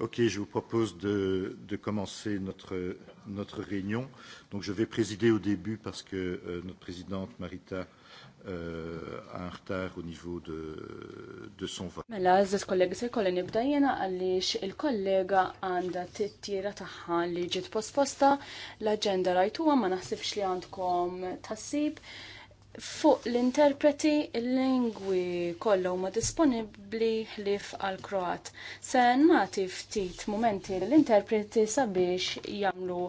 Ok, je vous propose de, de commencer notre, notre réunion. Donc je vais présider au début parce que euh, notre présidente Marita euh, a un retard au niveau de, de son vote. Mela, għazzis kollega se kolli nibda jena għalix il-kollega għanda t-tira taħħa li ġit posposta l-agenda rajtu ma naħsibx li għandkom tassib. Fuq l-interpreti l-lingwi kollha huma disponibbli ħlief għal Kroat. Se ma ftit mumenti l-interpreti sabiex jagħmlu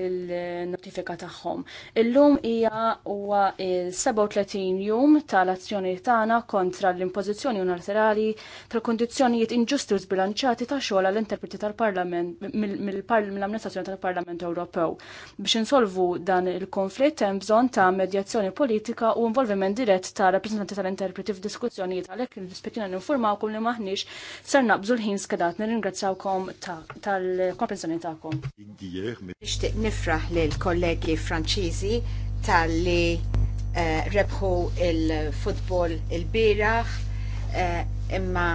l-notifika tagħhom. Illum hija huwa il-37 jum tal-azzjoni tagħna kontra l-impożizzjoni unilaterali tal-kondizzjonijiet inġusti u zbilanċati ta' xogħol għall-interpreti tal-Parlament mill-amministrazzjoni tal-Parlament Ewropew. Biex insolvu dan il-konflitt hemm bżonn ta' medjazzjoni politika politika u involviment dirett ta' rappresentanti tal-interpreti f'diskussjonijiet għalhekk nispettina n-informawkom li maħniex ser naqbżu l-ħin skedat nirringrazzawkom tal-komprensjoni tagħkom. Nixtieq nifraħ l kollegi Franċiżi tal-li eh, rebħu il-futbol il-biraħ eh, imma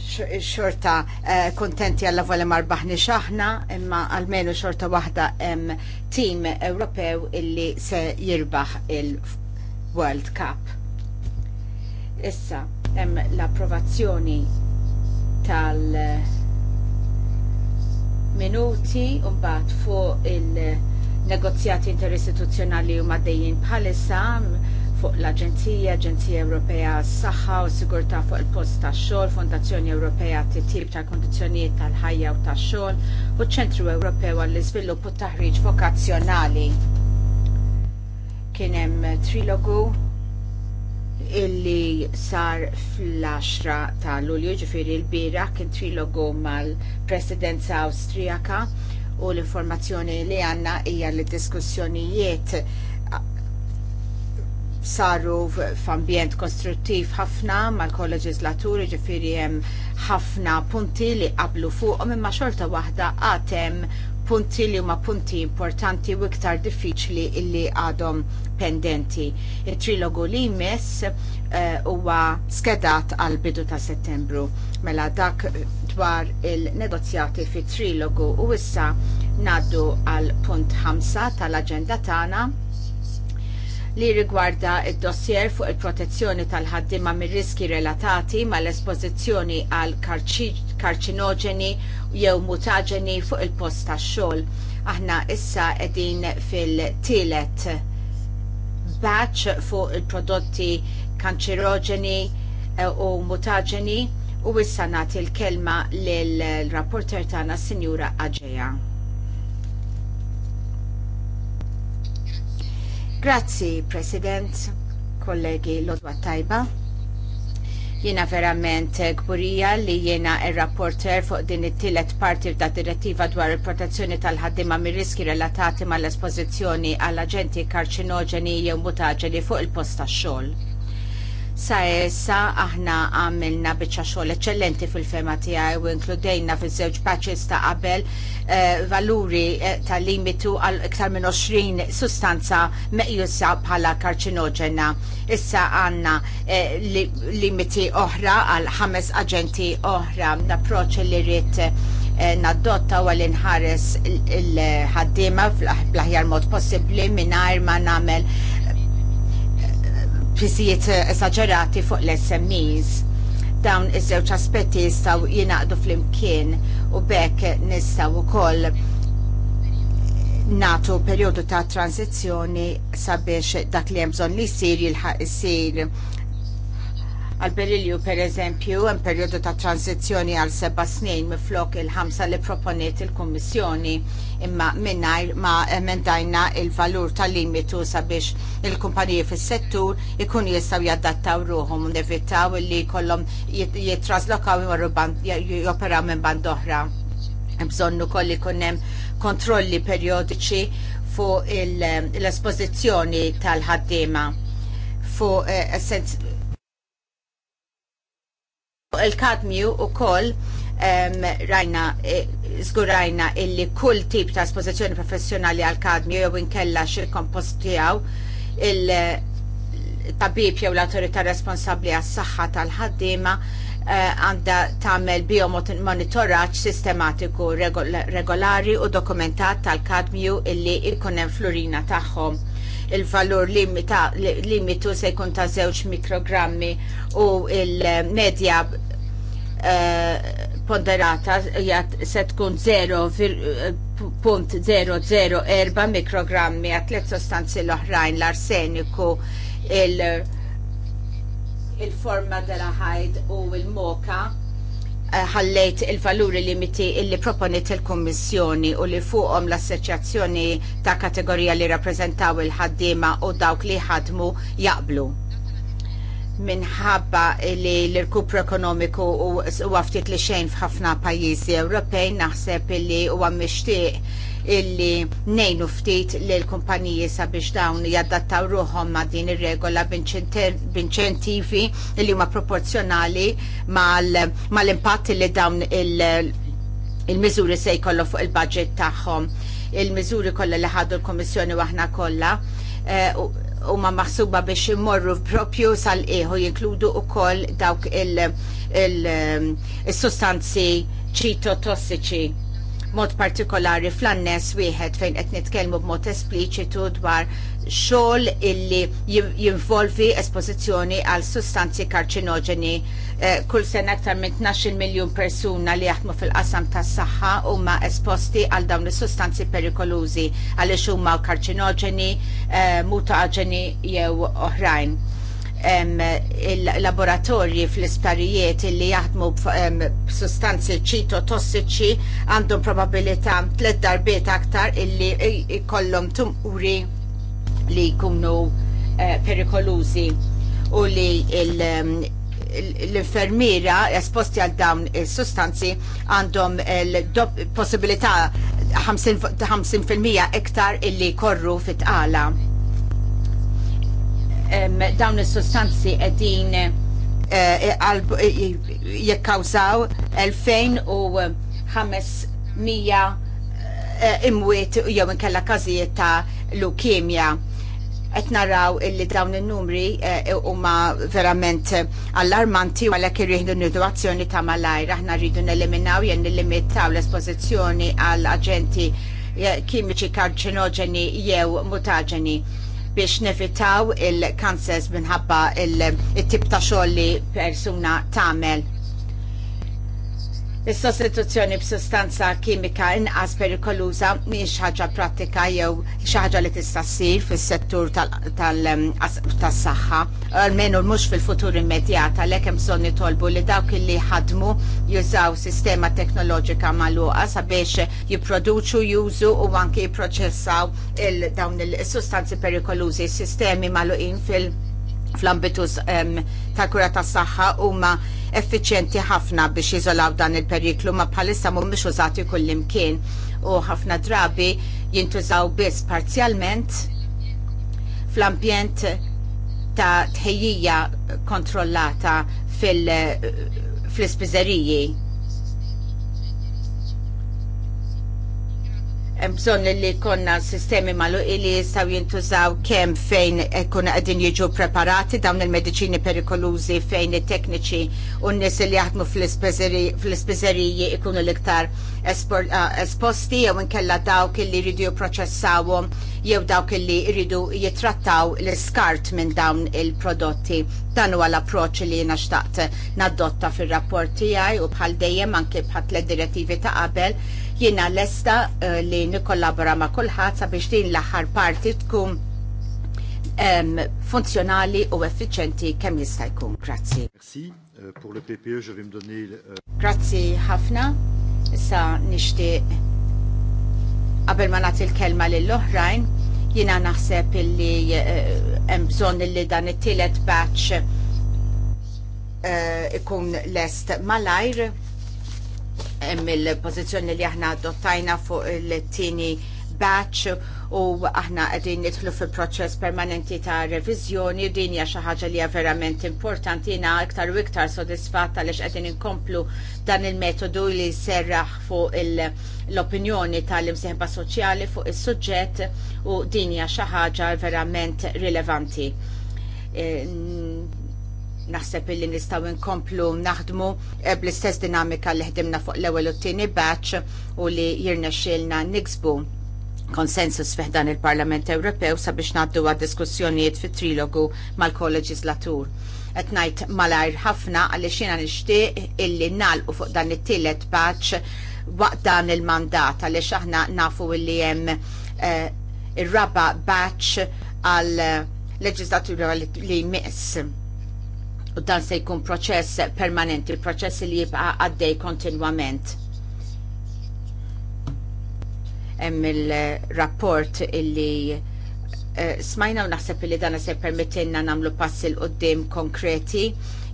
xorta eh, kontenti għalla vole marbaħni xaħna, imma għalmenu xorta wahda tim Ewropew illi se jirbaħ il World Cup. Issa, hemm l-approvazzjoni tal- eh, minuti mbagħad fuq il-negozjati interistituzzjonali u maddejjin bħalissa fuq l-Aġenzija, Aġenzija Ewropea s-Saħħa u Sigurtà fuq il-Post tax-Xogħol, Fondazzjoni Ewropea titjib tal kondizzjonijiet tal-ħajja u tax-xogħol u ċ-Ċentru Ewropew għall-Iżvilupp u t-Taħriġ Vokazzjonali kien hemm trilogu illi sar fl-10 ta' Lulju ġifieri l-bira kien trilogu mal-Presidenza Awstrijaka u l-informazzjoni li għandna hija li diskussjonijiet saru f'ambjent konstruttiv ħafna mal-kolleġislaturi ġifiri hemm ħafna punti li qablu fuq, imma xorta waħda għatem punti li huma punti importanti u iktar diffiċli illi għadhom pendenti. Il-trilogu li jmiss eh, huwa uh, skedat għal bidu ta' settembru. Mela dak dwar il-negozjati fit trilogu u issa naddu għal punt 5 tal-agenda tagħna li rigwarda id-dossier fuq il-protezzjoni tal-ħaddima mir riski relatati mal-espożizzjoni għal karċinogeni jew mutaġeni fuq il-post tax-xogħol. Aħna issa qegħdin fil-tielet batch fuq il-prodotti kanċeroġeni eh, u mutaġeni u issa nagħti l-kelma lill-rapporter tagħna Sinjura Aġeja. Grazzi, President, kollegi Lodwa Tajba. Jiena verament gburija li jiena il-rapporter fuq din it-tielet parti ta' direttiva dwar il-protezzjoni tal-ħaddima mir riski relatati mal espożizzjoni għall aġenti karċinoġeni jew mutaġeni fuq il-post tax-xogħol. Sa essa aħna għamilna biċċa xogħol eċċellenti fil-fema tiegħi u inkludejna fiż-żewġ paċis ta' qabel eh, valuri eh, ta' limitu għal iktar minn 20 sustanza meqjusa bħala karċinoġena. Issa għandna eh, limiti oħra għal ħames aġenti oħra l-approċċ li rrid naddotta u l-inħares il-ħaddima fl-aħjar mod possibli minn ma namel fisijiet esagerati fuq l-SMEs. Dawn iż-żewġ aspetti jistgħu jingħaqdu flimkien u bekk nistgħu wkoll natu perjodu ta' transizzjoni sabiex dak li hemm bżonn li jsir jilħaq isir għal berilju per eżempju, hemm perjodu ta' transizzjoni għal seba' snin miflok il-ħamsa li proponiet il-Kummissjoni imma mingħajr ma emendajna il-valur tal-limitu sabiex il-kumpaniji fis-settur ikun jistgħu jadattaw ruhom u nevitaw li kollhom jittraslokaw imorru joperaw minn band oħra. Bżonnu kolli kunnem kontrolli periodiċi fuq l-espożizzjoni tal-ħaddiema fuq eh, il-kadmju u koll um, rajna, e, zgurajna illi kull tip ta' esposizjoni professjonali għal kadmju jew inkella xi kompost tiegħu il-tabib jew l awtorità responsabbli għas saħħa tal-ħaddiema e, għanda uh, tagħmel biomonitoraġġ sistematiku regolari u dokumentat tal-kadmju illi jkun hemm flurina tagħhom il-valur limitu se jkun ta' żewġ mikrogrammi u il-medja eh, ponderata se tkun 0.004 mikrogrammi għat tliet sostanzi l-oħrajn l-arseniku il- il-forma della ħajd u il-moka Eh, ħallejt il-valuri limiti illi proponit il-Kommissjoni u li fuqhom l-Assoċjazzjoni ta' kategorija li rappreżentaw il-ħaddiema u dawk li ħadmu jaqblu minħabba li l-irkupru ekonomiku u għaftit li xejn f'ħafna pajjiżi Ewropej naħseb li huwa mixtieq illi nejnu ftit li l-kumpaniji sabiex dawn jaddattaw ruħom ma din ir-regola b'inċentivi li huma proporzjonali mal-impatt li dawn il-miżuri se jkollu fuq il-budget tagħhom. Il-miżuri kollha li ħadu l-Kommissjoni waħna kollha eh, ma maħsuba biex imorru propju sal-ieħu jinkludu wkoll dawk il-sustanzi il, il, il, il ċitotossiċi mod partikolari fl-annes wieħed fejn qed nitkellmu b'mod espliċitu dwar xogħol illi jinvolvi espożizzjoni għal sustanzi karċinoġeni. Eh, kull sena aktar minn 12 miljun persuna li jaħdmu fil-qasam tas-saħħa huma esposti għal dawn is-sustanzi perikolużi għaliex huma karċinoġeni, eh, mutaġeni jew oħrajn il-laboratorji fl isparijiet illi jaħdmu sustanzi ċito tossiċi għandhom probabilità tliet darbiet aktar illi jkollhom tumuri li jkunu eh, perikolużi u li l-infermiera esposti għal dawn il-sustanzi għandhom il-possibilità 50% iktar illi korru fit-qala dawn is-sustanzi qegħdin eh, jikkawżaw 2500 eh, imwiet jew inkella każijiet ta' leukemia qed naraw illi dawn in-numri eh, huma verament allarmanti u għalhekk irriħdu n azzjoni ta' malajr. Aħna rridu neliminaw jien nillimitaw l-espożizzjoni għal aġenti kimiċi karċinoġeni jew mutaġeni biex nevitaw il-kansers minħabba il-tip ta' xogħol li persuna tagħmel Is-sostituzzjoni b'sustanza kimika inqas perikoluża mhijiex ħaġa pratika jew xi ħaġa li tista' ssir fis-settur tas-saħħa, almenu mhux fil-futur immedjat għalhekk hemm bżonn nitolbu li dawk li ħadmu jużaw sistema teknoloġika magħluqa sabiex jipproduċu jużu u anke jipproċessaw il dawn il-sustanzi perikolużi, sistemi magħluqin fil- fl-ambitu ta' kura ta' saħħa huma effiċjenti ħafna biex jiżolaw dan il-periklu ma bħalissa mhumiex użati kullimkien u ħafna drabi jintużaw biss parzjalment fl-ambjent ta' tħejjija kontrollata fil-ispiżeriji bżon li konna sistemi malu li jistaw jintużaw kem fejn kun għadin jiġu preparati dawn il-medicini perikolużi fejn il-tekniċi un nis li jaħdmu fl-ispizzeriji ikunu l-iktar ah, esposti jew inkella dawk li jridu jipproċessawhom jew dawk li jridu jitrattaw l-iskart minn dawn il-prodotti. Dan huwa l-approċċ li jiena xtaqt nadotta fir-rapport tiegħi u bħal dejjem anke bħat direttivi ta' qabel Jiena lesta esta eh, li nikkollabora ma' kulħadd sabiex din l-aħħar parti tkun funzjonali u effiċenti kemm jista' jkun. Grazzi. Merci. Euh, pour le PPE, je vais me donner euh, Grazzi ħafna. Issa nixtieq qabel ma nagħti l-kelma lill-oħrajn, jiena naħseb illi eh, hemm bżonn illi dan it-tielet batch eh, ikun lest malajr mill-pozizjoni li aħna adottajna fuq il-tini batch u aħna għedin nidħlu fil-proċess permanenti ta' revizjoni u din hija xi ħaġa li hija verament importanti na iktar u iktar sodisfatta għaliex qegħdin inkomplu dan il-metodu li serraħ fuq l-opinjoni tal-imsieħba soċjali fuq is-suġġett u din hija xi ħaġa verament rilevanti eh, Naħseb illi nistgħu nkomplu naħdmu eh, bl-istess dinamika li ħdimna fuq l-ewwel u t-tieni batch u li jirnexxielna niksbu konsensus fih dan il-Parlament Ewropew sabiex ngħaddu għad diskussjonijiet fit trilogu mal kolleġislatur Qed ngħid malajr ħafna għaliex jiena nixtieq illi nagħlqu fuq dan it-tielet paċ waqt dan il-mandat għaliex aħna nafu illi hemm uh, ir-raba batch għal eh, leġislatura li miss U dan se jkun proċess permanenti, proċess li jibqa għaddej kontinwament. Hemm il-rapport illi eh, smajna u naħseb li dan se permettinna nagħmlu passi l qoddim konkreti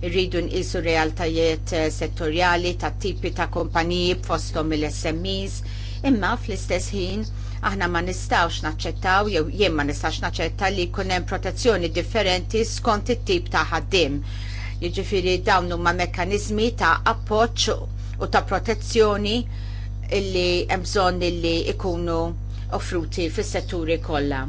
irridu nqisu realtajiet eh, settorjali ta' tipi ta' kumpaniji b'fosthom mill-SMEs, imma fl-istess ħin aħna ma nistawx naċċettaw jew jien ma nistax naċċetta li jkun hemm protezzjoni differenti skont it-tip ta' ħaddim. Jiġifieri dawn huma mekkaniżmi ta' appoġġ u ta' protezzjoni illi hemm bżonn illi ikunu offruti fis-setturi kollha.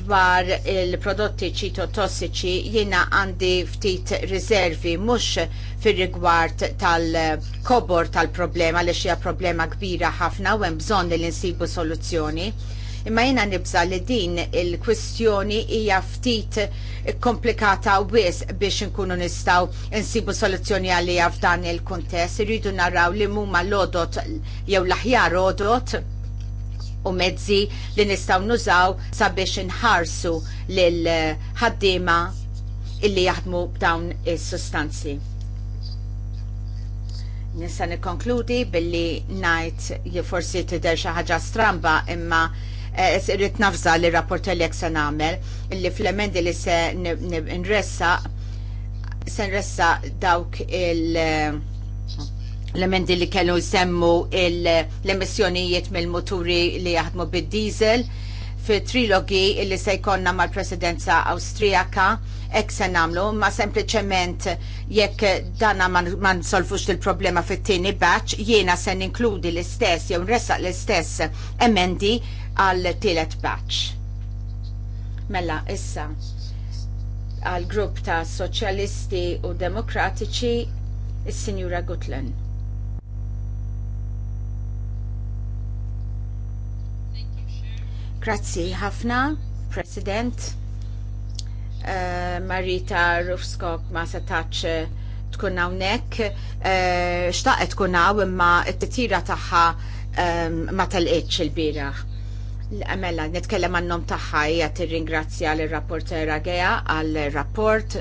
Dwar il-prodotti ċitotossiċi jiena għandi ftit riservi mhux fir-rigward tal-kobor tal-problema li xija problema kbira ħafna u hemm bżonn li nsibu soluzzjoni Imma jiena nibża li din il-kwistjoni hija ftit komplikata wis biex inkunu nistgħu insibu soluzzjoni għalija f'dan il-kuntest. Irridu naraw li huma l-odot jew l-aħjar odot u mezzi li nistgħu nużaw sabiex nħarsu lil ħaddiema illi jaħdmu b'dawn is-sustanzi. Nista' nikkonkludi billi ngħid forsi tidher xi ħaġa stramba imma Eh, irrit nafza li rapport li jek se għamel, li fl-emendi li se nressa, se nressa dawk il- l-emendi li kellu jsemmu l-emissjonijiet mill-moturi li jaħdmu bid-diesel, fi trilogi li se jkonna mal-presidenza Awstrijaka ek se namlu, ma sempliciment jekk dana ma nsolfux il-problema fit-tieni batch, jiena se ninkludi l-istess jew nressaq l-istess emendi għal tielet batch. Mela, issa, għal grupp ta' Soċjalisti u Demokratiċi, il sinjura Gutlen. Grazzi ħafna, President. Eh, Marita Rufskok ma setax eh, tkun hawnhekk, eh, xtaqet tkun hawn imma t tira tagħha ehm, ma telqitx il-bieraħ. Mela, nitkellem għannom taħħa hija tirringrazzja l rapportera Gea għal rapport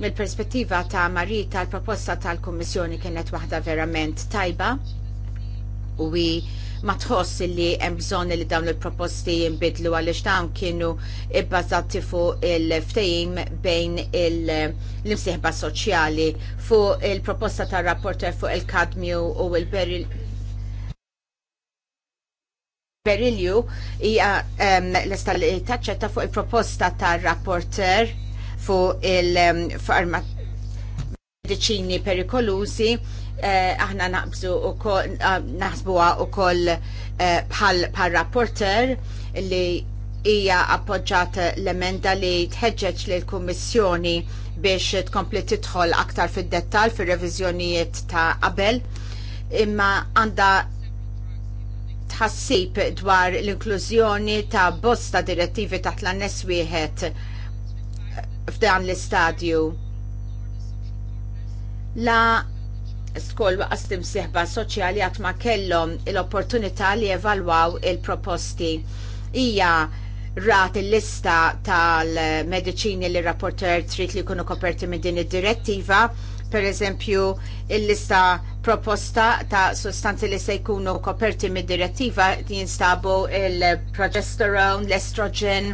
mill-perspettiva ta' Marita l-proposta tal-Kummissjoni kienet waħda verament tajba u ma tħoss li hemm bżonn li dawn il-proposti jinbidlu għaliex dawn kienu bbażati fuq il-ftehim bejn l-imsieħba soċjali fuq il-proposta tar rapporter fuq il-kadmju u il-beril Berilju hija l istal li taċċetta fuq il-proposta tar rapporter fuq il-farmak medicini perikolużi Eh, aħna naqbżu u eh, naħsbuha wkoll eh, bħal rapporter li hija appoġġata l-emenda li tħeġġeġ lill kummissjoni biex tkompli tidħol aktar fid-dettall fir-reviżjonijiet ta' qabel imma għandha tħassib dwar l-inklużjoni ta' bosta direttivi taħt l wieħed f'dan l-istadju. La skol waqas timsieħba soċjali għat ma kellhom l-opportunità li evalwaw il-proposti. Ija rat il-lista tal-medicini li rapporter trid li jkunu koperti minn din id-direttiva, per eżempju il-lista proposta ta' sostanzi li se jkunu koperti mid direttiva jinstabu il-progesterone, l-estrogen,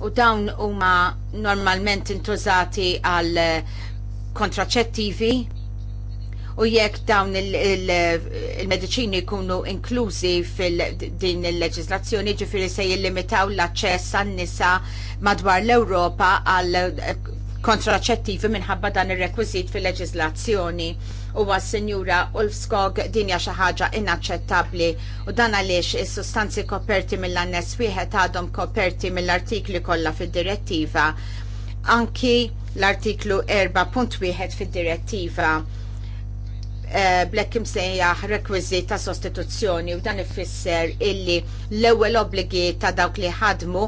u dawn huma normalment intużati għal kontraċettivi u jekk dawn il-medicini jkunu inklużi fil-din il-leġislazzjoni ġifiri se jillimitaw l-aċċess għan nisa madwar l-Ewropa għal eh, kontraċettivi minħabba dan ir-rekwiżit fil-leġislazzjoni u għas-senjura Ulfskog dinja xi ħaġa inaċċettabbli u dan għaliex is-sustanzi koperti mill-annes wieħed għadhom koperti mill-artikli kollha fid-direttiva anki l-artiklu 4.1 fid-direttiva eh, blekkim blekk imsejjaħ rekwiżit ta' sostituzzjoni u dan ifisser illi l-ewwel obbligi ta' dawk li ħadmu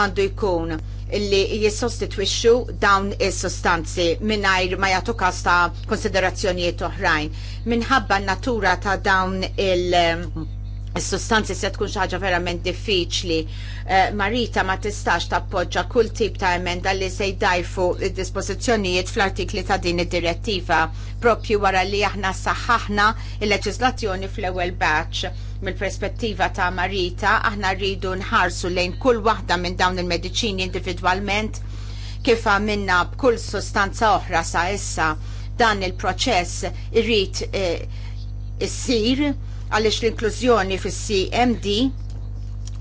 għandu jkun illi jissostitwixxu dawn is-sostanzi mingħajr ma jagħtu każ ta' konsiderazzjonijiet oħrajn. Minħabba n-natura ta' dawn il- Is-sustanzi se tkun xi ħaġa verament diffiċli. Eh, Marita ma tistax tappoġġa kull tip ta' emenda li se jdajfu id-dispożizzjonijiet fl-artikli ta' din id-direttiva propju wara li aħna saħħaħna il-leġislazzjoni fl-ewwel batch. Mill-perspettiva ta' Marita, aħna rridu nħarsu lejn kull waħda minn dawn il-mediċini individwalment kif għamilna b'kull sostanza oħra sa' issa dan il-proċess irrid eh, issir għaliex l-inklużjoni fis-CMD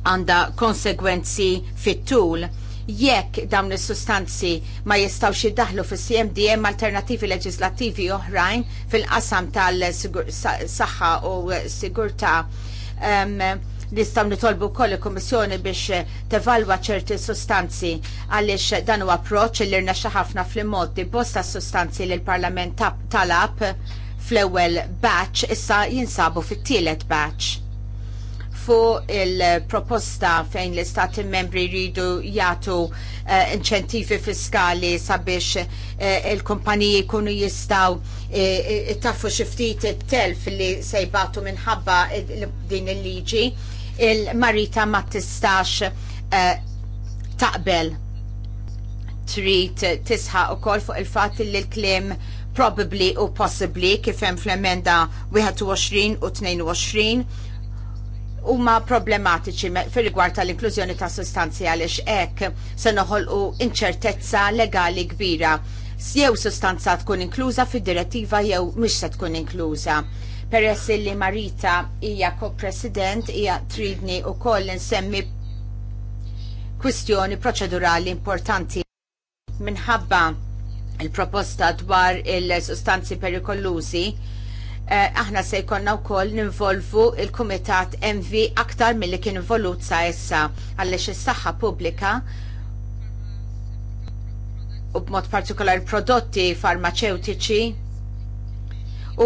għandha konsegwenzi fit-tul jekk dawn is-sustanzi ma jistawx jiddaħlu fis-CMD hemm alternattivi leġislattivi oħrajn fil-qasam tal-saħħa u sigurtà um, nistgħu nitolbu wkoll il-Kummissjoni biex tevalwa ċerti sustanzi għaliex dan huwa approċċ li rnexxa ħafna fl-immodi bosta sustanzi li l-Parlament talab fl-ewwel batch issa jinsabu fit-tielet batch Fu il-proposta fejn l-istati membri jridu jagħtu uh, inċentivi fiskali sabiex uh, il-kumpaniji jkunu jistgħu uh, eh, taffu xi ftit it-telf li sejbatu minħabba din il-liġi il-marita ma tistax taqbel trid tisħaq ukoll fuq il-fatt li l-klim il fat li l klim il probably u possibly kif hemm fl-emenda 21 u 22 huma problematiċi fil-rigward tal-inklużjoni ta' sustanzi għaliex hekk se noħolqu inċertezza legali kbira jew sustanza tkun inkluża fid-direttiva jew mhix se tkun inkluża. Peress li Marita hija ko-president hija tridni wkoll insemmi kwistjoni proċedurali importanti minħabba il-proposta dwar il-sustanzi perikolużi eh, aħna se jkonna wkoll ninvolvu il-Kumitat MV aktar milli kien involut sa issa għaliex is-saħħa pubblika u b'mod partikolari prodotti farmaceutiċi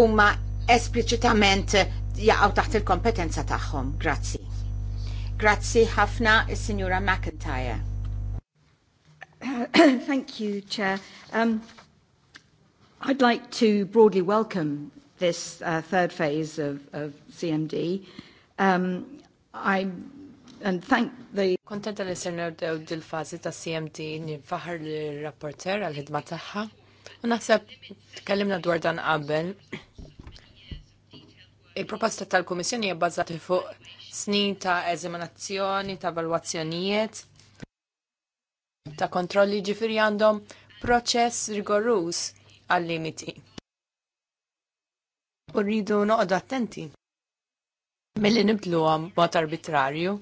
huma espliċitament jaqgħu taħt il-kompetenza tagħhom. Grazzi. Grazzi ħafna is-Sinjura McIntyre. Thank you, Chair. Um, I'd like to broadly welcome this uh, third phase of, of CMD. Um, I and thank the Kontenta li ser nerdew dil-fazi ta' CMD nifaħar li rapporter għal-ħidma tagħha. U naħseb tkellimna dwar dan qabel. Il-proposta tal-Kummissjoni hija bbażata fuq snin ta' eżaminazzjoni ta' valwazzjonijiet ta' kontrolli ġifiri għandhom proċess rigorus għal-limiti. U rridu noqdu attenti. Mill-li nibdlu għam mod arbitrarju,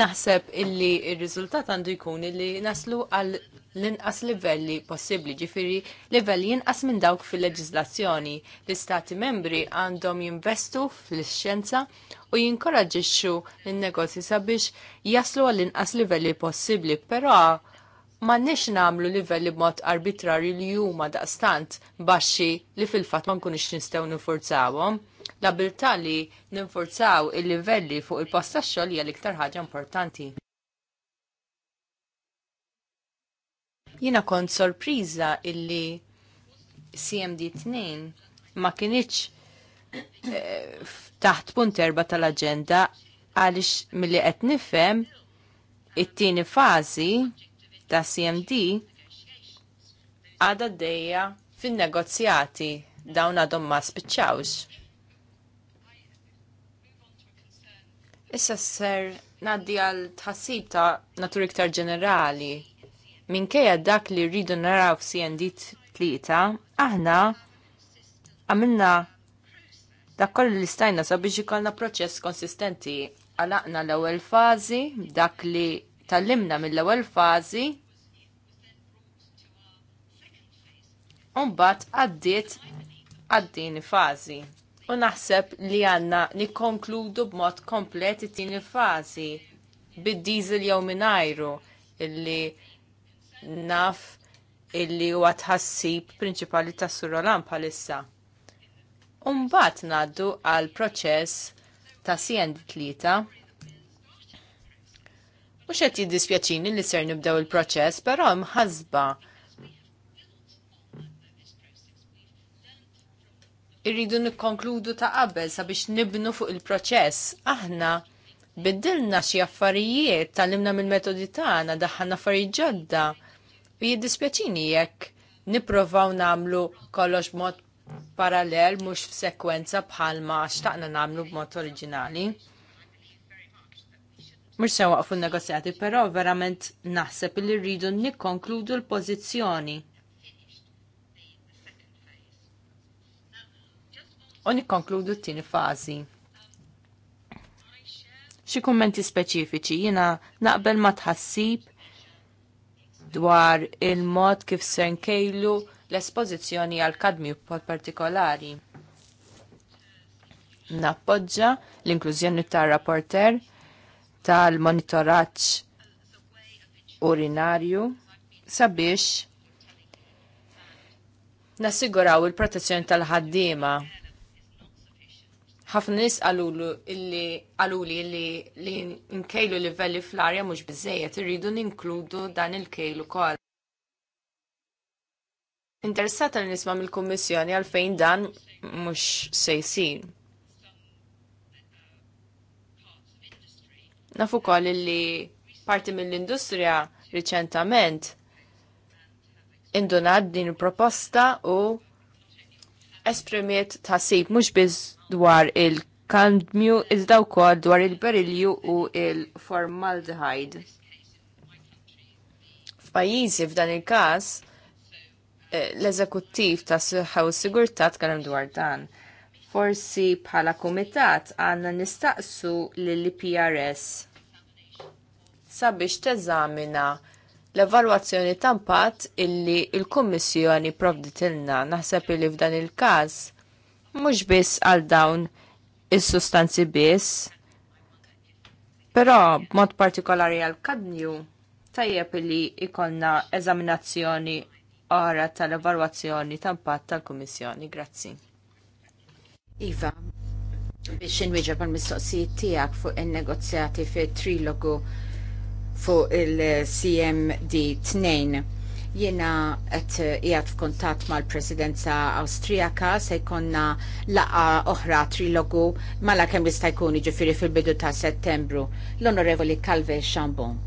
naħseb illi il-rizultat għandu jkun illi naslu għal l-inqas livelli possibli, ġifiri livelli jinqas minn dawk fil-leġizlazzjoni. L-istati membri għandhom jinvestu fil-xjenza u jinkoraġġixxu l-negozji sabiex jaslu għall-inqas livelli possibli, però ma nix namlu livelli b'mod arbitrarju li huma daqstant baxxi li fil-fatt ma nkunix nistgħu ninforzawhom. L-abilità li ninforzaw il-livelli fuq il posta tax-xogħol hija l-iktar ħaġa importanti. Jiena kont sorpriża illi CMD2 ma kienieċ eh, taħt punt erba tal-agenda għalix mill-li qed nifhem it-tieni fażi ta' CMD għada d deja fin-negozjati dawn għadhom ma spiċċawx. Issa ser naddi għal tħassib ta' natur iktar ġenerali. Minkejja dak li rridu naraw t tlieta, aħna għamilna dak kollu li stajna sabiex ikolna proċess konsistenti għalaqna l-ewwel fażi dak li tal-limna mill-ewwel fażi Umbat għaddiet għaddini fazi. U naħseb li għanna nikkonkludu b'mod komplet it-tieni fazi bid-diesel jew minajru illi naf illi huwa tħassib prinċipali ta' surrolan bħalissa. Umbat naddu għal proċess ta' CN3 Mux għet jiddispjaċini li ser nibdew il-proċess, pero mħazba. Irridu nikkonkludu ta' qabel sabiex nibnu fuq il-proċess. Aħna biddilna xi affarijiet tal-imna mill-metodi tagħna daħħan affarijiet ġodda. U jiddispjaċini jekk nipprovaw namlu kollox b'mod parallel mhux f'sekwenza bħalma xtaqna namlu b'mod oriġinali. Mux se waqfu negozjati, però verament naħseb li rridu nikkonkludu l-pozizjoni. U nikkonkludu t-tini fazi. Xi kummenti speċifiċi jina naqbel ma tħassib dwar il-mod kif se nkejlu l-espożizzjoni għal kadmi partikolari. Nappoġġa l-inklużjoni tar-rapporter tal-monitoraġġ urinarju sabiex nassiguraw il-protezzjoni tal-ħaddiema. Ħafna nies qalulu illi qaluli li li nkejlu livelli fl-arja mhux biżejjed irridu ninkludu dan il kejlu ukoll. Interessata li nisma' mill-Kummissjoni għalfejn dan mhux se jsir. Nafu kol li parti mill-industrija riċentament indunad din proposta u esprimiet tasib mux biz dwar il-kandmju iżda wkoll dwar il-berilju u il-formaldehyde. F'pajjiżi f'dan il-każ eh, l-eżekuttiv ta' s-sigurtat kellem dwar dan. Forsi bħala kumitat għandna nistaqsu lill-PRS sabiex teżamina l-evalwazzjoni ta' impatt illi il-Kummissjoni provditilna naħseb li f'dan il-każ mhux biss għal dawn is-sustanzi biss, però b'mod partikolari għal kadnju tajjeb illi ikonna eżaminazzjoni ora tal-evalwazzjoni ta' impatt tal-Kummissjoni. Grazzi. Iva, biex inwiġa għal mistoqsijiet tiegħek fuq il negozjati fit trilogu fuq il-CMD 2. Jiena qed jgħat f'kuntatt mal-presidenza Awstrijaka se jkollna laqa oħra trilogu mala kemm jista' jkun jiġifieri fil-bidu ta' Settembru. L-Onorevoli Calve Chambon.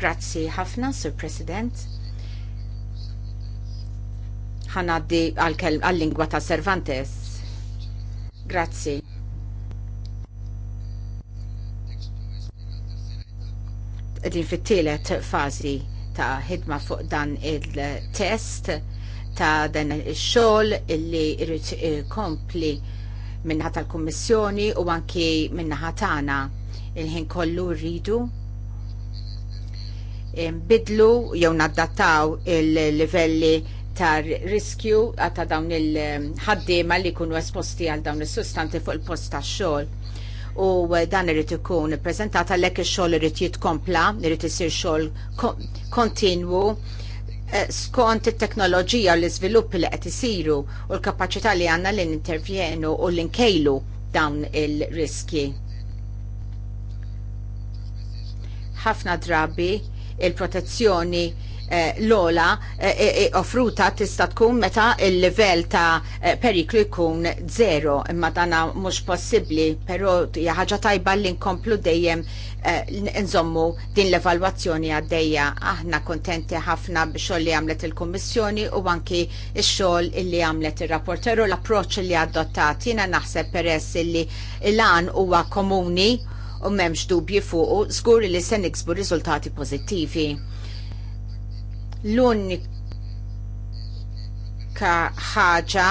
Grazzi ħafna, Sur President ħanaddi għal-lingwa ta' Cervantes. Grazzi. Din fit-tielet fażi ta' ħidma fuq dan il-test ta' dan il-xogħol illi irid kompli minnaħa tal-Kummissjoni u anki min-naħa tagħna il-ħin kollu rridu bidlu jew naddattaw il-livelli iktar riskju ta' dawn il-ħaddiema li jkunu esposti għal dawn is-sustanti fuq il-post tax-xogħol u dan irrit ikun prezentata l-ek xogħol xol irrit jitkompla, irrit jisir xol kontinwu eh, skont il-teknoloġija u l iżviluppi li qed isiru u l-kapacità li għanna li nintervjenu u li nkejlu dawn il-riski. ħafna drabi il-protezzjoni eh, l-ola eh, eh, offruta tista' tkun meta il-livell ta' periklu jkun zero imma dana mhux possibbli, però hija ħaġa tajba li nkomplu dejjem nżommu din l-evalwazzjoni għaddejja. Aħna kontenti ħafna bix-xogħol li għamlet il-Kummissjoni u anki x-xogħol li għamlet ir-rapporteru l-approċċ li adottat. Jiena naħseb peress li l-għan huwa komuni u m'hemmx dubji fuqu żgur li se niksbu riżultati pożittivi. L-unika ħaġa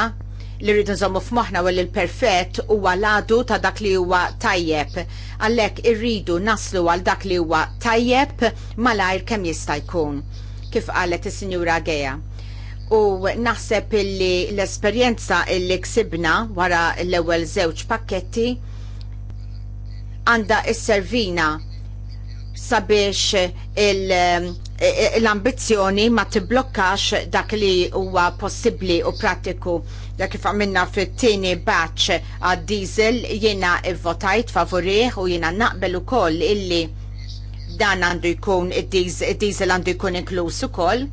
li rridu nżommu f'moħħna u l-perfett huwa l-għadu ta' dak li huwa tajjeb. Għalhekk irridu naslu għal dak li huwa tajjeb malajr kemm jista' jkun. Kif qalet is-Sinjura Geja. U naħseb illi l-esperjenza illi ksibna wara l-ewwel żewġ pakketti għanda s-servina sabiex eh, l-ambizjoni ma tiblokkax dak li huwa possibbli u pratiku. Dak kif għamilna fit-tieni batch għad-diesel jiena votajt favorih u jiena naqbel ukoll illi dan għandu jkun id-diesel għandu jkun inkluż ukoll.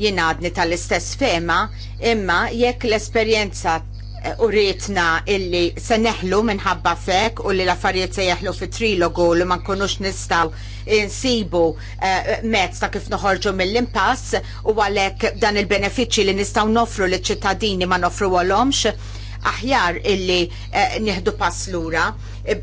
Jiena għadni tal-istess fema imma jekk l-esperjenza u rietna illi se neħlu minħabba fek u li l-affarijiet se jeħlu fit trilogu li ma nkunux nistaw insibu eh, mezz ta' kif noħorġu mill-impass u għalek dan il-benefiċi li nistaw nofru li ċittadini ma nofru għalomx aħjar illi eh, nieħdu pass lura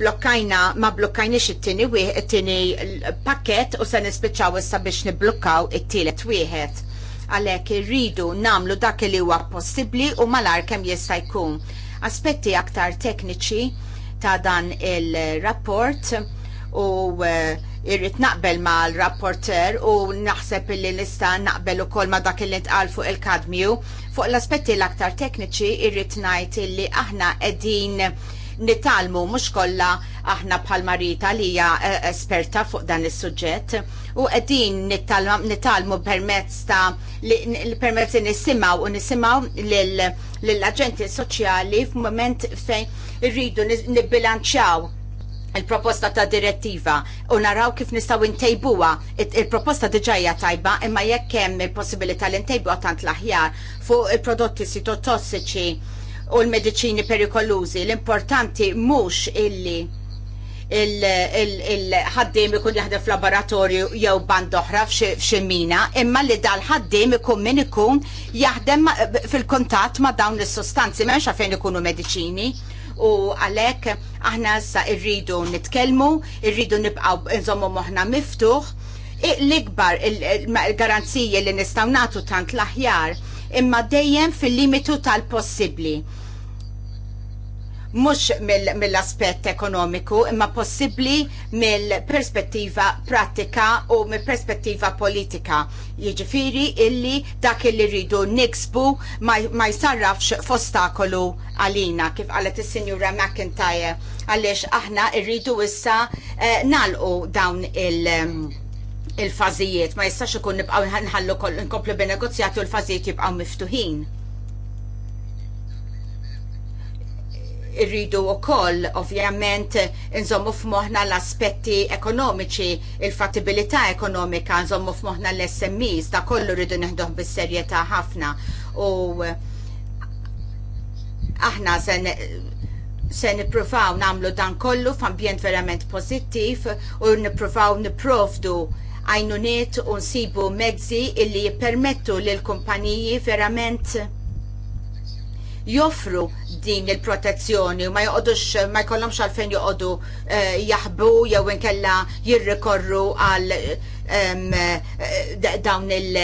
blokkajna ma blokkajniex it-tini it pakket u se nispiċċaw issa biex niblokkaw it-tielet wieħed għalhekk irridu nagħmlu dak li huwa possibbli u malar kemm jista' jkun. Aspetti aktar tekniċi ta' dan il-rapport u eh, irrit naqbel ma l-rapporter u naħseb li nista naqbel ukoll ma dak li ntqal fuq il-kadmju. Fuq l-aspetti l-aktar tekniċi irrit ngħid li aħna qegħdin nitalmu mhux kollha aħna bħal Marita li hija eh, esperta fuq dan is-suġġett u qegħdin nitalmu permezz ta' permezz li nisimgħu u nisimgħu lill-aġenti soċjali f'mument fejn irridu nibbilanċjaw il-proposta ta' direttiva u naraw kif nistaw intejbuwa. Il-proposta diġajja tajba imma jekk hemm il-possibilità li ntejbuha tant l-aħjar fuq il-prodotti sitotossiċi u l-medicini perikolużi. L-importanti mhux illi il-ħaddim ikun jaħdem f'laboratorju jew band oħra f'xi mina, imma li dal-ħaddim ikun min ikun jaħdem fil kuntatt ma' dawn is-sostanzi, m'hemmx fejn ikunu mediċini u għalek aħna sa irridu nitkelmu, irridu nibqaw nżommu moħna miftuħ. L-ikbar il li nistgħu nagħtu tant l-aħjar imma dejjem fil-limitu tal-possibli mux mill-aspett ekonomiku, imma possibli mill-perspettiva pratika u mill-perspettiva politika. Jiġifiri illi dak illi rridu niksbu ma, jisarrafx fostakolu għalina, kif għalet il-Sinjura McIntyre, għalix aħna irridu issa eh, nalqu dawn il- il-fażijiet ma jistax ikun nibqaw nħallu nkomplu bin u l-fażijiet jibqgħu miftuħin. Irridu wkoll ovvjament nżommu f'moħna l-aspetti ekonomiċi, il-fattibilità ekonomika, nżommu f'moħna l-SMEs, da kollu rridu neħduh bis-serjetà ħafna u aħna sen se nippruvaw namlu dan kollu f'ambjent verament pozittiv u nippruvaw nipprovdu għajnuniet u nsibu mezzi illi jippermettu lill kumpaniji verament joffru din il-protezzjoni u ma joqodux ma jkollhomx għalfejn joqodu eh, jaħbu jew inkella jirrikorru għal eh, dawn il-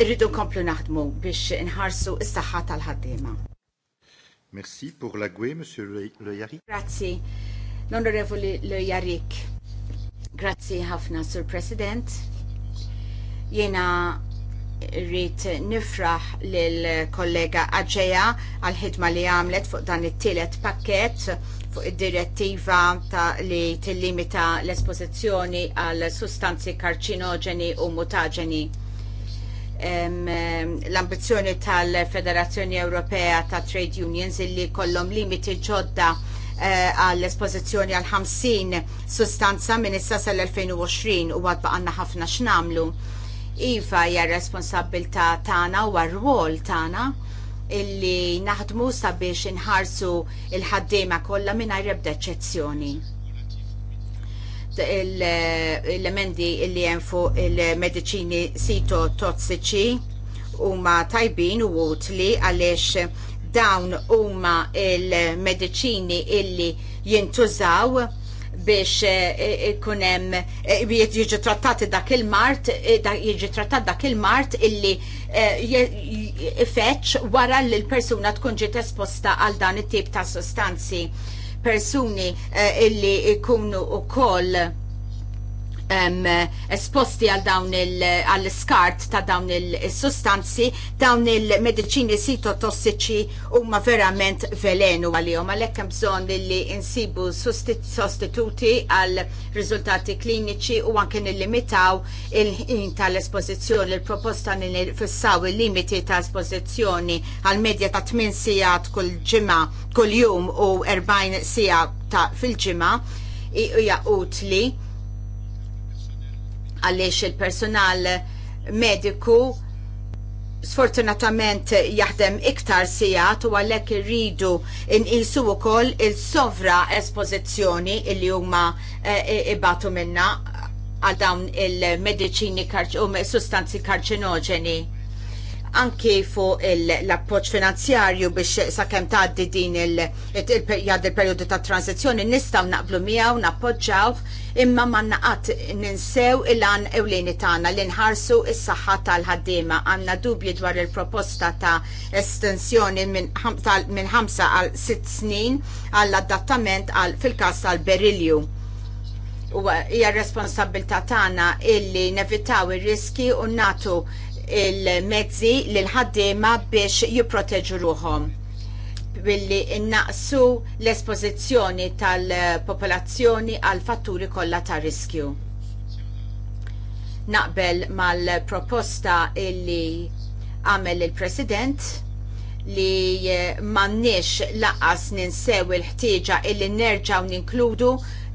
irridu nkomplu naħdmu biex inħarsu s-saħħa tal-ħaddiema. Merci pour la GUE, Monsieur Le, Le Yarik. Grazie, l'Onorevole Le Yarik. Grazie ħafna, Sur President. Jena rrit nifraħ l-kollega Aġeja għal-ħidma li għamlet fuq dan it-tielet pakket fuq id-direttiva li tillimita l-esposizjoni għal sustanzi karċinogeni u mutageni l-ambizjoni tal-Federazzjoni Ewropea ta' Trade Unions illi kollom limiti ġodda eh, għall-espożizzjoni għal 50 sustanza minn issa sal-2020 u għad baqanna ħafna x'namlu. Iva hija responsabilta tagħna u għar-rwol tagħna illi naħdmu sabiex inħarsu il-ħaddiema kollha mingħajr ebda eċċezzjoni Eh, l-emendi li jen fuq il-mediċini sito tossiċi huma tajbin u utli għaliex dawn huma il-mediċini illi jintużaw biex eh, ikunem eh, jiġi trattati dak il-mart, jiġi trattat dak il-mart illi feċ wara li l-persuna tkun ġiet esposta għal dan it-tip ta' sostanzi persuni eh, illi ikunu u koll esposti għal dawn il-skart ta' dawn il-sustanzi, dawn il-medicini u huma verament velenu għalihom. Għalhekk hemm bżonn li insibu sostituti għal riżultati kliniċi u anke nillimitaw il-ħin tal-espożizzjoni. Il-proposta li nifissaw il-limiti ta' espożizzjoni għal medja ta' 8 sigħat kull ġimgħa kull jum u 40 ta' fil-ġimgħa hija utli għaliex il-personal mediku sfortunatament jaħdem iktar sijat u għalhekk irridu u wkoll il-sovra espożizzjoni li huma eh, ibatu minna għal dawn il medicini u sustanzi karċinoġeni anki fuq l approċ finanzjarju biex sakemm tgħaddi din il-jad il-perjodu ta' transizzjoni nistgħu naqblu miegħu nappoġġaw imma ma naqat ninsew il-għan ewlieni tagħna li nħarsu is-saħħa tal-ħaddiema għandna dubji dwar il-proposta ta' estensjoni minn ħamsa għal sitt snin għall-adattament għal fil-każ tal-berilju hija responsabilità tagħna illi nevitaw ir-riski u natu il-mezzi lil ħaddiema biex jipproteġu ruhom billi innaqsu l-espożizzjoni tal-popolazzjoni għal fatturi kollha ta' riskju. Naqbel mal-proposta illi għamel il-President li mannix laqas ninsew il-ħtieġa illi nerġaw ninkludu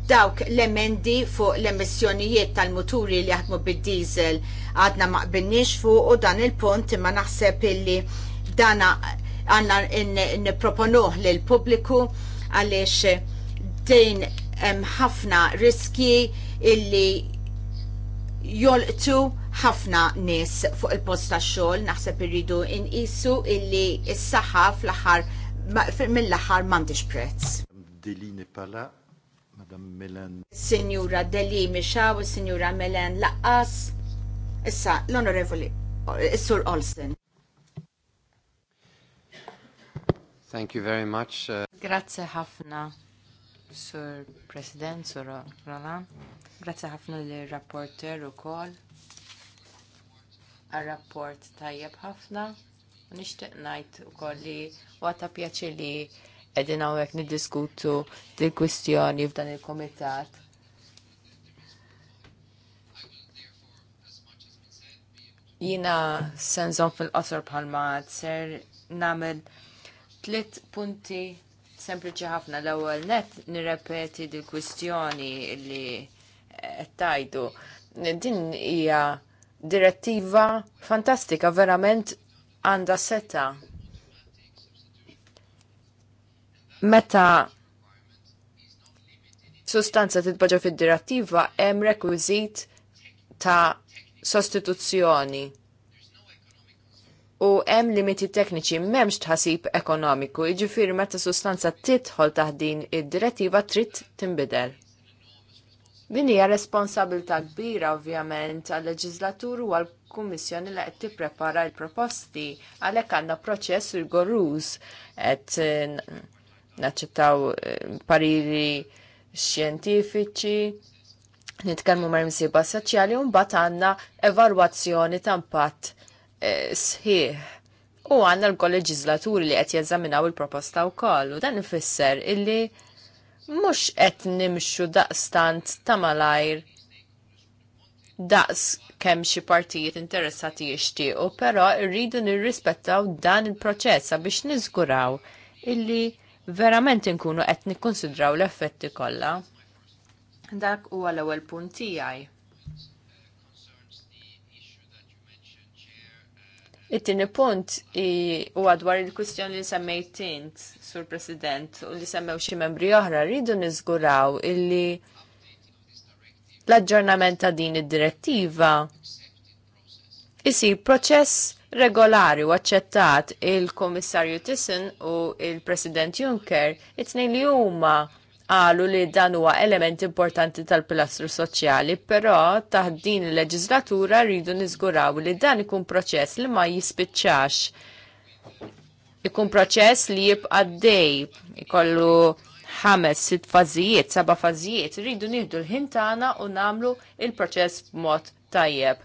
dawk l-emendi fuq l-emissjonijiet tal-muturi li jaħdmu bid-diesel għadna ma qbilniex fuq u dan il-punt imma naħseb illi dana għanna n-proponuħ l-publiku għalix din ħafna riski illi jolqtu ħafna nis fuq il-post tax xogħol naħseb irridu inqisu illi s-saħħa fl-aħħar mill-aħħar m'għandix prezz. Dili Nepala Madam Milan. Signora Deli Mishaw, Signora Milan Laqas. Issa, l-Onorevoli, eh, Sur Olsen. Thank you very much. Uh, Grazie ħafna, Sur President, Sur Roland. Grazie ħafna l-rapporter u kol. Għal-rapport tajjeb ħafna. Nishtiq najt u koll li għata pjaċi li edin għawek niddiskutu di kwistjoni f'dan il-komitat. Jina senżon fil-qosor bħalma ser namel tliet punti sempliċi ħafna l-ewwel net nirrepeti di kwistjoni li qed tajdu. Din hija direttiva fantastika verament għandha seta' meta sustanza titbaġa fid-direttiva hemm rekwiżit ta' sostituzzjoni u hemm limiti tekniċi m'hemmx tħasib ekonomiku, jiġifieri meta sustanza tidħol taħdin id-direttiva trid tinbidel. Din hija responsabilità kbira ovvjament għal leġislatur u għal kummissjoni li qed tipprepara l-proposti għalhekk għandna proċess rigoruż qed naċċettaw eh, pariri xjentifiċi, nitkellmu mar msiba soċjali u mbagħad għandna evalwazzjoni ta' impatt eh, sħiħ. U għandna l-kolleġislaturi li qed jeżaminaw il-proposta wkoll u dan ifisser illi mhux qed nimxu daqstant ta' malajr daqs kemm xi partijiet interessati jixtiequ, però rridu nirrispettaw dan il-proċess sabiex niżguraw illi verament inkunu qed nikkonsidraw l-effetti kollha. Dak huwa l-ewwel punt tiegħi. It-tieni punt huwa dwar il-kwistjoni li semmejt int, Sur President, u li semmew xi membri oħra rridu niżguraw illi l-aġġornament ta' din id-direttiva isir proċess regolari u aċċettat il-Komissarju Tissen u il-President Juncker, it-tnejn li huma għalu li dan huwa element importanti tal-pilastru soċjali, però taħdin din il-leġislatura rridu niżguraw li dan ikun proċess li ma jispiċċax ikun proċess li jibqa dej, ikollu ħames, sit fażijiet, saba fażijiet, rridu nieħdu l-ħin tagħna u nagħmlu il-proċess b'mod tajjeb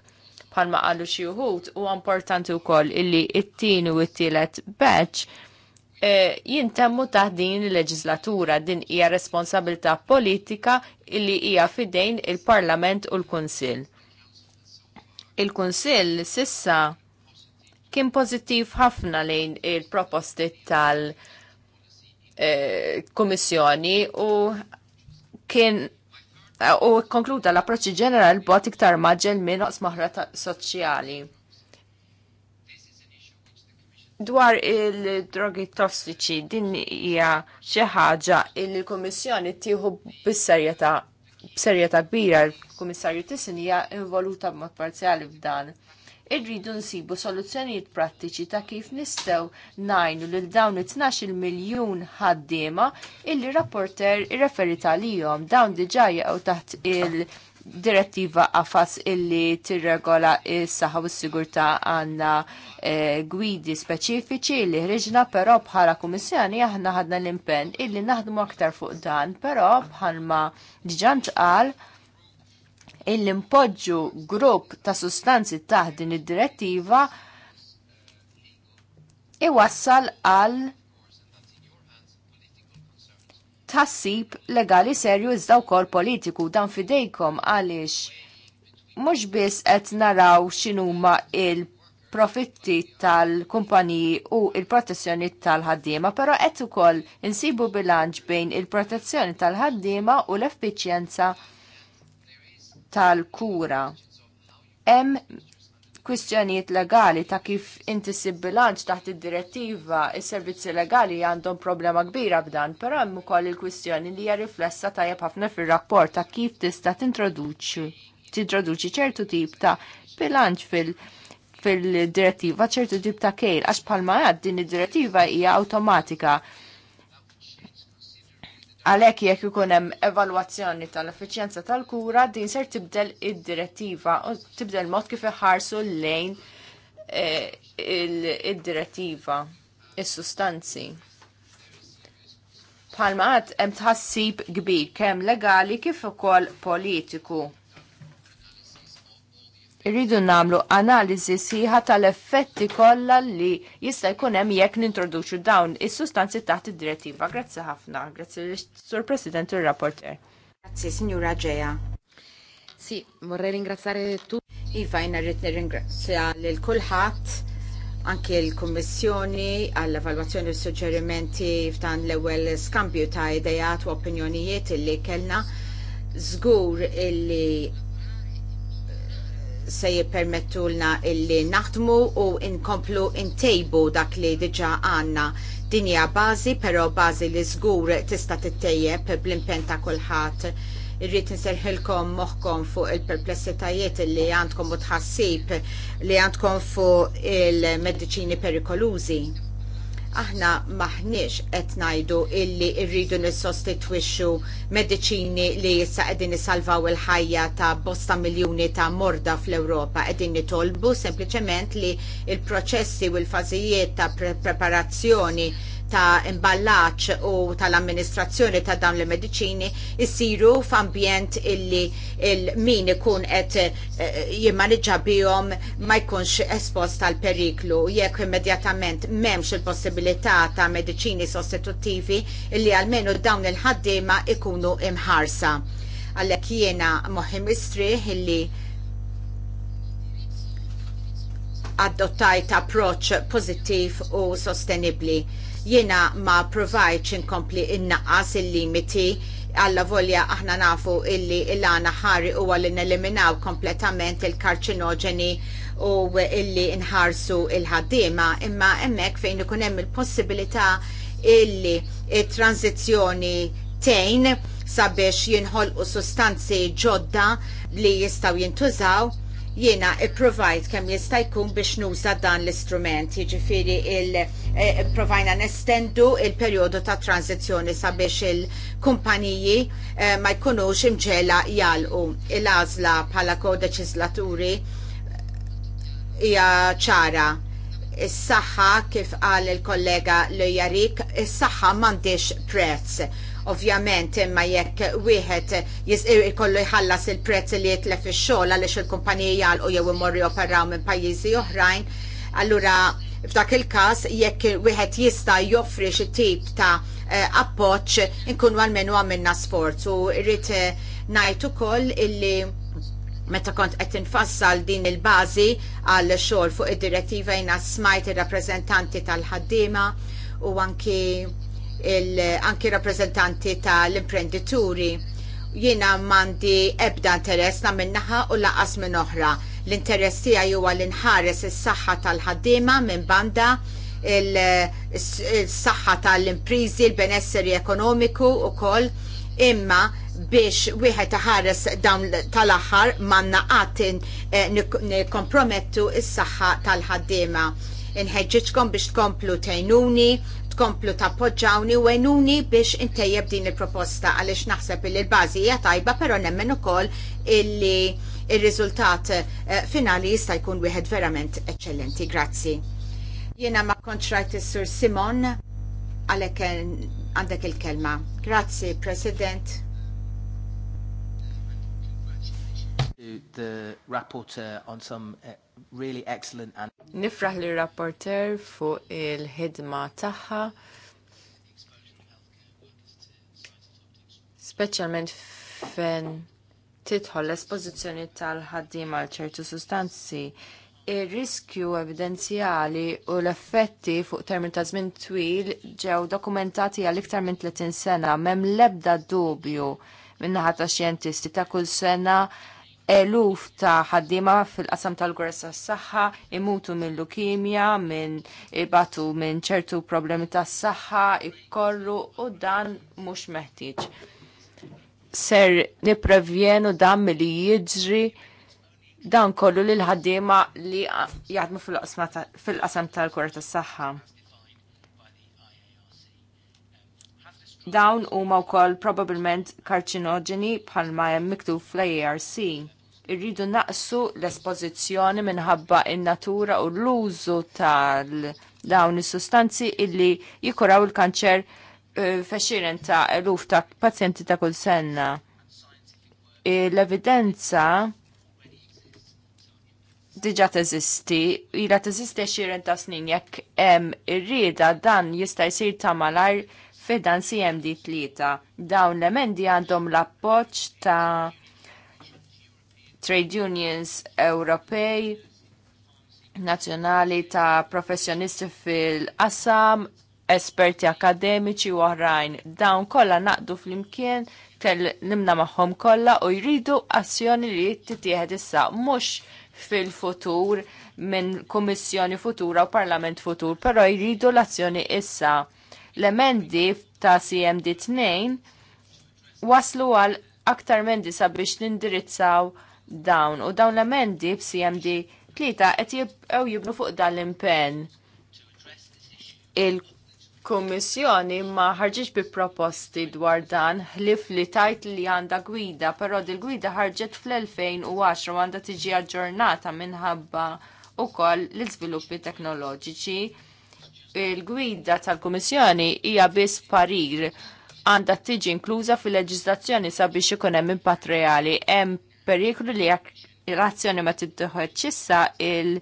bħalma qalu xi wħud u importanti wkoll illi it-tin u it-tielet beċ eh, jintemmu taħt din il-leġislatura din hija responsabilità politika illi hija fidejn il-Parlament u l-Kunsill. Il-Kunsill sissa kien pożittiv ħafna lejn il-proposti tal eh, kummissjoni u kien u konkluda l-approċċi ġenerali b'għod iktar maġġel minn oqs maħra soċjali. Dwar il-drogi tossiċi, din hija xi ħaġa il kummissjoni tieħu bis-serjetà b'serjetà kbira l-Kummissarju Tisin hija involuta b'mod parzjali f'dan irridu nsibu soluzzjonijiet prattiċi ta' kif nistgħu ngħinu lil dawn it-12 miljun ħaddiema illi rapporter irreferi lihom dawn diġà jaqgħu taħt il- direttiva għafas illi tirregola is-saħħa u s-sigurtà għandna e, gwidi speċifiċi li ħriġna però bħala kummissjoni aħna ħadna l-impenn illi naħdmu aktar fuq dan, però bħalma diġant qal illi npoġġu grupp ta' sustanzi taħt din id-direttiva iwassal għal tassib legali serju iżda wkoll politiku dan fidejkom għaliex mhux biss qed naraw x'inhuma il-profitti tal-kumpaniji u il-protezzjoni tal-ħaddiema, però qed ukoll insibu bilanċ bejn il-protezzjoni tal-ħaddiema u l-effiċjenza tal ħaddiema u l effiċjenza tal-kura. Hemm kwistjonijiet legali ta' kif inti bilanċ taħt id-direttiva is-servizzi legali għandhom problema kbira b'dan, però hemm ukoll il-kwistjoni li hija riflessa tajjeb ħafna fir-rapport ta' kif tista' tintroduċi tintroduċi ċertu tip ta' bilanċ fil- fil-direttiva ċertu tip ta' kejl, għax palma għad din id-direttiva hija awtomatika Għalhekk jekk ikun hemm evalwazzjoni tal-effiċjenza tal-kura din ser tibdel id-direttiva u tibdel mod kif iħarsu lejn e, id-direttiva is-sustanzi. Palma għad hemm tħassib kbir kemm legali kif ukoll politiku Irridu namlu analiżi siħa tal-effetti kollha li jista' jkun hemm jekk nintroduċu dawn is-sustanzi taħt id-direttiva. Grazzi ħafna, grazzi sur President u rapporter. Grazzi, Signora Ġeja. Sì, vorrei ringraziare tu. Iva, jina rritni ringrazzja lil kulħadd anke l-Kommissjoni għall-evalwazzjoni u suġġerimenti f'dan l-ewwel skambju ta' idejat u opinjonijiet illi kellna Zgur illi se jippermettulna illi naħdmu u inkomplu intejbu dak li diġa għanna dinja bazi, pero bazi li zgur tista tittejjeb bl-impen ta' kulħadd. Irrid inserħilkom moħkom fuq il-perplessitajiet li għandkom u tħassib li għandkom fuq il-medicini perikolużi Aħna maħniex qed ngħidu illi rridu nissostitwixxu mediċini li issa qegħdin isalvaw il-ħajja ta' bosta miljuni ta' morda fl-Ewropa qegħdin nitolbu sempliċement li l proċessi u l-fażijiet ta' pre preparazzjoni ta' imballaċ u tal-amministrazzjoni ta' dawn il-mediċini jissiru f'ambjent illi il-min ikun qed eh, jimmaneġġa bihom ma jkunx espost tal-periklu. Jekk immedjatament m'hemmx il-possibilità ta' mediċini sostitutivi illi għalmenu dawn il-ħaddiema ikunu imħarsa. Għalhekk jiena moħim istrih illi adottajt approċ pozittiv u sostenibli Jiena ma provajċ inkompli innaqas il-limiti għalla volja aħna nafu illi il-għana ħari u għalli neliminaw kompletament il-karċinogeni u illi nħarsu il-ħaddima imma emmek fejn ikun hemm il-possibilità illi il transizjoni tejn sabiex jinħolqu sustanzi ġodda li jistaw jintużaw jiena ipprovajt kemm jista' jkun biex nuża dan l-istrument, jiġifieri il-provajna eh, nestendu il-perjodu ta' tranzizjoni sabiex il-kumpaniji eh, ma jkunux imġela jalqu il-għażla bħala kodeċislaturi hija ċara is-saħħa kif qal il-kollega Lujarik, is-saħħa m'għandix prezz Ovvjament imma jekk wieħed jkollu jħallas il-prezz li jitlef ix-xogħol għaliex il-kumpaniji jgħalqu jew imorru joperaw minn pajjiżi oħrajn, allura f'dak il-każ jekk wieħed jista' joffri xi tip ta' eh, appoġġ inkunu għalmenu għamilna sforz u rrid eh, ngħid ukoll illi meta kont qed infassal din il-bażi għal xogħol fuq id-direttiva jiena smajt ir-rappreżentanti tal-ħaddiema u anki anki rappresentanti tal-imprenditori. Jiena mandi ebda interess na minnaħa u laqas minn oħra. L-interess tija huwa li nħares is-saħħa tal-ħaddiema minn banda il-saħħa tal-imprizi, il-benesseri ekonomiku u koll, imma biex wieħed ħares dawn tal-aħħar manna għatin eh, nikkompromettu is-saħħa tal-ħaddiema. Inħeġġitkom biex tkomplu tejnuni tkomplu tappoġġawni u għenuni biex intejjeb din il-proposta għaliex naħseb li l-bażi hija tajba però nemmen ukoll illi il-riżultat eh, finali jista' jkun wieħed verament eċċellenti. Grazzi. Jiena ma kontrajt is-Sur Simon għalhekk għandek il-kelma. Grazzi, President. The rapporteur on some eh, really excellent and Nifraħ li rapporter fuq il-ħidma tagħha speċjalment fejn titħol l-espożizzjoni tal-ħaddim għal ċertu sustanzi ir-riskju evidenzjali u l-effetti fuq termin ta' żmien twil ġew dokumentati għal iktar minn 30 sena m'hemm l-ebda dubju min-naħa ta' xjentisti ta' kull sena eluf ta' ħaddima fil-qasam tal-gwerza s-saħħa imutu minn lukimja, minn ibatu minn ċertu problemi tas saħħa ikkorru u dan mhux meħtieġ. Ser niprevjenu dan milli jiġri dan kollu l ħaddiema li jaħdmu fil-qasam tal-gwerza tas-saħħa. dawn huma wkoll probabbilment bħal bħalma hemm miktu fl-ARC irridu naqsu l-espożizzjoni minħabba in-natura u l-użu tal dawn is-sustanzi illi jikuraw il-kanċer eh, fexiren ta' eluf ta' pazjenti ta' kull senna. E, l-evidenza diġa teżisti, ila teżisti xiren ta' snin jekk hemm irrieda dan jista' jsir ta' malar fidan CMD tlieta. Dawn l-emendi għandhom l-appoġġ ta' trade unions Ewropej, nazzjonali ta' professjonisti fil-qasam, esperti akademiċi u oħrajn. Dawn kollha naqdu flimkien tel nimna magħhom kollha u jridu azzjoni li tittieħed issa mhux fil-futur minn Kummissjoni Futura u Parlament Futur, però jridu l-azzjoni issa. L-emendi ta' CMD 2 waslu għal aktar mendi sabiex nindirizzaw dawn u dawn l-emendi cmd tlieta qed jibqgħu jibnu fuq dan l-impenn. Il-Kummissjoni ma ħarġitx bi proposti dwar dan ħlif li tajt li għandha gwida, però dil-gwida ħarġet fl-2010 u għandha tiġi aġġornata minħabba wkoll l-iżviluppi teknoloġiċi. Il-gwida tal-Kummissjoni hija biss parir għandha tiġi inkluża fil-leġiżlazzjoni sabiex ikun hemm impatt reali. Hemm periklu li jekk l-azzjoni ma tiddoħħeġ issa il-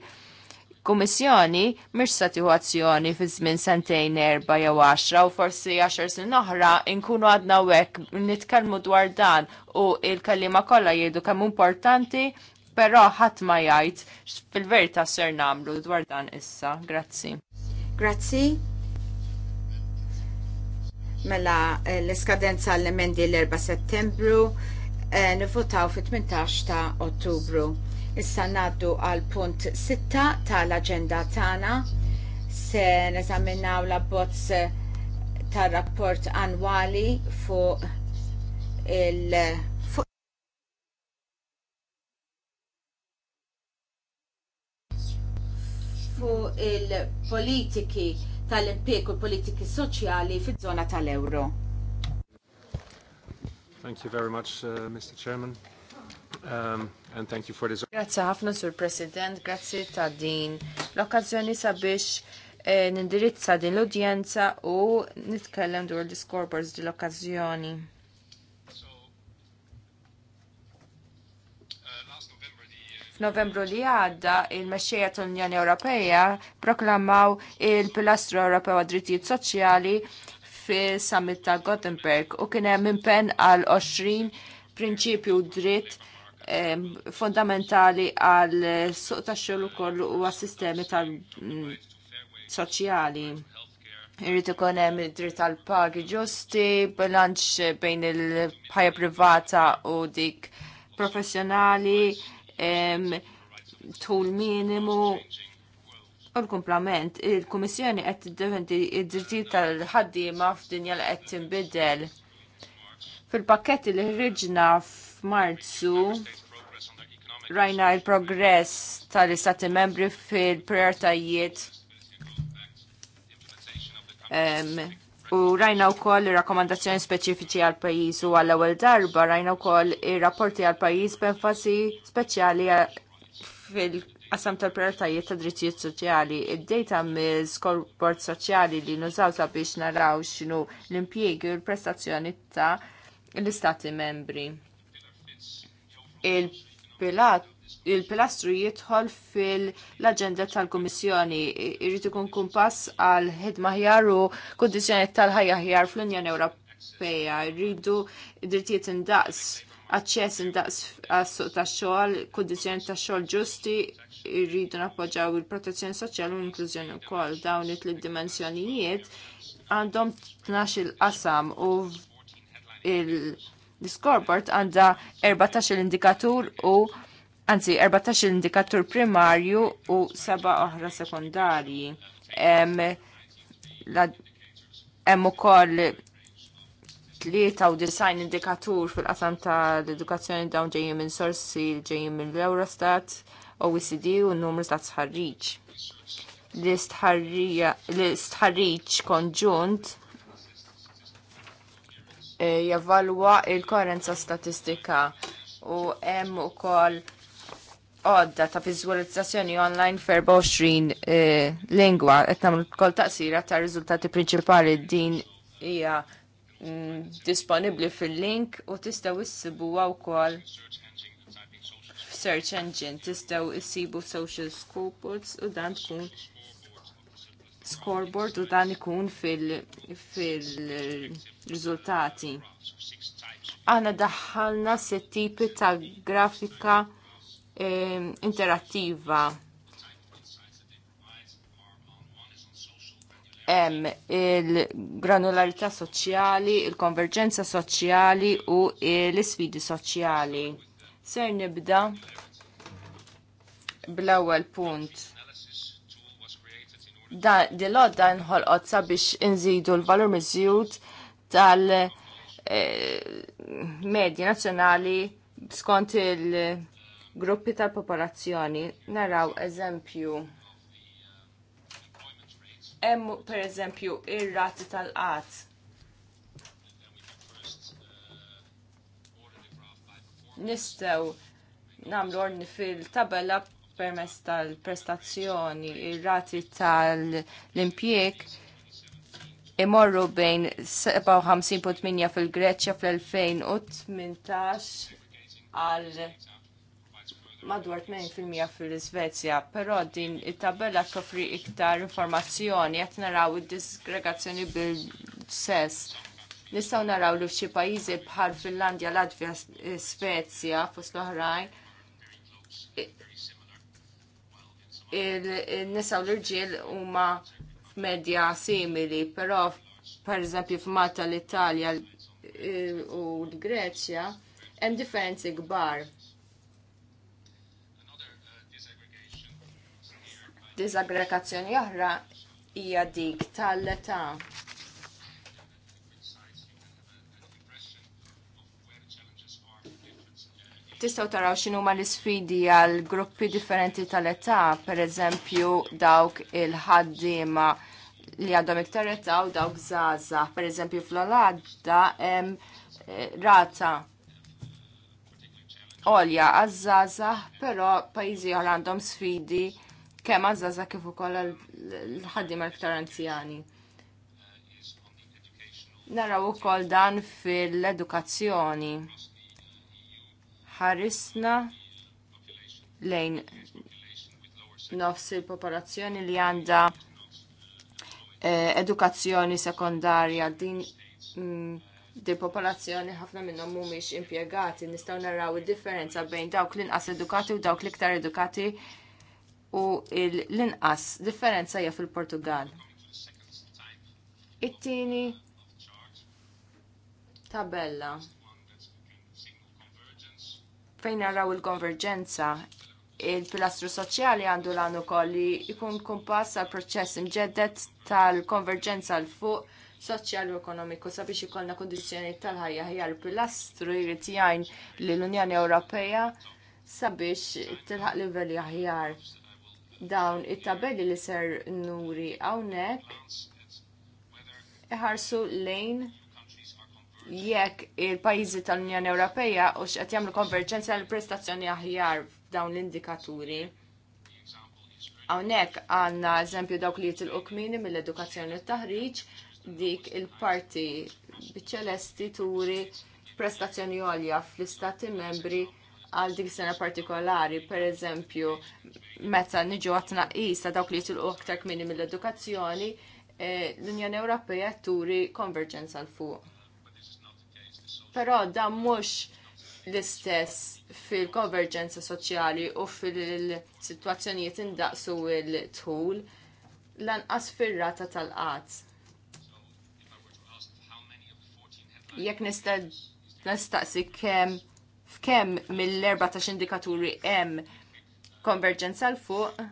Kummissjoni mhix se fi żmien sentejn erba' jew 10 u forsi 10 sin oħra nkunu għadna hekk nitkellmu dwar dan u l-kalima kollha jgħidu kemm importanti però ħadd ma jgħid fil-verità ser nagħmlu dwar dan issa. Grazzi. Grazzi. Mela eh, l-iskadenza l-emendi l-4 settembru Eh, nivvotaw fit-18 ta' Ottubru. Issa naddu għal punt 6 tal-agenda tagħna se neżaminaw la bozz tar rapport annwali fuq il fu fuq il-politiki tal l politiki soċjali fiż-żona tal-euro. Thank you very much, uh, Mr. Chairman. Um, and thank you for this. Grazie ħafna, Sur President. Grazie ta' din l-okkazjoni sabiex eh, nindirizza din l-udjenza u nitkellem dwar l-scoreboards din l-okkazjoni. F'Novembru li għadda il-mexxejja tal-Unjoni Ewropea proklamaw il-Pilastru Ewropew għad-Drittijiet Soċjali fil summit ta' Gothenburg u kien hemm impenn għal 20 prinċipju dritt fondamentali għal suq ta' xogħol ukoll u għas-sistemi tal-soċjali. Mm, Irrid ikun hemm id-dritt għal pagi ġusti, bilanċ bejn il-ħajja privata u dik professjonali, tul minimu, kumplament il-Kummissjoni qed id-deventi d-drittijiet tal-ħaddiema f'dinja li qed tinbidel. Fil-pakketti li ħriġna f'Marzu rajna il-progress tal-Istati membri fil-prioritajiet U rajna u koll rakomandazzjoni speċifiċi għal pajis u għall ewwel darba rajna u koll rapporti għal pajis b'enfasi speċjali fil qasam tal-prioritajiet ta' drittijiet soċjali, id dejta mill-scoreboard soċjali li nużawta biex naraw x'inhu l-impjiegi u l-prestazzjoni ta' l-istati membri. Il-pilastru jidħol fil-agenda tal-Kummissjoni irrid ikun kumpass għal ħidma ħjar u kundizzjoni tal-ħajja ħjar fl-Unjoni Ewropea. Irridu drittijiet indaqs aċċess indaqs għas-suq tax-xogħol, kundizzjoni tax-xogħol ġusti, irridu nappoġġaw il-protezzjoni soċjali u l-inklużjoni wkoll dawn it-tliet dimensjonijiet għandhom tnax il-qasam u il-scoreboard għandha 14 indikatur u anzi 14 indikatur primarju u seba' oħra sekundarji Hemm ukoll tlieta u design indikatur fil-qasam tal-edukazzjoni dawn ġejjin minn sorsi, ġejjin minn l-Eurostat, OECD u n-numru ta' tħarriġ. L-istħarriġ konġunt eh, javalwa il-koerenza statistika u hemm ukoll għodda ta' vizualizzazzjoni online fer 24 eh, lingwa qed nagħmlu kol taqsira ta' riżultati prinċipali din hija mm, disponibbli fil-link u tista' issibuha wkoll search engine tistgħu issibu social scoreboards u dan tkun scoreboard u dan ikun fil-riżultati. Fil Aħna daħħalna sitt tipi ta' grafika eh, interattiva. hemm il-granularità soċjali, il-konverġenza soċjali u eh, l-isfidi soċjali. Ser nibda bl-ewwel punt. Da dil-għodda nħolqot sabiex inżidu l-valur miżjud tal eh, medji nazzjonali skont il-gruppi tal-popolazzjoni. Naraw eżempju hemm per eżempju ir-rati tal-qatt nistaw namlu orni fil-tabella permess tal-prestazzjoni, ir-rati tal-impjek imorru bejn 57.8 fil-Greċja fl-2018 għal madwar 8% fil-Svezja, però din it-tabella toffri iktar informazzjoni qed naraw id-disgregazzjoni bil-sess Nistgħu naraw li f'xi pajjiżi bħal Finlandja, Latvja, eh, Svezja fost l-oħrajn il-nisa u l-irġiel huma medja simili, però per eżempju f'Malta l-Italja u l-Greċja hemm differenzi kbar. Disaggregazzjoni oħra hija dik tal-età. Tistaw taraw xinu ma l-sfidi għal gruppi differenti tal-età, per eżempju dawk il-ħaddima li għadhom iktar età u dawk zaza. Per eżempju fl hemm eh, rata olja għazzaza, pero pajizi għal għandhom sfidi kemm għazzaza kif ukoll l ħaddim iktar anzjani. Naraw ukoll dan fil-edukazzjoni ħarisna lejn nofs il-popolazzjoni li għanda eh, edukazzjoni sekondarja din mm, di popolazzjoni ħafna minnhom mhumiex impjegati, nistgħu naraw id-differenza bejn dawk l-inqas edukati u dawk l-iktar edukati u l-inqas differenza hija fil-Portugal. It-tieni tabella fejn naraw il-konverġenza il-pilastru soċjali għandu l għannu ukoll li jkun kumpass għal proċess imġeddet tal-konverġenza l fuq soċjali u ekonomiku sabiex jkollna kondizjoni tal-ħajja ħajja l-pilastru jrid jgħin lill-Unjoni Ewropea sabiex tilħaq livelli aħjar dawn it-tabelli li ser nuri hawnhekk iħarsu lejn jekk il-pajjiżi tal-Unjoni Ewropea u x'qed jagħmlu konverġenza għal prestazzjoni aħjar f'dawn l-indikaturi. Hawnhekk għandna eżempju dawk li jitilqu kmini mill-edukazzjoni u t-taħriġ dik il-parti biċċelesti turi prestazzjoni għolja fl-istati membri għal dik sena partikolari, per eżempju, meta niġu għatna ta' dawk li jitilqu aktar kmini mill-edukazzjoni, eh, l-Unjoni Ewropea turi konverġenza l fuq Però da mhux l-istess fil-konverġenza soċjali u fil-situazzjonijiet indaqsu il-tħul lanqas fir-rata tal-qatt. Jekk nistaqsi kemm f'kemm mill-14 indikaturi hemm konverġenza l fuq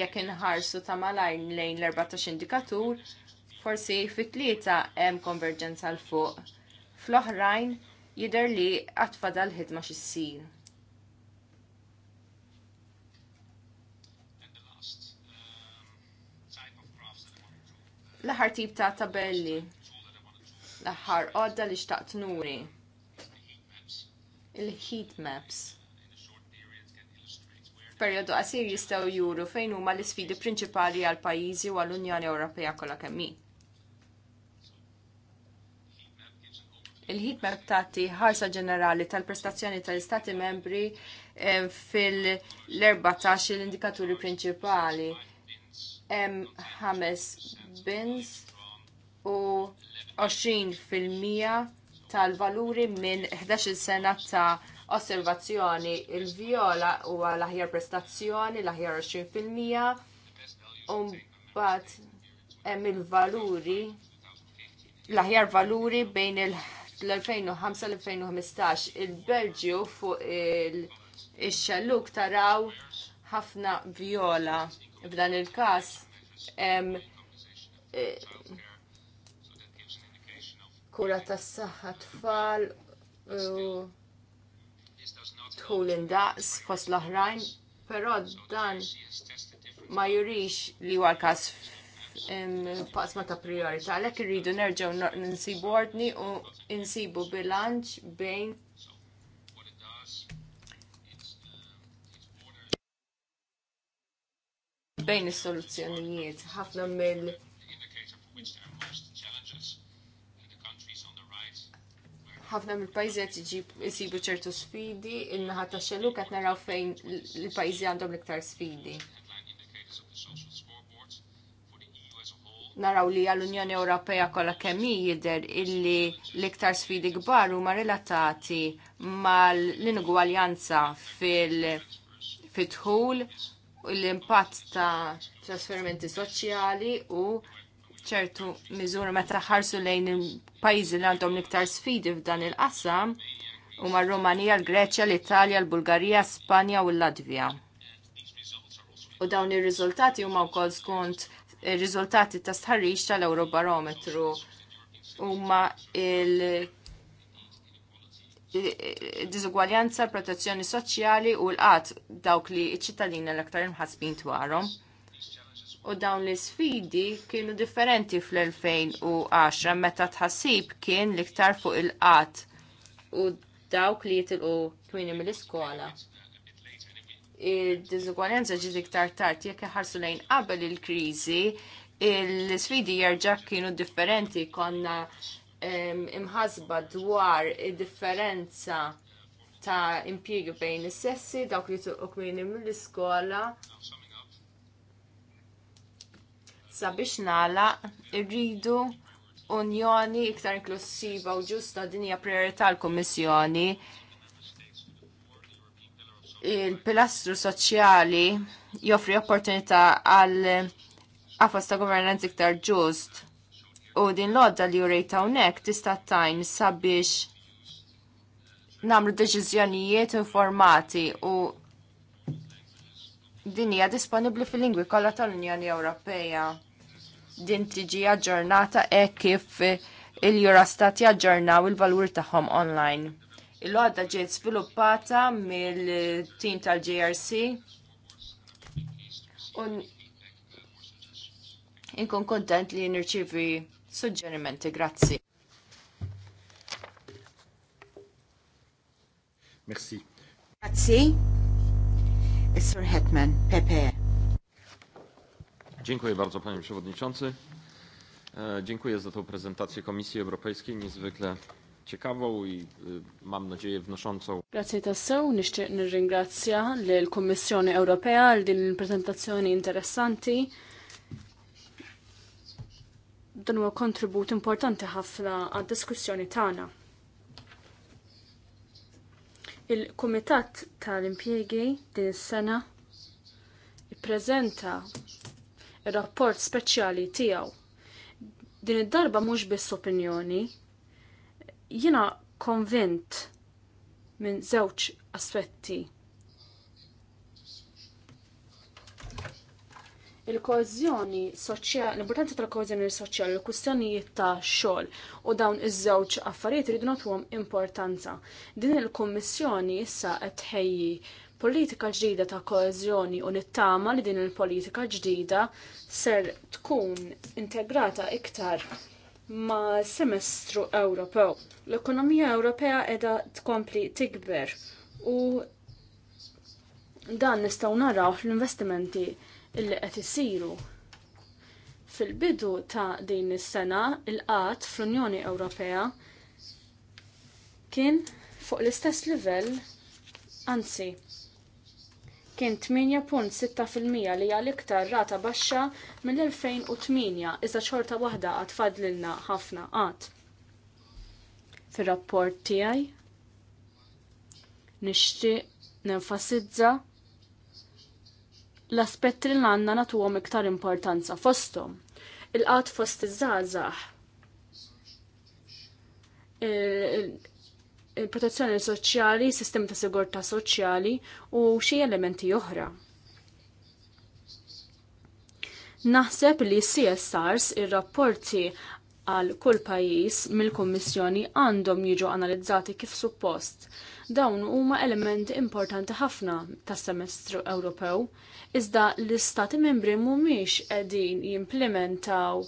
jekk inħarsu ta' malajn lejn l-14 indikatur, forsi fit-tlieta hemm konverġenza l fuq fl-oħrajn jidher li għatfadal ħidma xissir. L-aħħar tip ta' tabelli, l-aħħar għodda li xtaqt nuri, il-heat maps periodu qasir jistgħu juru fejn huma l-isfidi prinċipali għall pajjiżi u għall-Unjoni Ewropea kollha kemm il-ħidma tagħti ħarsa ġenerali tal-prestazzjoni tal-Istati membri fil-14 indikaturi prinċipali. Hemm ħames bins u 20 fil-mija tal-valuri minn 11 sena ta' osservazzjoni. Il-viola huwa l-aħjar prestazzjoni, l-aħjar 20 fil-mija, u mbagħad hemm il-valuri l-aħjar valuri bejn il- fl-2005-2015 il-Belġju fuq il-xalluk taraw ħafna viola. F'dan il-kas e, kura ta' s saħħa tfal u tħul indaqs fos l-oħrajn, pero dan ma jurix li huwa kas pasma ta' priorità, għalhekk irridu nerġgħu nsibu ordni u nsibu bilanċ bejn bejn is-soluzzjonijiet ħafna mill ħafna mill-pajjiżiet iġib isibu ċertu sfidi, in-naħa ta' xellu qed naraw fejn il-pajjiżi għandhom l-iktar sfidi. naraw li għall-Unjoni Ewropea kollha kemm jidher illi l-iktar sfidi kbar huma relatati mal-inugwaljanza fil-fitħul l-impatt ta' trasferimenti soċjali u ċertu miżura meta ħarsu lejn il-pajjiżi li għandhom l-iktar sfidi f'dan il-qasam huma l rumanija l-Greċja, l-Italja, l-Bulgarija, Spanja u l latvija U dawn ir-riżultati huma wkoll skont il-riżultati ta' stħarriġ tal-Eurobarometru huma il- diżugwaljanza, protezzjoni soċjali u l-qat dawk li ċittadini l-aktar imħasbin twarom. U dawn l isfidi kienu differenti fl-2010 meta tħassib kien l-iktar fuq il-qat u dawk li jitilqu twini mill-iskola il diżugwaljanza ġiet iktar tard jekk iħarsu lejn qabel il-kriżi il-sfidi jerġa' kienu differenti konna imħasba dwar id-differenza ta' impjiegi bejn is-sessi dawk li tuqmini mill-iskola sabiex nagħlaq irridu unjoni iktar inklusiva u ġusta din hija priorità l-Kummissjoni il-pilastru soċjali joffri opportunità għal għafas ta' governanza iktar ġust u din lodda li ta' unek tista' tajn sabiex namlu deċiżjonijiet informati u din hija disponibbli fil-lingwi kollha tal-Unjoni Ewropea. Din tiġi aġġornata e kif il-Jurastat jaġġornaw il-valur tagħhom online Il-għadda ġiet sviluppata mill-tim tal-JRC un inkun kontent li nirċivi suġġerimenti. Grazzi. Merci. Grazzi. Sir Hetman, Pepe. Dziękuję bardzo panie przewodniczący. E, dziękuję za tą prezentację Komisji Europejskiej, niezwykle ciekawą i mam nadzieję wnoszącą. Grazie tassew, nixtieq nirringrazzja lill kummissjoni Ewropea għal din il-prezentazzjoni interessanti. Dan huwa kontribut importanti ħafna għad-diskussjoni tagħna. Il-Kumitat tal-Impjiegi din is-sena ippreżenta ir-rapport speċjali tiegħu. Din id-darba mhux biss opinjoni, Jina konvint minn żewġ aspetti. Il-kozjoni soċjali, l-importanza tal-kozjoni soċjali, l-kustjonijiet ta' xogħol u dawn iż-żewġ affarijiet rridu nagħtuhom importanza. Din il-Kummissjoni issa qed tħejji politika ġdida ta' koeżjoni u nittama li din il-politika ġdida ser tkun integrata iktar ma' semestru Ewropew. L-ekonomija Ewropea edha tkompli tikber u dan nistgħu naraw l-investimenti illi qed isiru. Fil-bidu ta' din is-sena il-qatt fl-Unjoni Ewropea kien fuq l-istess livell anzi kien 8.6% li għal iktar rata baxxa mill-2008 iżda xorta waħda għad fadlilna ħafna qatt. Fir-rapport tiegħi nixtieq nenfasizza l-aspetti li għandna nagħtuhom iktar importanza fosthom. Il-qatt fost iż-żgħażagħ il-protezzjoni soċjali, sistemi ta' sigurtà soċjali u xi elementi oħra. Naħseb li CSRs ir-rapporti għal kull pajjiż mill-Kummissjoni għandhom jiġu analizzati kif suppost. Dawn huma elementi importanti ħafna tas-semestru Ewropew, iżda l-istati membri mhumiex qegħdin jimplementaw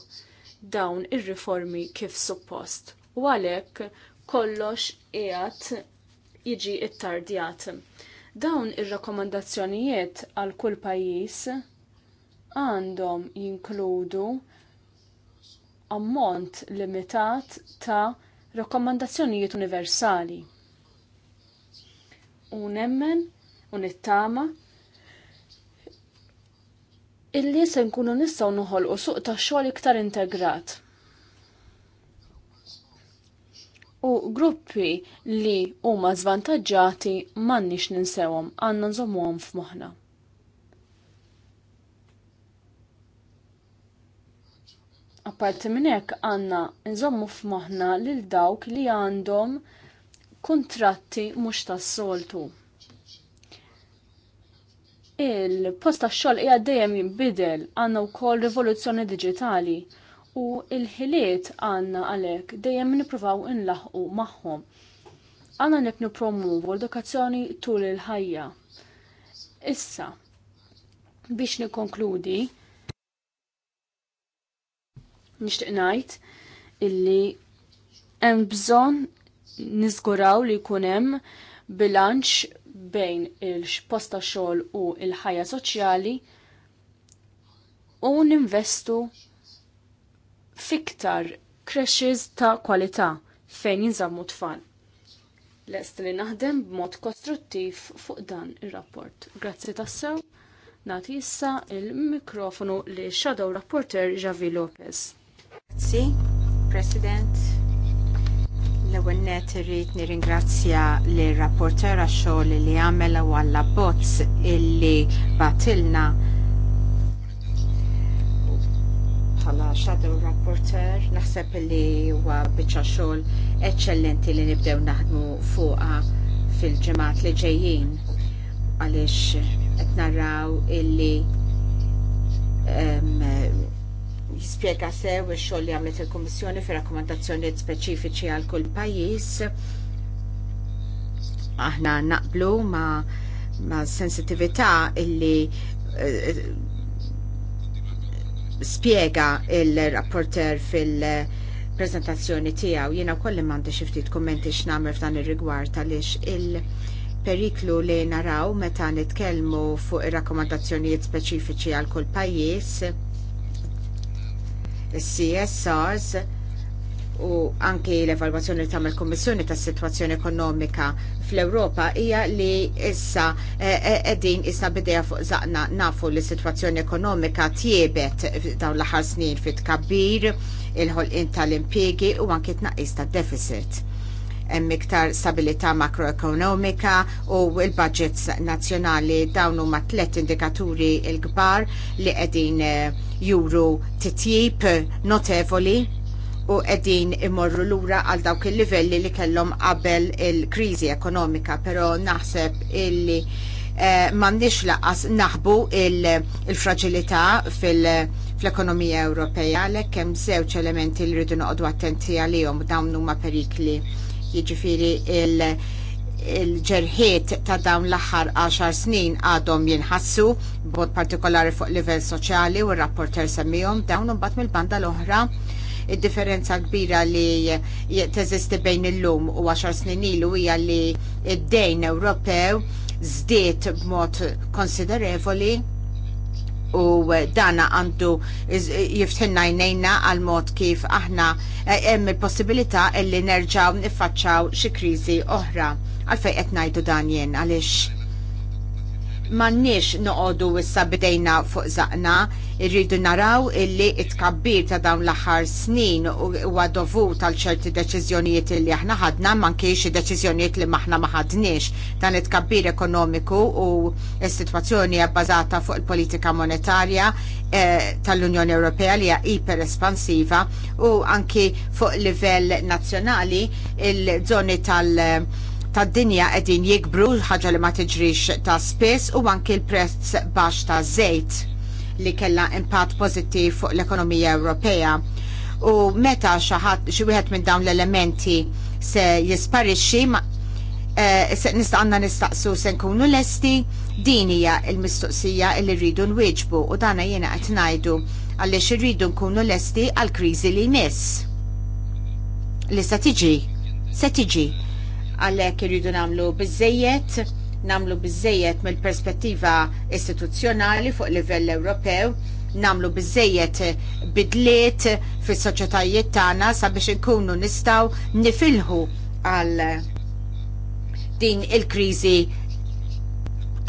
dawn ir-riformi kif suppost. U għalhekk kollox qiegħed jiġi ittardjat. Dawn ir-rakkomandazzjonijiet għal kull pajjiż għandhom jinkludu ammont limitat ta' rakkomandazzjonijiet universali. Unemmen, nemmen u nittama illi se nkunu nistgħu noħolqu suq ta' xogħol iktar integrat. u gruppi li huma zvantaġġati m'għandniex ninsewhom, għandna nżommuhom f'moħħna. Apparti minn hekk għandna nżommu f'moħħna lil dawk li għandhom kuntratti mhux tas-soltu. Il-post tax-xogħol hija dejjem jinbidel għandna wkoll rivoluzzjoni diġitali u il-ħiliet għanna għalek dejjem nipruvaw inlaħqu magħhom. Għanna nek nipromuvu l-edukazzjoni tul il-ħajja. Issa, biex nikonkludi, nixtieq ngħid illi hemm bżonn niżguraw li jkun hemm bilanċ bejn il-posta xogħol u l-ħajja soċjali u ninvestu fiktar crashes ta' kwalità fejn jinżammu tfal. Lest li naħdem b'mod kostruttiv fuq dan ir-rapport. Grazzi tassew, nagħti issa il-mikrofonu li Shadow Rapporter Javi Lopez. Grazzi, President. L-ewwel net irrid nirringrazzja lir rapporter għax-xogħol li għamel u għall illi batilna bħala Shadow Rapporteur naħseb li huwa biċċa xogħol eċċellenti li nibdew naħdmu fuqha fil-ġemat li ġejjin għaliex qed narraw illi um, jispjega sew ix-xogħol li għamlet il-Kummissjoni fi rakkomandazzjonijiet speċifiċi għal kull pajjiż. Aħna naqblu ma, ma sensitività illi eh, spiega il-rapporter fil- prezentazzjoni tijaw, jina kolli mandi xiftit kommenti x'namel f'dan ir-rigward għaliex il-periklu li naraw meta nitkellmu fuq ir-rakkomandazzjonijiet speċifiċi għal kull pajjiż, is-CSRs, u anki l-evalwazzjoni li tagħmel kummissjoni tas-sitwazzjoni ekonomika fl-Ewropa hija li issa qegħdin eh, eh, issa bidejja fuq zaqna nafu li s-sitwazzjoni ekonomika tiebet dawn l-aħħar snin fit tkabbir il-ħolqien tal-impjiegi u anki tnaqqis tad-deficit hemm iktar stabilità makroekonomika u l-budgets nazzjonali dawn huma tliet indikaturi l-kbar li qegħdin eh, juru titjib notevoli u edin imorru lura għal dawk il-livelli li kellhom qabel il-kriżi ekonomika, però naħseb illi eh, m'għandniex laqas naħbu il-fragilità fil- fl-ekonomija Ewropea għalhekk hemm żewġ elementi li rridu noqogħdu attenti għalihom dawn huma perikli. Jiġifieri il- il-ġerħiet ta' dawn l-aħħar 10 snin għadhom jinħassu b'mod partikolari fuq livell soċjali u r-rapporter semmihom dawn imbagħad mill-banda l-oħra Id-differenza kbira li teżisti bejn illum u 10 snin ilu hija li id-dejn Ewropew żdied b'mod konsiderevoli u dana għandu jiftħinna jnejna għal mod kif aħna eh, hemm il-possibilità illi nerġaw nifaċċaw xi kriżi oħra. Għalfejn qed ngħidu dan jien għaliex mannix noqodu issa bidejna fuq zaqna, irridu naraw illi it-kabbir ta' dawn l-aħħar snin huwa dovut tal ċerti deċiżjonijiet li aħna ħadna manki kiex deċiżjonijiet li maħna ma ħadniex dan it-kabbir ekonomiku u s-sitwazzjoni bbażata fuq il-politika monetarja eh, tal-Unjoni Ewropea li hija iper espansiva u anki fuq livell nazzjonali il-żoni tal- tad-dinja qegħdin jikbru ħaġa li ma tiġrix ta' spiss u anki l-prezz baxx ta' żejt li kellha impatt pożittiv fuq l-ekonomija Ewropea. U meta xi ħadd xi wieħed minn dawn l-elementi se jisparixxi eh, nista' għandna nistaqsu se nkunu lesti din hija l-mistoqsija li rridu nwieġbu u dana jiena qed ngħidu għaliex irridu nkunu lesti għall kriżi li jmiss. Li se tiġi, se tiġi għalhekk irridu nagħmlu biżejjed namlu bizzejiet mill-perspettiva istituzzjonali fuq livell Ewropew, namlu bizzejiet bidliet fis soċjetajiet tagħna sabiex inkunu nistgħu nifilħu għal din il-kriżi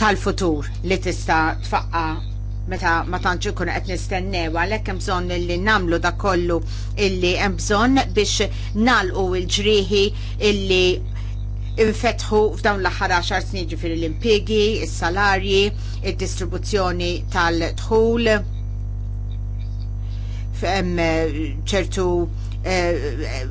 tal-futur li tista' tfaqqa meta ma tantx ikun qed nistennew għalhekk hemm bżonn li nagħmlu dakollu kollu illi hemm bżonn biex nalqu l-ġrieħi illi infetħu f'dawn l-aħħar 10 snin ġifieri l impiegi is-salarji, id-distribuzzjoni tal-dħul eh, ċertu eh,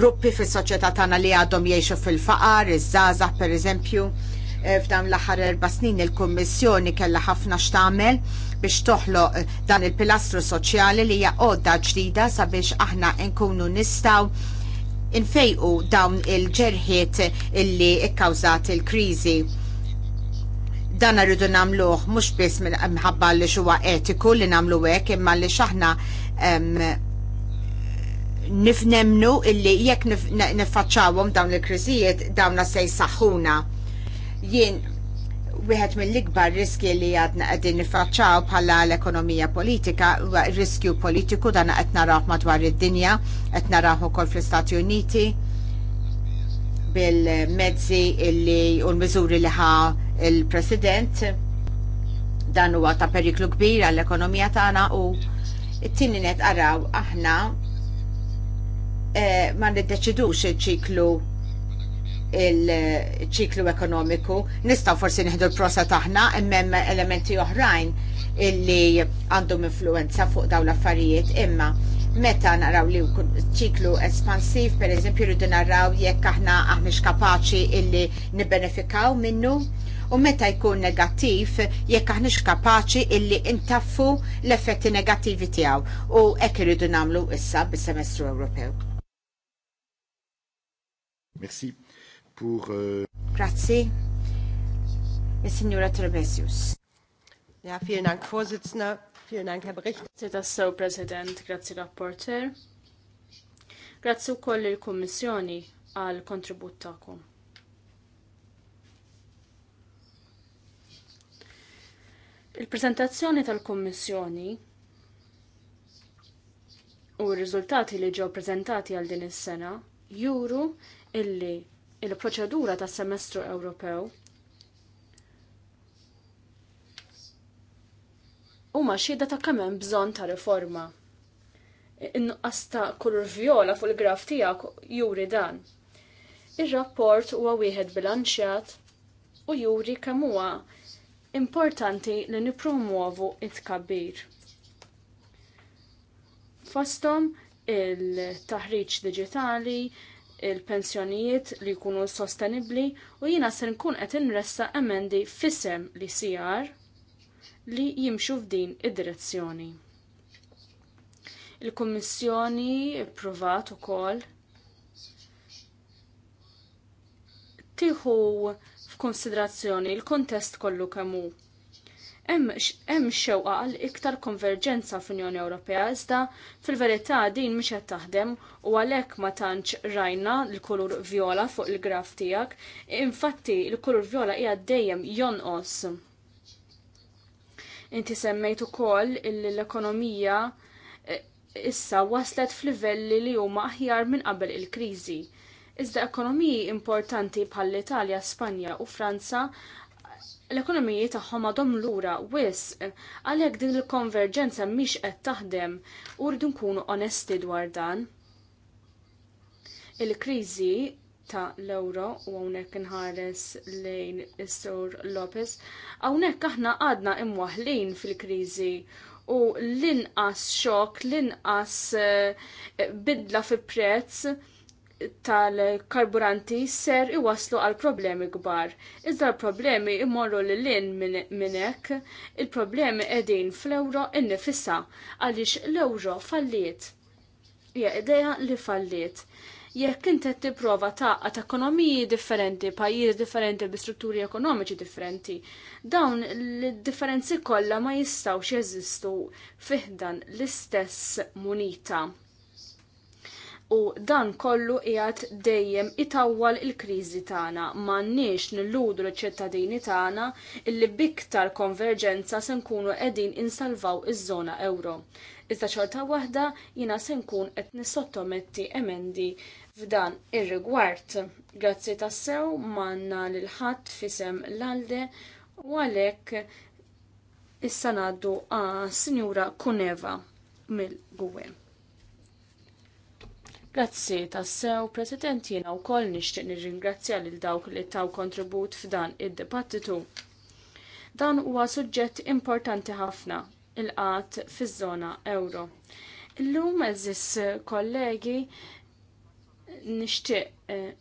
gruppi fis-soċjetà tagħna li għadhom jgħixu fil-faqar, iż-żgħażagħ pereżempju eh, f'dawn l-aħħar erba' snin il-Kummissjoni kellha ħafna x'tagħmel biex toħloq dan il-pilastru soċjali li hija għodda ġdida sabiex aħna nkunu nistgħu infejqu dawn il-ġerħiet illi ikkawżat il-kriżi. Dan rridu nagħmluh mhux biss minħabba li xuwa etiku li nagħmlu hekk imma li xaħna nifnemnu illi jekk niffaċċawhom dawn il-kriżijiet dawn se jsaħħuna. Jien wieħed mill-ikbar riski li għadna qegħdin nifraċċaw bħala l-ekonomija politika huwa riskju politiku dan qed narawh madwar id-dinja, qed naraw ukoll fl-Istati Uniti bil-mezzi illi u l-miżuri li ħa il-President dan huwa ta' periklu kbir għall-ekonomija tagħna u it tieni qed araw aħna eh, ma niddeċidux iċ-ċiklu il-ċiklu ekonomiku. Nistaw forsi nieħdu l-prosa taħna, imma elementi oħrajn illi għandhom influenza fuq daw l-affarijiet, imma meta naraw li ċiklu espansiv, per eżempju, rridu naraw jekk aħna aħniex kapaċi illi nibbenefikaw minnu, u meta jkun negattiv jekk aħniex kapaċi illi intaffu l-effetti negattivi tiegħu u hekk irridu nagħmlu issa bis-semestru Ewropew. Merci pour... Euh, Grazie. E signora Trebesius. Ja, vielen Dank, Vorsitzender. Vielen Dank, Herr Bericht. Grazie tassew, President. Grazie, Rapporteur. Grazie u koll il-Kommissjoni għal kontribut ta'kom. Il-prezentazzjoni tal-Kommissjoni u r-riżultati li ġew prezentati għal din is-sena juru illi il-proċedura ta' semestru Ewropew huma xieda ta' kemm hemm bżonn ta' riforma. Innuqqas ta' kulur vjola fuq il-graf tiegħek juri dan. Ir-rapport huwa wieħed bilanċjat u juri kemm huwa importanti li nippromuovu it-tkabbir. Fosthom il-taħriġ diġitali, il-pensjonijiet li jkunu sostenibli u jina se nkun qed inressa emendi fisem li sijar li jimxu f'din id-direzzjoni. Il-Kummissjoni provat ukoll tieħu f'konsiderazzjoni l-kontest kollu kemm hu Hemm xewqa għal iktar konverġenza fl-Unjoni Ewropea iżda fil-verità din mhix qed taħdem u għalhekk ma tantx rajna l-kulur vjola fuq il-graf tiegħek, infatti l-kulur vjola hija dejjem jonqos. Inti semmejt ukoll l-ekonomija eh, issa waslet f'livelli li huma aħjar minn qabel il-kriżi. Iżda ekonomiji importanti bħall-Italja, Spanja u Franza l-ekonomiji tagħhom għadhom lura wisq għalhekk din il-konverġenza mhix qed taħdem u rridu nkunu onesti dwar dan. Il-kriżi ta' l-euro u hawnhekk inħares lejn is-Sur Lopez, hawnhekk aħna għadna imwaħlin fil-kriżi u l-inqas xok, l-inqas eh, bidla fi prezz tal-karburanti ser iwaslu għal problemi kbar. Iżda l-problemi imorru l lin minn hekk, il-problemi qegħdin fl-ewro innifissa għaliex l-ewro falliet. Hija idea li falliet. Jekk inti qed tipprova taqgħod ekonomiji differenti, pajjiżi differenti bi strutturi ekonomiċi differenti, dawn l-differenzi kollha ma jistgħux jeżistu fiħdan l-istess munita u dan kollu qiegħed dejjem itawwal il-kriżi tagħna m'għandniex nilludu l-ċittadini tagħna illi biktar konverġenza se nkunu qegħdin insalvaw iż-żona euro. Iżda xorta waħda jiena se nkun qed nissottometti emendi f'dan ir-rigward. Grazzi tassew manna lil ħadd fisem l-alde u għalhekk issa ngħaddu għas Sinjura Kuneva mill-Gwe. Grazzi tassew, President, jiena u koll nishtiq nirringrazzja lil dawk li taw kontribut f'dan id-dibattitu. Dan huwa suġġett importanti ħafna il-qat fiż-żona euro. Illum eżis kollegi nishtiq eh,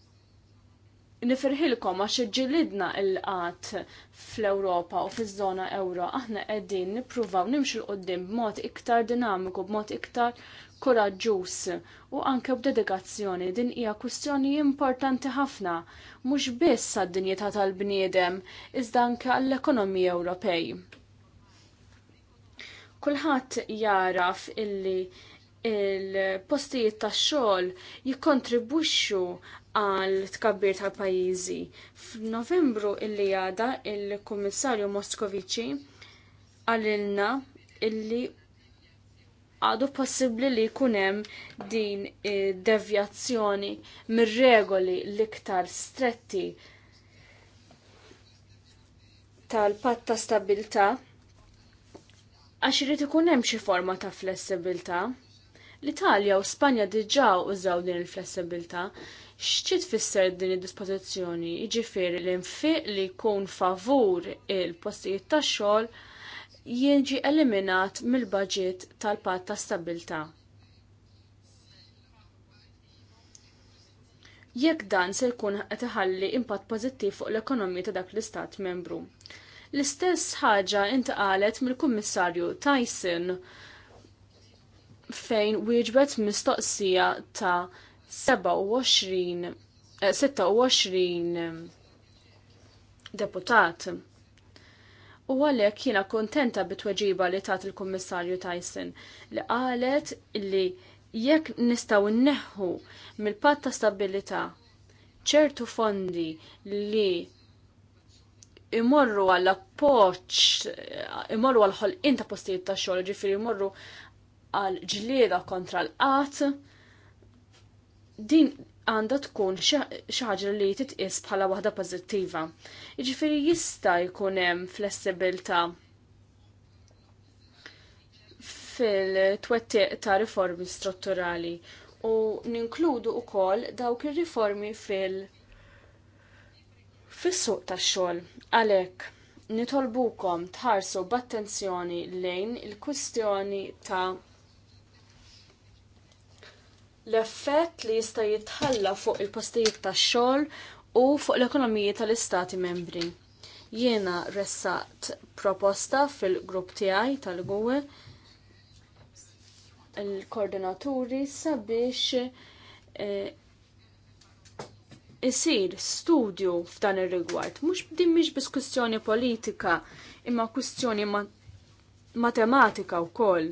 nifirħilkom għax ġilidna il-qat fl-Ewropa u fiż-żona euro aħna qegħdin nippruvaw nimxu l-qoddim b'mod iktar dinamiku, b'mod iktar koraġġuż u anke b'dedikazzjoni din hija kwistjoni importanti ħafna mhux biss għad-dinjità tal-bniedem iżda anke għall-ekonomija Ewropej. Kulħadd jaraf illi il-postijiet tax-xogħol jikkontribwixxu għal tkabbir tal-pajjiżi. F'Novembru illi għada il-Kummissarju Moskoviċi għalilna illi għadu possibli li kunem din eh, devjazzjoni mir-regoli l-iktar stretti tal-patt ta' stabilta għax irid ikun hemm xi forma ta' flessibilità. L-Italja u Spanja diġà użaw din il-flessibilità. X'ċi tfisser din id-dispożizzjoni? Jiġifieri l-infiq li jkun favur il-postijiet tax-xogħol Jienġi eliminat mill-budget tal-pat ta' stabilta. Jekk dan se jkun qed iħalli impatt pożittiv fuq l-ekonomija ta' dak l-istat membru. L-istess ħaġa intqalet mill-Kummissarju Tyson fejn wieġbet mistoqsija ta' 27 26 eh, deputat U għalhekk jiena kuntenta bit-tweġiba li tat il-Kummissarju Tyson li qalet li jekk nistgħu nneħħu mill-patt ta' stabilità ċertu fondi li imorru għall poċ imorru għal ħolqien ta' postijiet ta' xogħol, ġifieri imorru għal ġlieda kontra l-qatt, din għandha tkun xaħġa li titqis bħala waħda pożittiva. Jiġifieri jista' jkun hemm flessibilità fil-twettiq ta' riformi strutturali u ninkludu wkoll dawk ir-riformi fil- fis-suq tax-xogħol. Għalhekk nitolbukom tħarsu b'attenzjoni lejn il-kwistjoni ta' l-effett li jista' jitħalla fuq il-postijiet tax-xogħol u fuq l-ekonomiji tal-istati membri. Jiena ressaqt proposta fil-grupp tiegħi tal-Gwe il-koordinaturi sabiex eh, isir studju f'dan ir-rigward. Mhux din mhix biss kwistjoni politika, imma kwistjoni matematika wkoll.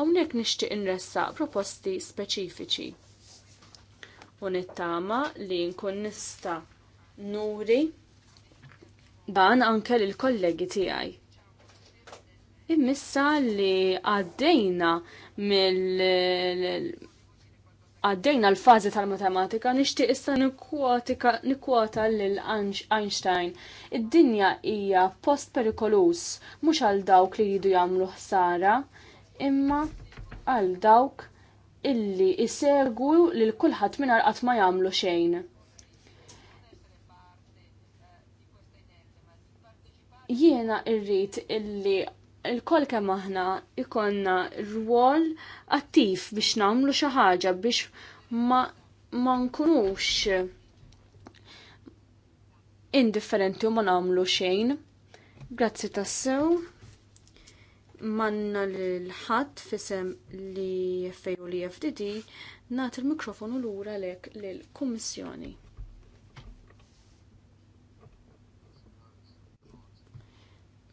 Hawnhekk nixtieq inressaq proposti speċifiċi. U nittama li nkun nista nuri dan anke lil kollegi tiegħi. Immissa li għaddejna mill għaddejna l-fazi tal-matematika nixtieq issa nikkwota lil Einstein. Id-dinja hija post perikolus mhux għal dawk li jridu jagħmlu ħsara, imma għal dawk illi isegwu lil kulħadd mingħajr qatt ma jagħmlu xejn. Jiena irrit illi il-kol kemm aħna ikonna rwol attiv biex nagħmlu xi ħaġa biex ma ma nkunux indifferenti u ma nagħmlu xejn. Grazzi tassew manna l-ħadd fisem li fejju li FDD nat il-mikrofonu lura lek l-Kummissjoni.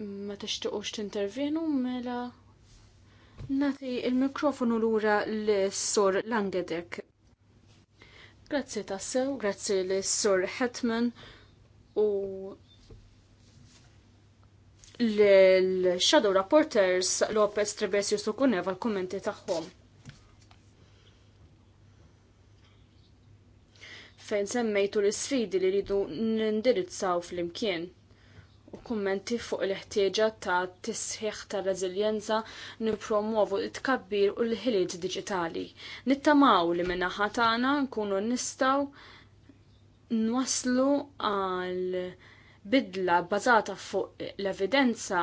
Ma t tintervjenu mela nati il-mikrofonu lura l-Sur Langedek. Grazzi tassew, grazzi l-Sur Hetman u l-Shadow Rapporters Lopez Trebesius u Kuneva l-kommenti tagħhom. Fejn semmejtu l-sfidi li rridu nindirizzaw fl-imkien u kummenti fuq l-ħtieġa ta' tisħiħ ta' reżiljenza nipromuovu it-kabbir u l-ħiliet digitali. Nittamaw li minnaħa tagħna nkunu nistgħu nwaslu għal bidla bbażata fuq l-evidenza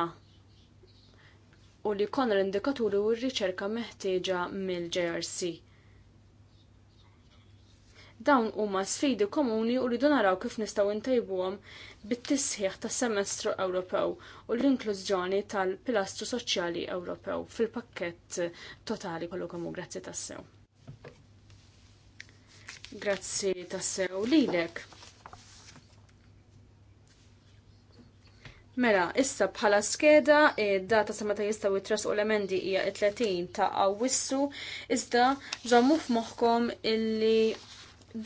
u li jkollna l-indikaturi u r-riċerka meħtieġa mill-JRC. Dawn huma sfidi komuni u rridu naraw kif nistgħu ntejbuhom bit-tisħiħ tas-semestru Ewropew u l-inklużjoni tal-pilastru soċjali Ewropew fil-pakkett totali kollu kemmu grazzi tassew. Grazzi tassew lilek. Mela, issa bħala skeda, e, data sa meta jistgħu u l-emendi hija 30 ta' Awwissu, iżda żammu f'moħħkom illi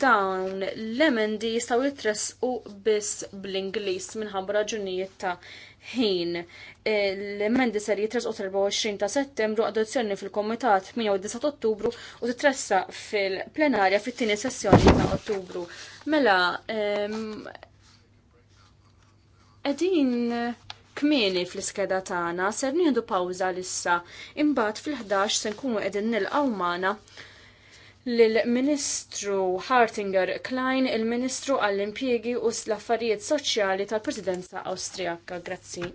dawn l-emendi jistgħu u biss bl-Ingliż minħabba raġunijiet ta' ħin. E, l-emendi ser u 24 ta' Settembru, adozzjoni fil-Komitat 8 Ottubru u titressa fil-plenarja fit-tieni sessjoni ta' Ottubru. Mela, Edin eh, kmieni fl-iskeda tagħna ser nieħdu pawża lissa imbagħad fil-11 se nkunu qegħdin nilqgħu magħna lill-Ministru Hartinger Klein, il-Ministru għall-Impjiegi u l-Affarijiet Soċjali tal-Presidenza Awstrijaka. Grazzi.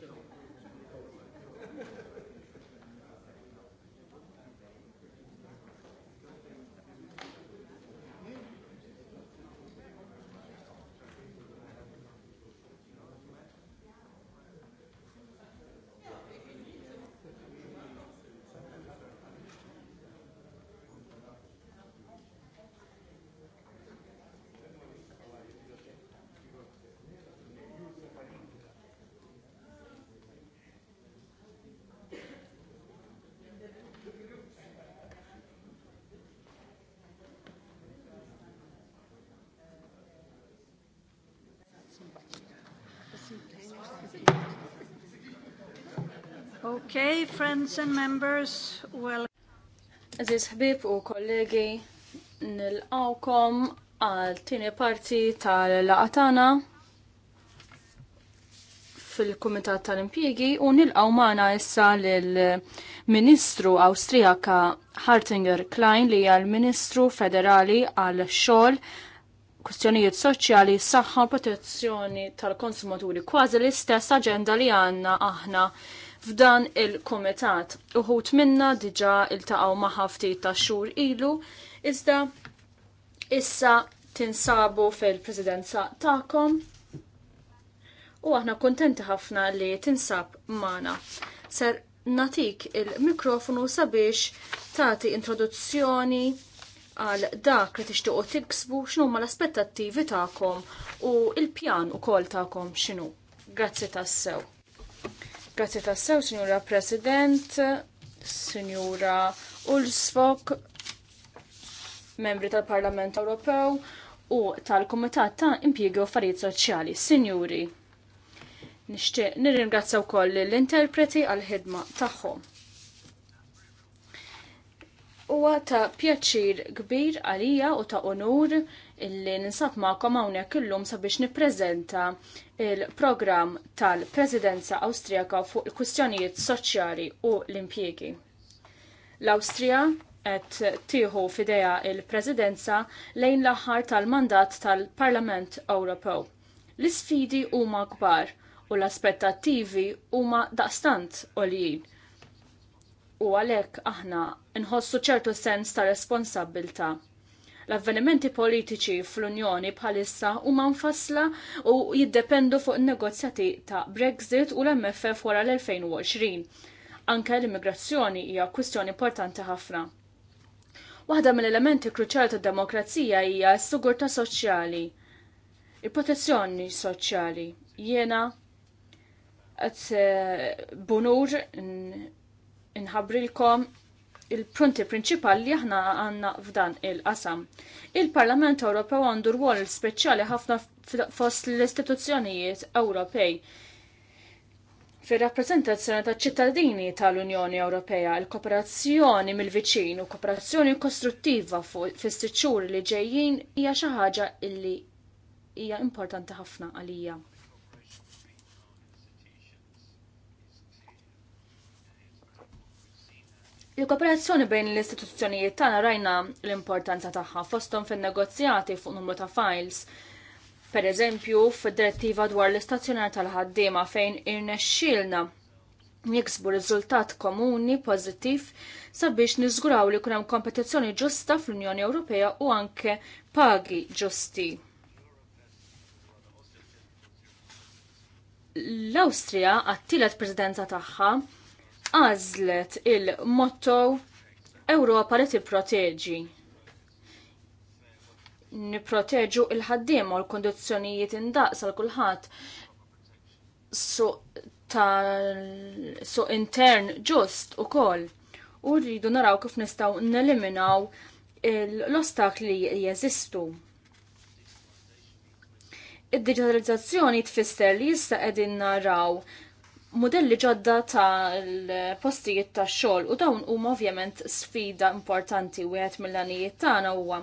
ċinu. Okay, friends and members, well. Aziz ħbib u kollegi, nil awkom għal tini parti tal-laqatana fil-Kumitat tal-Impjegi u nilqaw maħna issa l-Ministru Awstrijaka Hartinger Klein li għal-Ministru Federali għal xol kwistjonijiet soċjali, saħħa u protezzjoni tal-konsumaturi kważi l-istess aġenda li għandna aħna f'dan il-komitat. Uħut minna diġa il-taqaw maħafti ftit ta' xhur ilu, iżda issa tinsabu fil-presidenza ta'kom u aħna kontenti ħafna li tinsab mana. Ser natik il-mikrofonu sabiex tati introduzzjoni għal dak li tixtiequ tiksbu x'nu ma l-aspettattivi tagħkom u l-pjan ukoll tagħkom x'inhu. Grazzi tassew. Grazzi tassew, Sinjura President, Sinjura Ulsfok, membri tal-Parlament Ewropew u tal-Kumitat ta' Impjiegi u Affarijiet Soċjali. Sinjuri, nixtieq nirringrazzja wkoll l-interpreti għal ħidma tagħhom. Huwa ta' pjaċir kbir għalija u ta' onur illi ninsab ma'kom hawnhekk illum sabiex nippreżenta il-programm tal-Presidenza Awstrijaka fuq il-kwistjonijiet soċjali u l-impjiegi. L-Awstrija qed tieħu f'idea il-Presidenza lejn l-aħħar tal-mandat tal-Parlament Ewropew. L-isfidi huma kbar u l-aspettattivi huma daqstant għoljin u għalhekk aħna nħossu ċertu sens ta' responsabilta. L-avvenimenti politiċi fl-Unjoni bħalissa huma nfassla u jiddependu fuq in-negozjati ta' Brexit u l-MFF wara l-2020. Anke l-immigrazzjoni hija kwistjoni importanti ħafna. Waħda mill-elementi kruċjali tad-demokrazija hija s-sigurtà soċjali. Il-protezzjoni soċjali. Jiena qed eh, bunur inħabrilkom il-prunti prinċipali li aħna għanna f'dan il-qasam. Il-Parlament Ewropew għandu rwol speċjali ħafna fost l-istituzzjonijiet Ewropej fir-rappreżentazzjoni ta' ċittadini tal-Unjoni Ewropea, il-kooperazzjoni mill-viċin u kooperazzjoni kostruttiva fis-siċċur li ġejjin hija xi ħaġa illi hija importanti ħafna għalija. Il-kooperazzjoni bejn l-istituzzjonijiet tagħna rajna l-importanza tagħha fosthom fin-negozjati fuq numru ta' files. Per eżempju, fid-direttiva dwar l-istazzjonar tal-ħaddiema fejn irnexxielna niksbu riżultat komuni pożittiv sabiex niżguraw li kun hemm kompetizzjoni ġusta fl-Unjoni Ewropea u anke pagi ġusti. L-Awstrija għattilet prezidenza tagħha għażlet il-motto Ewropa li tipproteġi niproteġu il-ħaddim u l-kondizjonijiet indaqs għal kulħadd su so intern ġust u koll u rridu naraw kif nistaw neliminaw l-ostakli li jeżistu. Id-digitalizzazzjoni tfisser li jista' qegħdin naraw modelli ġodda ta' postijiet ta' xogħol u dawn huma ovvjament sfida importanti wieħed mill-għanijiet tagħna huwa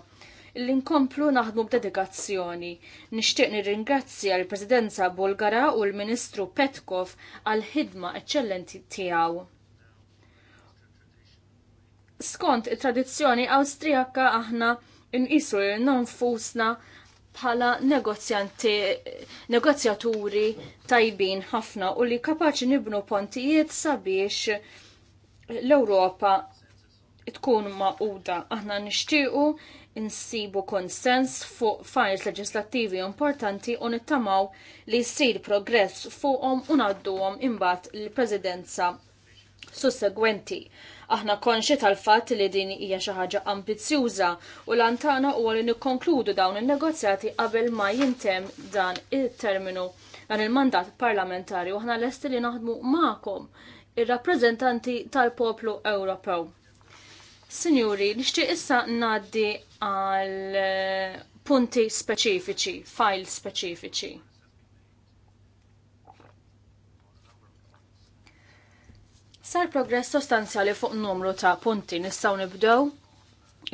l nkomplu naħdmu b'dedikazzjoni. Nixtieq nirringrazzja l-Presidenza Bulgara u l-Ministru Petkov għal ħidma eċċellenti tiegħu. Skont it-tradizzjoni Awstrijaka aħna nqisu l nfusna bħala negozjanti, negozjaturi tajbin ħafna u li kapaċi nibnu pontijiet sabiex l-Ewropa tkun maquda. Aħna nixtiequ insibu konsens fuq fajls leġislattivi importanti u nittamaw li jsir progress fuqhom u ngħadduhom imbagħad l presidenza sussegwenti. Aħna konxi tal-fatt li din hija xi ħaġa ambizzjuża u lantana huwa li nikkonkludu dawn in-negozjati qabel ma jintem dan il-terminu dan il-mandat parlamentari u aħna lesti li naħdmu magħkom ir-rappreżentanti tal-poplu Ewropew. Sinjuri, nixtieq issa ngħaddi għal punti speċifiċi, file speċifiċi. Sar progress sostanzjali fuq numru ta' punti nistgħu nibdew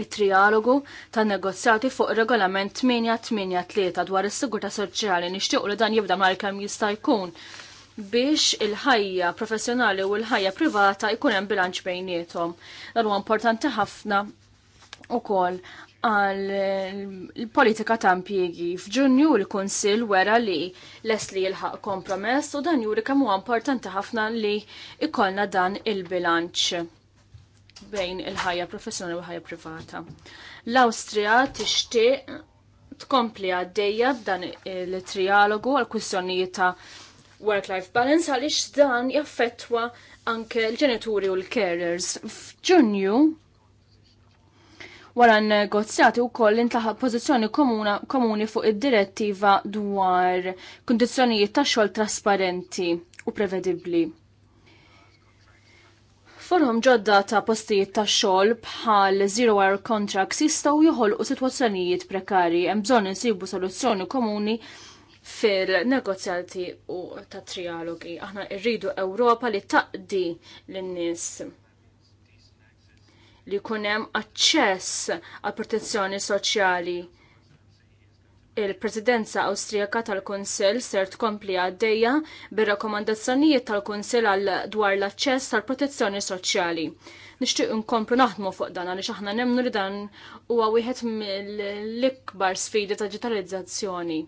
it-trialogu ta' negozjati fuq regolament 883 dwar is-sigurta soċjali nixtiequ li dan jibda mal kemm jista' jkun biex il-ħajja professjonali u l-ħajja privata jkun hemm bilanċ bejniethom. Dan huwa importanti ħafna ukoll għal politika ta' impjiegi. F'Ġunju l-Kunsill wera li li jilħaq kompromess u dan juri kemm huwa importanti ħafna li ikollna dan il-bilanċ bejn il-ħajja professjonali u ħajja privata. L-Awstrija tixtieq tkompli għaddejja dan il-trialogu għal kwistjonijiet ta' work-life balance għaliex dan jaffettwa anke l-ġenituri u l-carers. F'Ġunju Wara n-negozjati wkoll intlaħaq pożizzjoni komuni fuq id-direttiva dwar kundizzjonijiet ta' xogħol trasparenti u prevedibbli. Forhom ġodda ta' postijiet ta' xogħol bħal zero hour contracts jistgħu joħolqu sitwazzjonijiet prekari hemm bżonn insibu soluzzjoni komuni fil-negozjati u ta' trialogi. Aħna rridu Ewropa li taqdi lin-nies li kunem aċċess għal protezzjoni soċjali. Il-Presidenza Awstrijaka tal-Kunsill ser tkompli għaddejja bir-rakkomandazzjonijiet tal-Kunsill għal dwar l-aċċess tal-protezzjoni soċjali. Nixtieq nkomplu naħdmu fuq dan għaliex aħna nemnu li dan huwa wieħed mill-ikbar sfidi ta' digitalizzazzjoni.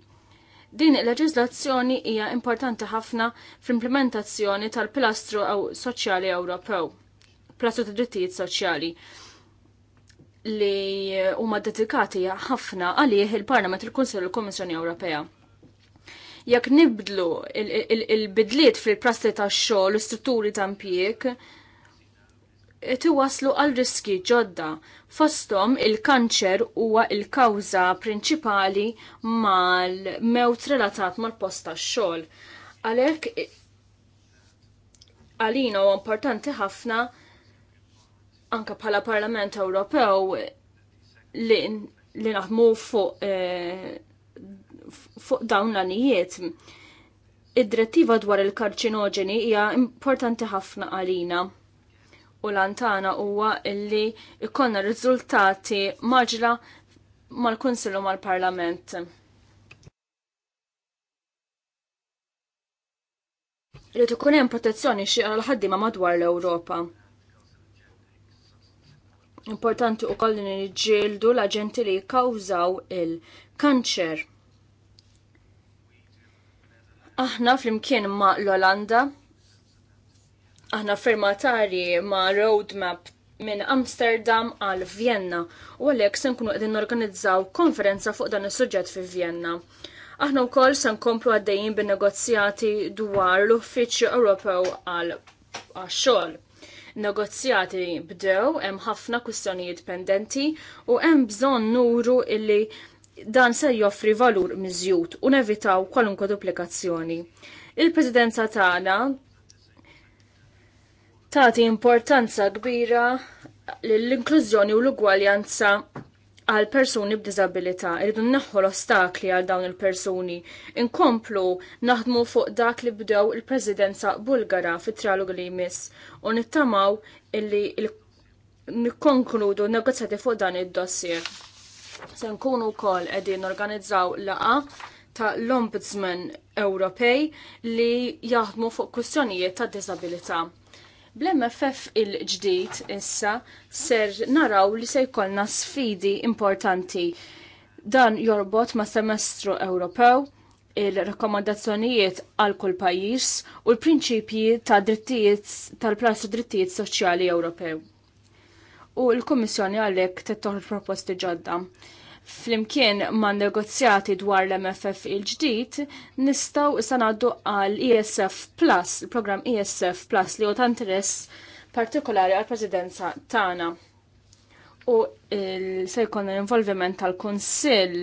Din il-leġiżlazzjoni hija importanti ħafna fl-implementazzjoni tal-pilastru soċjali Ewropew prazzu ta' drittijiet soċjali li huma dedikati ħafna għalih il-Parlament, il-Kunsell u l-Kommissjoni Ewropea. Jekk nibdlu il-bidliet fil-prassi tax-xogħol, l-istrutturi ta' impjieg, tiwaslu għal riski ġodda. Fostom il-kanċer huwa il-kawża prinċipali mal-mewt relatat mal-post tax-xogħol. Għalhekk għalina huwa importanti ħafna anka bħala Parlament Ewropew li, li naħmu fuq eh, fuq dawn l-anijiet. Id-direttiva dwar il-karċinoġeni hija importanti ħafna għalina u lantana huwa illi ikonna riżultati maġra mal kunsillu mal-Parlament. Li tkun hemm protezzjoni xi għal ħaddiema madwar l-Ewropa. Importanti u koll nġildu l-aġenti li kawżaw il-kanċer. Aħna fl-imkien ma' l-Olanda, aħna firmatari ma' roadmap minn Amsterdam għal Vienna u għalhekk se nkunu għedin norganizzaw konferenza fuq dan is-suġġett fi Vienna. Aħna wkoll se nkomplu għaddejjin bin-negozjati dwar l-Uffiċċju Ewropew għal għax-xogħol negozjati bdew, hemm ħafna kwistjonijiet pendenti u hemm bżonn nuru illi dan se joffri valur miżjud u nevitaw kwalunkwe duplikazzjoni. Il-Presidenza tagħna tagħti importanza kbira l-inklużjoni u l-ugwaljanza għal persuni b'dizabilità, irridu naħħu l-ostakli għal dawn il-persuni. Inkomplu naħdmu fuq dak li bdew il-Presidenza Bulgara fit trialog li jmiss u nittamaw illi nikkonkludu negozjati fuq dan id-dossier. Se nkunu wkoll qegħdin organizzaw laqa ta' l-Ombudsman Ewropej li jaħdmu fuq kwistjonijiet ta' dizabilita. Bl-MFF il-ġdid issa ser naraw li se jkollna sfidi importanti. Dan jorbot ma' semestru Ewropew, il-rakkomandazzjonijiet għal kull pajjiż u l-prinċipji ta' drittijiet tal-plastru drittijiet soċjali Ewropew. U l-Kummissjoni għalhekk tettoħ proposti ġodda flimkien ma' negozjati dwar l-MFF il-ġdid, nistaw sanaddu għal ESF Plus, il-programm ESF Plus li ta' interess partikolari għal presidenza tagħna. U se jkun l-involviment tal-Kunsill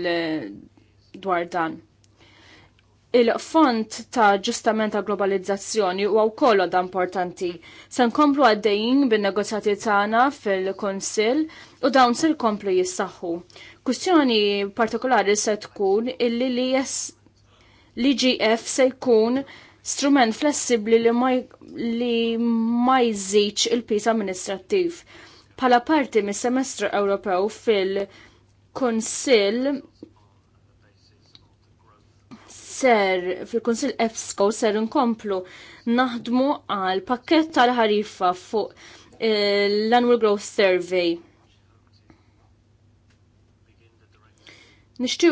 dwar dan. Il-font ta' ġustament ta' globalizzazzjoni huwa wkoll da importanti. Se nkomplu għaddejjin bin-negozjati tagħna fil-Kunsill u dawn se jkomplu jissaħħu. Kwistjoni partikolari se tkun illi li jes l-IGF se jkun strument flessibli li ma, li ma il-pis amministrativ. Pala parti mis-semestru Ewropew fil-Konsil ser fil-Konsil EFSCO ser nkomplu naħdmu għal pakket tal-ħarifa fuq eh, l-Annual Growth Survey.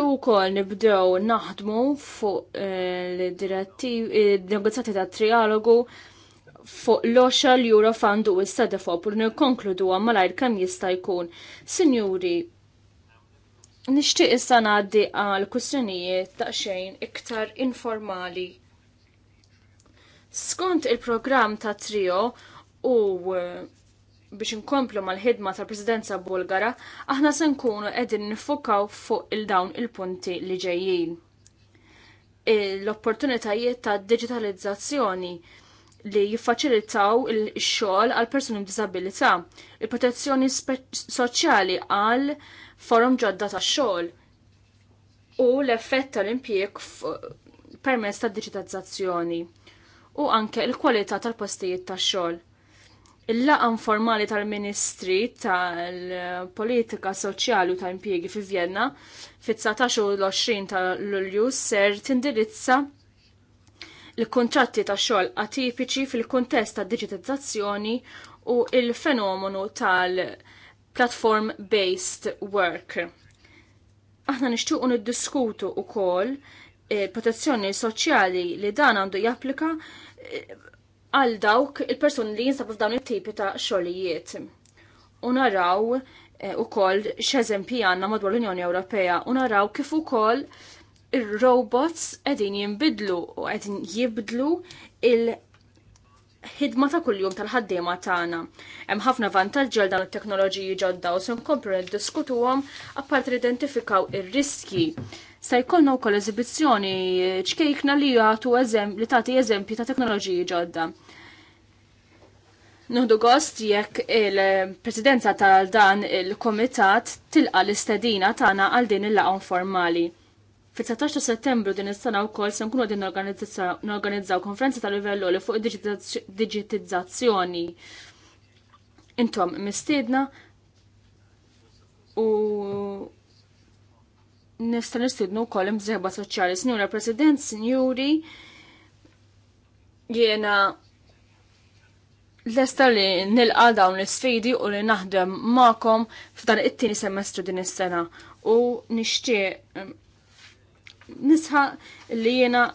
u kol nibdew naħdmu fuq eh, il-negozjati eh, ta' trialogu fuq l-oxa l jura fandu u s-sadefop u nikonkludu għammalajr kam jista' jkun. Sinjuri, nixtieq issa ngħaddi għal kustjonijiet ta' xejn iktar informali. Skont il-programm ta' trio u eh, biex inkomplu mal-ħidma tal-Presidenza Bulgara, aħna se nkunu qegħdin nifukaw fuq il-dawn il-punti li ġejjin. L-opportunitajiet ta' digitalizzazzjoni li jiffaċilitaw il-xogħol għal persuni b'diżabilità, il-protezzjoni soċjali għal forum ġodda ta' xogħol u l-effett tal-impjieg permezz ta' digitalizzazzjoni u anke l-kwalità tal-postijiet tax xogħol il laqan formali tal-Ministri tal-Politika Soċjali u tal-Impjegi fi Vienna fit-19 l-20 ta' Lulju ser tindirizza l-kontratti ta' xogħol atipiċi fil-kuntest ta' digitalizzazzjoni u il-fenomenu tal-platform based work. Aħna nixtiequ niddiskutu wkoll il-protezzjoni eh, soċjali li dan għandu japplika eh, għal dawk il-persuni li jinsabu f'dawn it-tipi ta' xogħlijiet. U naraw eh, ukoll x'eżempji għandna madwar l-Unjoni Ewropea u naraw kif ukoll ir-robots qegħdin jinbidlu u qegħdin jibdlu il- ħidma ta' kuljum tal-ħaddiema tagħna. Hemm ħafna vantaġġi għal dawn it-teknoloġiji ġodda u se nkomplu niddiskutuhom apparti identifikaw ir-riski se jkollna wkoll eżibizzjoni ċkejkna li jagħtu li tagħti eżempji ta' teknoloġiji ġodda. Nuhdu gost jekk il-presidenza tal dan il-komitat tilqa l-istedina tagħna għal din il-laqgħa informali. Fit-19 ta' settembru din is-sena wkoll se nkunu qegħdin norganizzaw konferenza tal livell li fuq digitizzazzjoni. Intom mistiedna u nista' nistidnu wkoll imżebba soċjali. Sinjura President, Sinjuri, jiena lesta li nilqa dawn l-sfidi u li naħdem maqom f'dan it-tieni semestru din is-sena u nixtieq mm, nisħa li jiena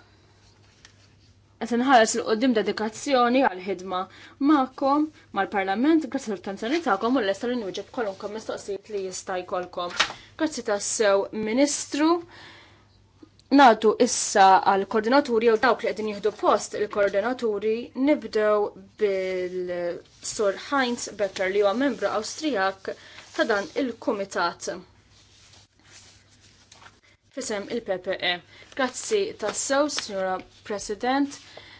qed inħares il qoddim dedikazzjoni għal ħidma magħkom mal-Parlament, grazzi l attenzjoni tagħkom u lesta li nwieġeb kolonkom mistoqsijiet li jista' jkollkom. Grazzi tassew Ministru. Natu issa għal koordinaturi u dawk li għedin jihdu post il-koordinaturi nibdew bil-Sur Heinz Becker li huwa membru Awstrijak ta' dan il-Kumitat fisem il-PPE. Grazzi tassaw, Signora President.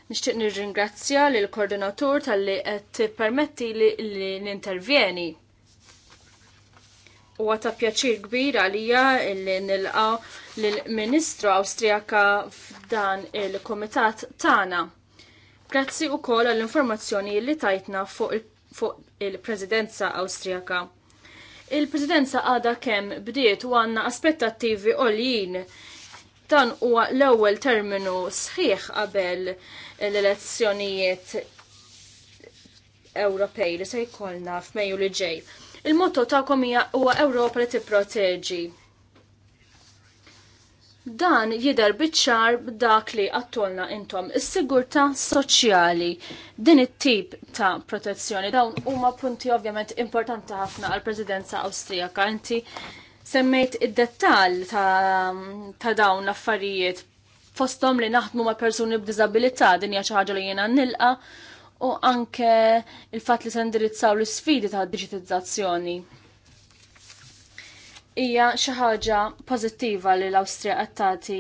Nixtieq nirringrazzja lill koordinatur tal-li qed permetti li n-intervjeni. Huwa ta' pjaċir kbir għalija li nilqaw lill-Ministru Awstrijaka f'dan il-Kumitat tagħna. Grazzi wkoll għall-informazzjoni li tajtna fuq il-Presidenza Awstrijaka Il-Presidenza għada kemm bdiet u għanna aspettattivi għoljin dan huwa l-ewwel terminu sħiħ qabel l-elezzjonijiet Ewropej li se jkollna f'Mejju li ġej. Il-motto tagħkom hija huwa Ewropa li tipproteġi. Dan jidher biċ-ċar b'dak li għattolna intom. Is-sigurta soċjali, din it-tip ta' protezzjoni, dawn huma punti ovvjament importanti ħafna għall presidenza Awstrijaka. Inti semmejt id-dettall ta', ta dawn l-affarijiet fostom li naħdmu ma' persuni b'diżabilità, din hija xi ħaġa li jiena nilqa' u anke il-fatt li se indirizzaw l-isfidi ta' digitizzazzjoni hija xi ħaġa pożittiva li l-Awstrija qed tagħti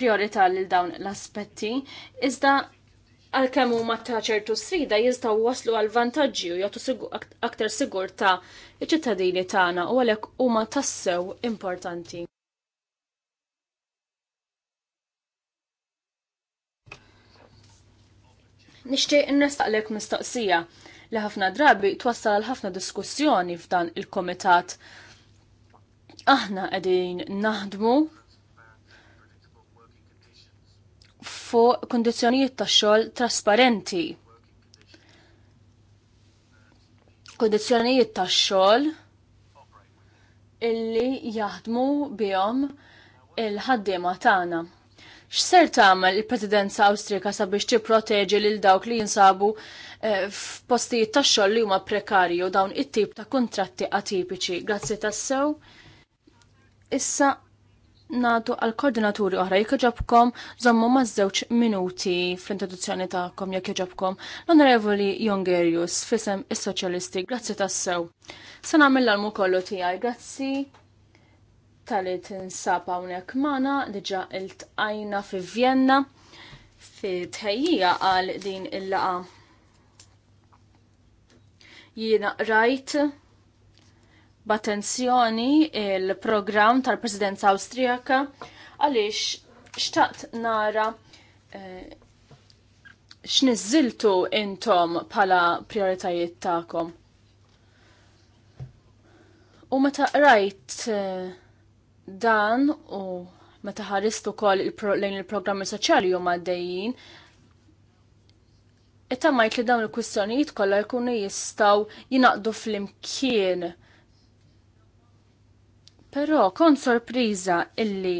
priorità lil dawn l-aspetti, iżda għalkemm huma ta' ċertu sfida jistgħu waslu għal vantaġġi u jagħtu aktar sigur ta' iċ-ċittadini tagħna u għalhekk huma tassew importanti. Nixtieq nistaqlek mistoqsija li ħafna drabi twassal għal ħafna diskussjoni f'dan il-komitat. Aħna qegħdin naħdmu fuq kondizzjonijiet ta' xogħol trasparenti. Kondizzjonijiet ta' xogħol illi jaħdmu bihom il-ħaddiema tagħna. X'ser tagħmel il-Presidenza Awstrika sabiex tipproteġi lil dawk li jinsabu Eh, f'postijiet ta' xogħol li huma prekarju dawn it-tip ta' kontratti atipiċi. Grazzi tassew. Issa nagħtu għal koordinaturi oħra jekk ġobkom żommu maż żewġ minuti fl-introduzzjoni tagħkom jekk iġobkom. l-Onorevoli Jongerius fisem is-Soċjalisti. Grazzi tassew. Se nagħmel l-almu kollu tiegħi. Grazzi tal-li tinsab hawnhekk magħna diġà iltqajna fi Vienna fi tħejjija għal din il-laqa jiena rajt b'attenzjoni il-programm tal-Presidenza Awstrijaka għaliex xtaqt nara eh, x'niżiltu intom bħala prioritajiet tagħkom. U meta rajt eh, dan u meta ħarist ukoll lejn il-programmi soċjali huma għaddejjin, Itta majt li dawn il-kwistjonijiet kollha jkunu jistgħu jinaqdu fl-imkien. Però kon sorpriża illi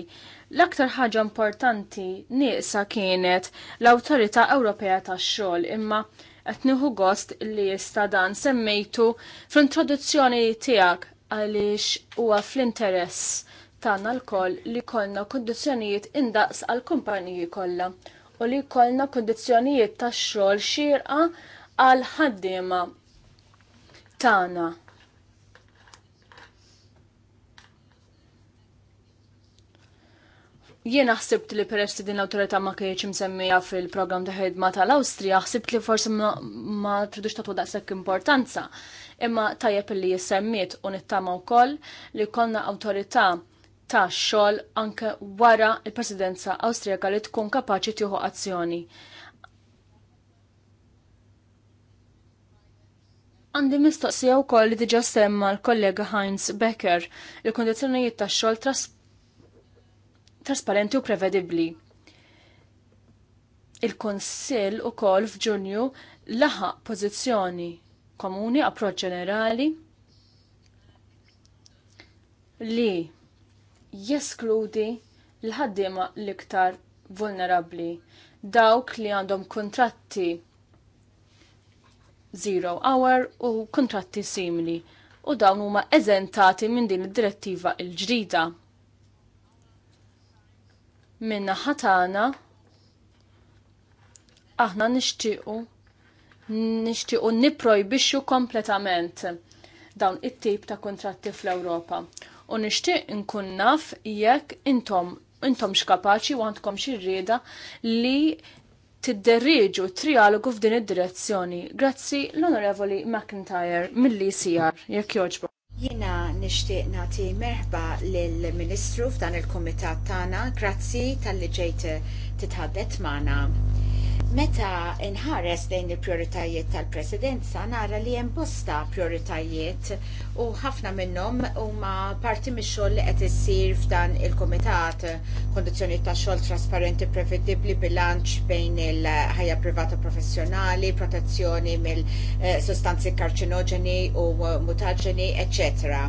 l-aktar ħaġa importanti nieqsa kienet l autorita Ewropea tax-xogħol imma qed nieħu gost li jista' dan semmejtu fl-introduzzjoni tiegħek għaliex huwa fl-interess tagħna lkoll li kollna kundizzjonijiet indaqs għall kumpaniji kollha u li jkollna kundizzjonijiet tax xogħol xierqa għal ħaddiema tagħna. Jiena ħsibt li peress li din l-awtorità ma kienx msemmija fil-programm ta' ħidma tal-Awstrija, ħsibt li forsi ma tridux tagħtu daqshekk importanza, imma tajjeb li jissemmiet u nittama wkoll li jkollna awtorità ta' xogħol anke wara il-Presidenza Awstrijaka li tkun kapaċi tieħu azzjoni. Għandi mistoqsija u koll li diġa semma l-kollega Heinz Becker li kondizjonijiet ta' xol tras trasparenti u prevedibli. Il-Konsil u koll f'Ġunju laħa pozizjoni komuni approċ ġenerali li jeskludi l-ħaddiema l-iktar vulnerabbli. Dawk li għandhom kontratti zero hour u kontratti simili u dawn huma eżentati minn din id-direttiva l-ġdida. Minna ħatana aħna nixtiequ nixtiequ nipprojbixxu kompletament dawn it-tip ta' kontratti fl-Ewropa u nixtieq inkun naf jekk intom intom xkapaċi u għandkom xi rieda li tidderriġu trialogu f'din id-direzzjoni. Grazzi l-Onorevoli McIntyre mill CR. jekk joġbu. Jina nishtiq nati merħba lill-Ministru f'dan il-Komitat tagħna, grazzi tal-li ġejt titħaddet magħna Meta nħares lejn il-prioritajiet tal-presidenza nara li hemm bosta prioritajiet u ħafna minnhom huma parti mix-xogħol li qed issir f'dan il-kumitat kondizzjoni ta' xogħol trasparenti prevedibbli bilanċ bejn il-ħajja privata professjonali, protezzjoni mill-sostanzi eh, karċinoġeni u mutaġeni, eċċetera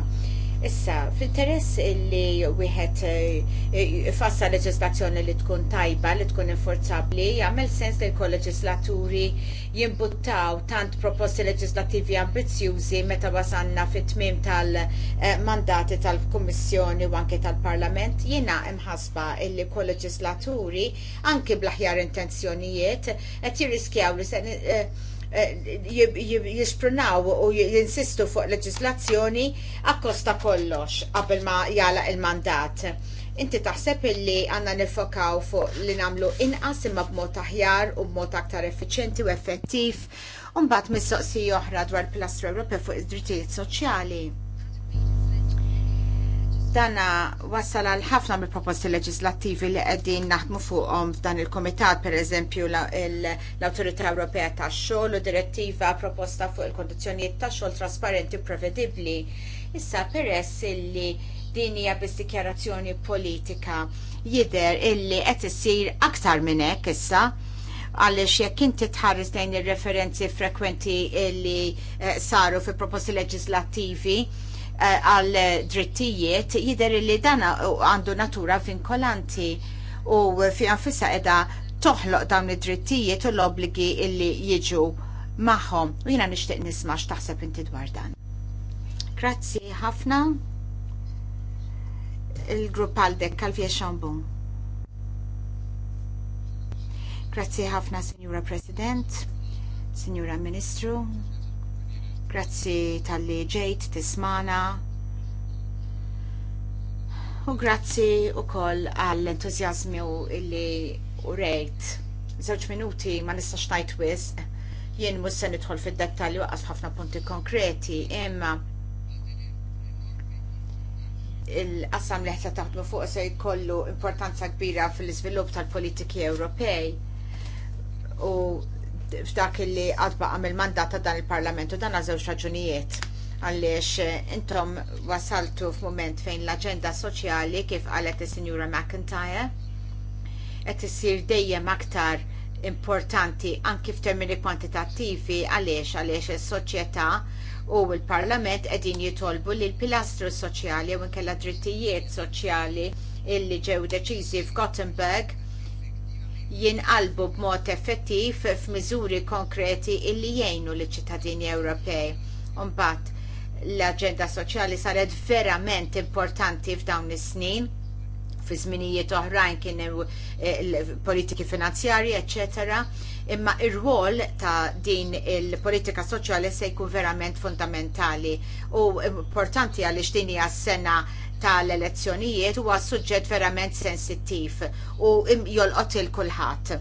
Issa, fil-teress li wieħed eh, eh, fassa leġislazzjoni li tkun tajba, li tkun inforzabli, għamel sens li l-kol-leġislaturi jimbuttaw tant proposti leġislativi ambizjużi meta wasanna fit tmiem tal-mandati eh, tal-Kummissjoni u anke tal-Parlament, jiena imħasba illi kol-leġislaturi anke bl-aħjar intenzjonijiet qed jirriskjaw li Eh, jisprunaw u jinsistu fuq leġislazzjoni akkosta kollox qabel ma jala il-mandat. Inti taħseb illi għanna nifokaw fuq li namlu inqas imma b'mod aħjar u b'mod aktar effiċenti u effettiv un bat mistoqsija oħra dwar plastru Ewropew fuq id-drittijiet soċjali dana wassal għal ħafna mill proposti leġislattivi li qegħdin naħdmu fuqhom f'dan il-Komitat, per eżempju l-Awtorità Ewropea tax-xogħol u direttiva proposta fuq il-kondizzjonijiet tax-xogħol trasparenti u prevedibbli. Issa peress illi din hija biss dikjarazzjoni politika jidher illi qed issir aktar minn hekk issa għalix jekk inti tħares lejn ir referenzi frekwenti illi eh, saru fi proposti leġislattivi Eh, għal drittijiet jider li dan għandu natura vinkolanti u fi għanfissa edha toħloq dawn id-drittijiet u l-obligi illi jiġu maħħom. U jina nishtiq nisma x'taħseb inti dwar dan. Grazzi ħafna. Il-grupp għaldek Kalvie Xambun. Grazzi ħafna, Signora President, Signora Ministru, Grazzi tal-li ġejt tismana. U grazzi u koll għall-entuzjazmu illi u rejt. Zewġ minuti ma nistax najt wisq. Jien mus se nidħol fid-dettalji waqas ħafna punti konkreti, imma il-qassam liħta taħdmu fuq se jkollu importanza kbira fil-iżvilupp tal-politiki Ewropej u f'dak li għadba għamil mandat ta' dan il-parlamentu dan għazew raġunijiet għalliex intom wasaltu f'moment fejn l-agenda soċjali kif għalet il-Sinjura McIntyre qed issir dejjem aktar importanti anki f'termini kwantitattivi għaliex għaliex is-soċjetà u l-Parlament qegħdin jitolbu li l-pilastru soċjali u nkella drittijiet soċjali illi ġew deċiżi f'Gothenburg jinqalbu b'mod effettiv f'miżuri konkreti illi jgħinu liċ ċittadini Ewropej. Umbat, l-aġenda soċjali saret verament importanti f'dawn is-snin fi żminijiet oħrajn kien il-politiki eh, finanzjarji, eċetera, imma r rwol ta' din il-politika soċjali se jkun verament fundamentali u importanti għaliex din hija s-sena tal-elezzjonijiet huwa suġġett verament sensittiv u jolqot il kulħadd.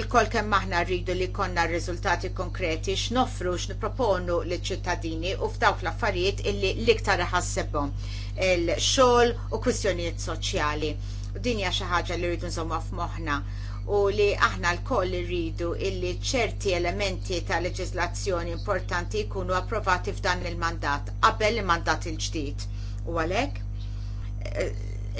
Il-kol kemm aħna rridu li konna riżultati konkreti x'noffru x'niproponu liċ-ċittadini u f'dawk l-affarijiet illi l-iktar ħassebhom il-xogħol u kwistjonijiet soċjali. U din hija xi ħaġa li rridu nżomma f'moħħna u li aħna l-koll rridu illi ċerti elementi ta' leġislazzjoni importanti jkunu approvati f'dan il-mandat qabel il-mandat il-ġdid. U għalhekk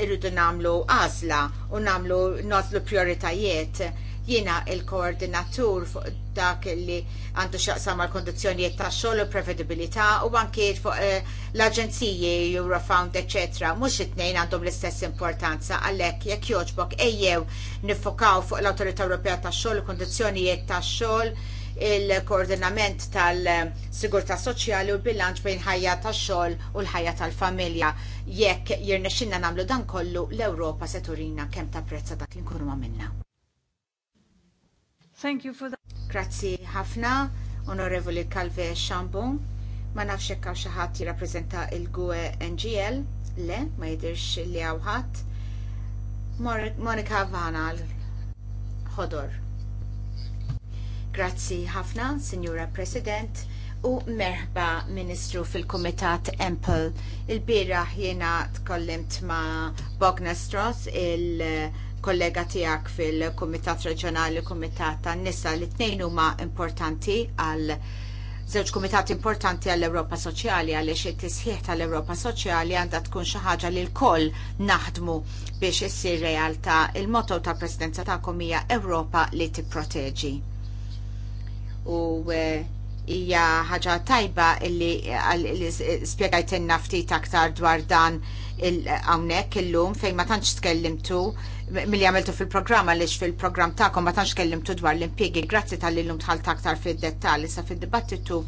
irridu namlu għazla u namlu nozlu prioritajiet. Jina il-koordinatur fuq dak li għandu xaqsam għal kondizjonijiet ta' xogħol u prevedibilità u anke fuq eh, l-aġenziji Eurofound, etc. Mhux it-tnejn għandhom l-istess importanza għalhekk jekk jogħġbok ejjew nifokaw fuq l-Awtorità Ewropea tax xogħol u kondizzjonijiet tax xogħol il-koordinament tal-sigurta soċjali u l-bilanċ bejn ħajja tax-xogħol u l-ħajja tal-familja. Jekk jirnexxinna nagħmlu dan kollu l-Ewropa se turina kemm prezza dak li nkunu minna. Thank you for that. Grazzi ħafna, Onorevoli Calve Xambon. Ma nafx hekk hawn xi ħadd jirrappreżenta il-GUE NGL, le, ma jidirx li hawn ħadd. Monika Vanal, ħodor. Grazzi ħafna, Signora President, u merħba Ministru fil-Kumitat Empel. Il-biraħ jiena tkollimt ma' Bogna Stross, il-kollega tijak fil-Kumitat Reġjonali, Kumitat tan nisa li tnejn huma importanti għal Żewġ kumitat importanti għall-Ewropa Soċjali għaliex it-tisħiħ tal-Ewropa Soċjali għandha tkun xi ħaġa li l-koll naħdmu biex issir realtà. Il-motto tal-Presidenza tagħkom hija Ewropa li tipproteġi u e, hija ħaġa tajba illi spiegajt ftit aktar dwar dan hawnhekk illum fejn ma tantx tkellimtu milli għamiltu fil-programm għaliex fil-programm tagħkom ma tantx kellimtu dwar l-impjiegi. Grazzi tal-illum tħalt aktar fid-dettalji sa fid-dibattitu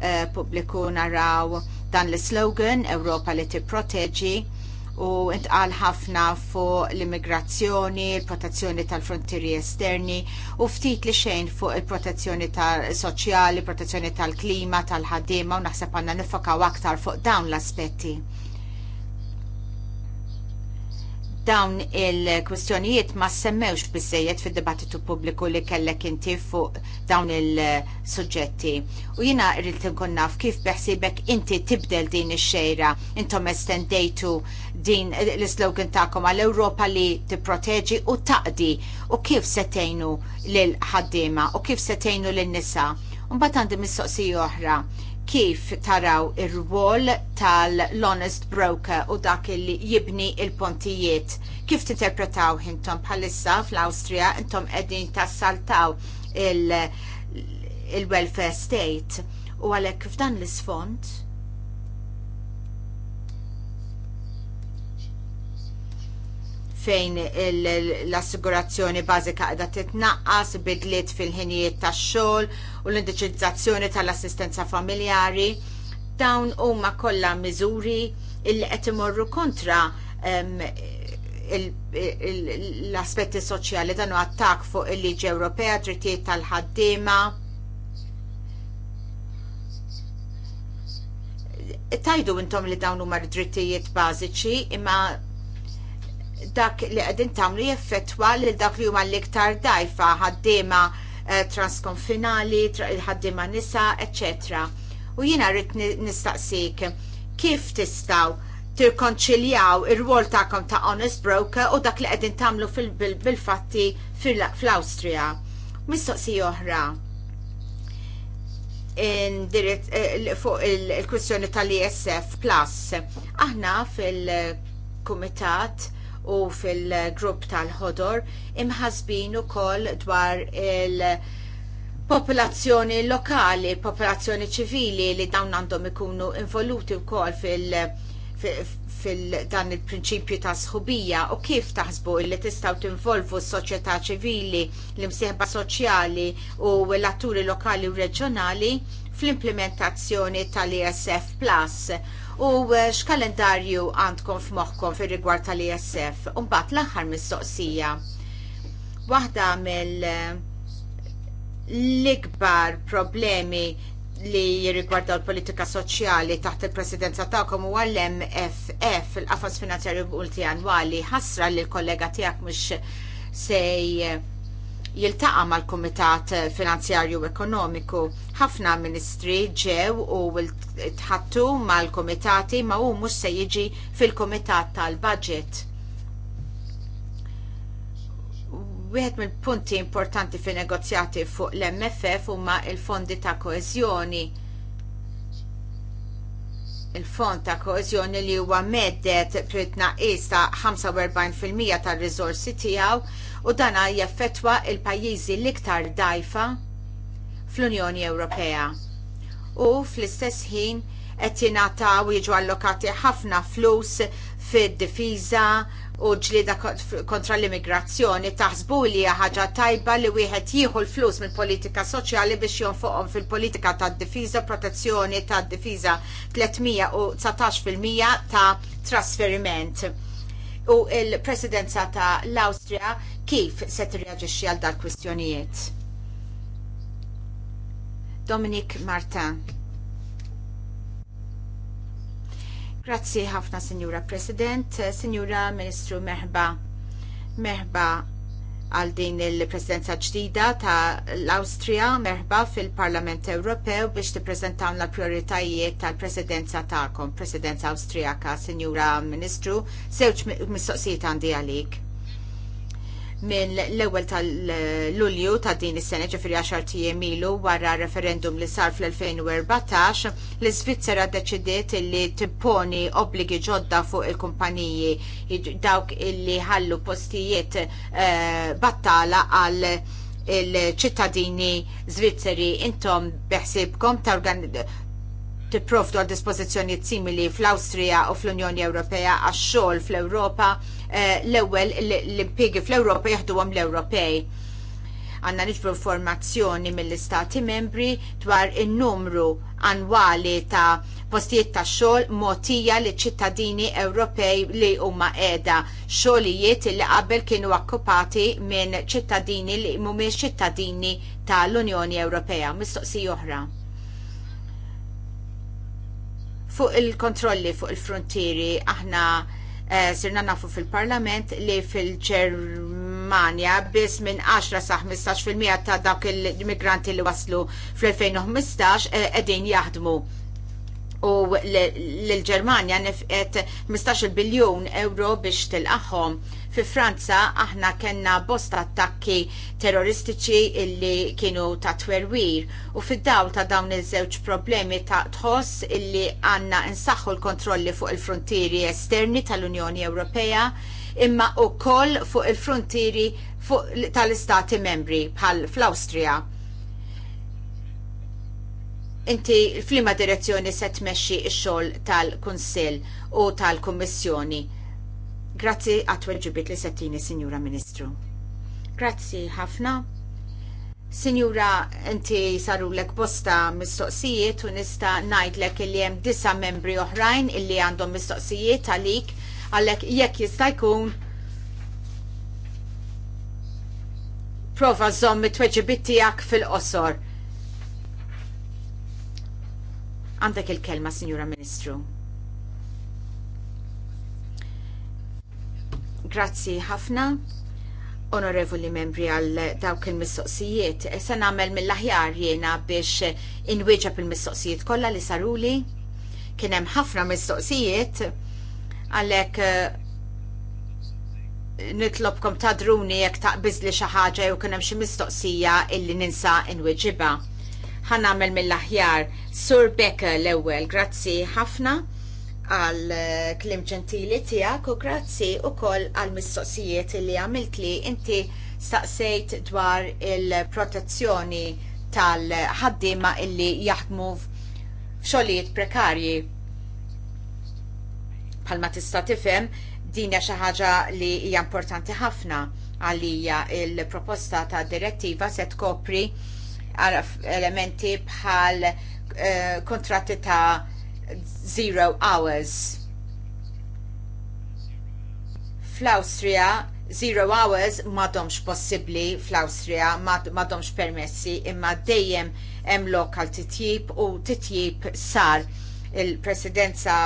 e, pubbliku naraw dan l-slogan Ewropa li proteġi u intqal ħafna fuq l-immigrazzjoni, il-protezzjoni tal-frontieri esterni u ftit li xejn fuq il-protezzjoni tal-soċjali, protezzjoni tal-klima, tal-ħaddiema u naħseb għandna nifokaw aktar fuq dawn l-aspetti dawn il kwistjonijiet ma semmewx bizzejiet fid dibattitu pubbliku li kellek inti fuq dawn il-suġġetti. U jina irrit inkun naf kif beħsibek inti tibdel din ix-xejra intom estendejtu din l-slogan tagħkom għal Ewropa li tipproteġi u taqdi u kif setejnu lil ħaddiema u kif setejnu lin nisa Mbagħad għandi mistoqsija oħra kif taraw ir-rwol tal-honest broker u dak li jibni il-pontijiet. Kif titerpretaw hintom bħalissa fl-Awstrija intom qegħdin tassaltaw il-welfare il state u għalhekk f'dan l-isfond? fejn l-assigurazzjoni bażika qiegħda titnaqqas, bidliet fil-ħinijiet tax-xogħol u l-indiċizzazzjoni tal-assistenza familjari. Dawn huma kollha miżuri li qed imorru kontra l-aspetti soċjali dan attak fuq il-liġi Ewropea, drittijiet tal-ħaddiema. Tajdu intom li dawn huma drittijiet bażiċi imma dak li qegħdin tagħmlu jeffettwa lil dak li huma l-iktar dajfa ħaddiema eh, transkonfinali, ħaddiema nisa, etc. U jiena rrid nistaqsik kif tistaw tirkonċiljaw ir-rwol tagħkom ta' honest broker u dak li qegħdin tagħmlu bil-fatti fl-Awstrija. Mistoqsija oħra. Eh, fuq il-kwistjoni tal-ISF Plus. Aħna fil-Kumitat u fil-grupp tal-ħodor imħasbin ukoll dwar il-popolazzjoni lokali, popolazzjoni ċivili li dawn għandhom ikunu involuti wkoll fil- fil-dan il-prinċipju ta' sħubija u kif taħsbu li tistaw tinvolvu s-soċjetà ċivili, l-imsieħba soċjali u l-atturi lokali u reġjonali fl-implementazzjoni tal-ESF Plus u eh, x'kalendarju għandkom f'moħħkom fir-rigward tal-ESF. u mbagħad l-aħħar mistoqsija. Waħda mill- eh, l-ikbar problemi li jirrigwardaw l-politika soċjali taħt il-presidenza tagħkom huwa l-MFF, il-qafas finanzjarju multi ħasra li l-kollega tiegħek mhux sej jiltaqa mal-Kumitat Finanzjarju Ekonomiku. Ħafna ministri ġew u tħattu mal-Kumitati ma hu mhux se jiġi fil-Kumitat tal-Budget. Wieħed mill-punti importanti fin negozjati fuq l-MFF huma il-fondi ta' koezjoni. Il-fond ta' koezjoni li huwa meddet tnaqis ta' 45% tar-riżorsi tiegħu u dan jaffettwa il-pajjiżi l-iktar dajfa fl-Unjoni Ewropea. U fl-istess ħin qed jingħataw jiġu allokati ħafna flus fid-difiża u ġlieda kontra l-immigrazzjoni taħsbu li ħaġa tajba li wieħed jieħu l-flus mill politika soċjali biex jonfoqhom fil-politika tad-difiża protezzjoni tad-difiża 319% ta' trasferiment. U l presidenza ta' l-Awstrija kif se tirreaġixxi għal dal-kwistjonijiet? Dominik Martin. Grazzi ħafna, Sinjura President, Sinjura Ministru meħba, meħba għal din il-presidenza ġdida ta' l-Austria merħba fil-Parlament Ewropew biex tippreżentawn la prioritajiet tal-presidenza ta'kom, presidenza Austriaka, Sinjura Ministru, sewċ mistoqsijiet għandi għalik minn l-ewwel tal-Lulju ta' din is-sena ġifieri 10 tiem ilu wara referendum li sar fl-2014 l-Iżvizzera ddeċidiet li tipponi obbligi ġodda fuq il-kumpaniji dawk illi ħallu postijiet eh, battala għal il-ċittadini Żvizzeri intom beħsibkom ta' tipprovdu għal dispożizzjonijiet simili fl-Awstrija u fl-Unjoni Ewropea għax xogħol fl-Ewropa eh, l-ewwel l-impjiegi fl-Ewropa jaħduhom l-Ewropej. Għanna niġbru informazzjoni mill-istati membri dwar in-numru annwali ta' postijiet ta' xogħol mogħtija li ċittadini Ewropej li huma qiegħda xogħlijiet li qabel kienu akkupati minn ċittadini li mhumiex ċittadini tal-Unjoni Ewropea. Mistoqsija oħra Fuq il-kontrolli fuq il-frontieri, aħna eh, sirna nafu fil-parlament li fil-ġermania biss minn 10 sa 15% ta' dak il immigranti li waslu fl-2015 edin eh, jaħdmu. U l-Ġermania nifqet 15 biljon euro biex tilqaħħom. Fi Franza aħna kellna bosta attakki terroristiċi illi kienu ta' twerwir u fid-dawl ta' dawn iż-żewġ problemi ta' tħoss illi għandna insaħħu l-kontrolli fuq il-frontieri esterni tal-Unjoni Ewropea imma wkoll fuq il-frontieri tal-istati membri bħal fl-Awstrija inti flima direzzjoni se tmexxi x-xogħol tal-Kunsill u tal-Kummissjoni. Grazzi għat-tweġibit li settini, Signora Ministru. Grazzi ħafna. Sinjura, inti sarulek bosta mistoqsijiet u nista najdlek illi hemm disa membri oħrajn illi għandhom mistoqsijiet għalik għalek jekk jista' jkun prova żomm mit tweġibit tiegħek fil-qosor. Għandek il-kelma, Signora Ministru. Grazzi ħafna. Onorevoli membri għal dawk il-mistoqsijiet, se nagħmel mill-aħjar jiena biex inwieġeb il-mistoqsijiet kollha li saruli. Kien hemm ħafna mistoqsijiet għalhekk eh, nitlobkom tadruni jekk taqbiż li xi ħaġa jew kien hemm xi mistoqsija illi ninsa inwieġibha. Ħanamel mill-aħjar Sur Becker l-ewwel, grazzi ħafna għal eh, klim ġentili tijak u grazzi u koll għal mistoqsijiet li għamilt li inti staqsejt dwar il-protezzjoni tal-ħaddima illi jaħdmu f'xogħlijiet prekarji. Palma tista' tifhem din hija xi ħaġa li hija importanti ħafna għalija il-proposta ta' direttiva se tkopri elementi bħal eh, kontratti ta' zero hours. Fl-Awstrija, zero hours madomx possibli fl-Awstrija, madomx permessi, imma dejjem hemm lokal titjib u titjib sar il-presidenza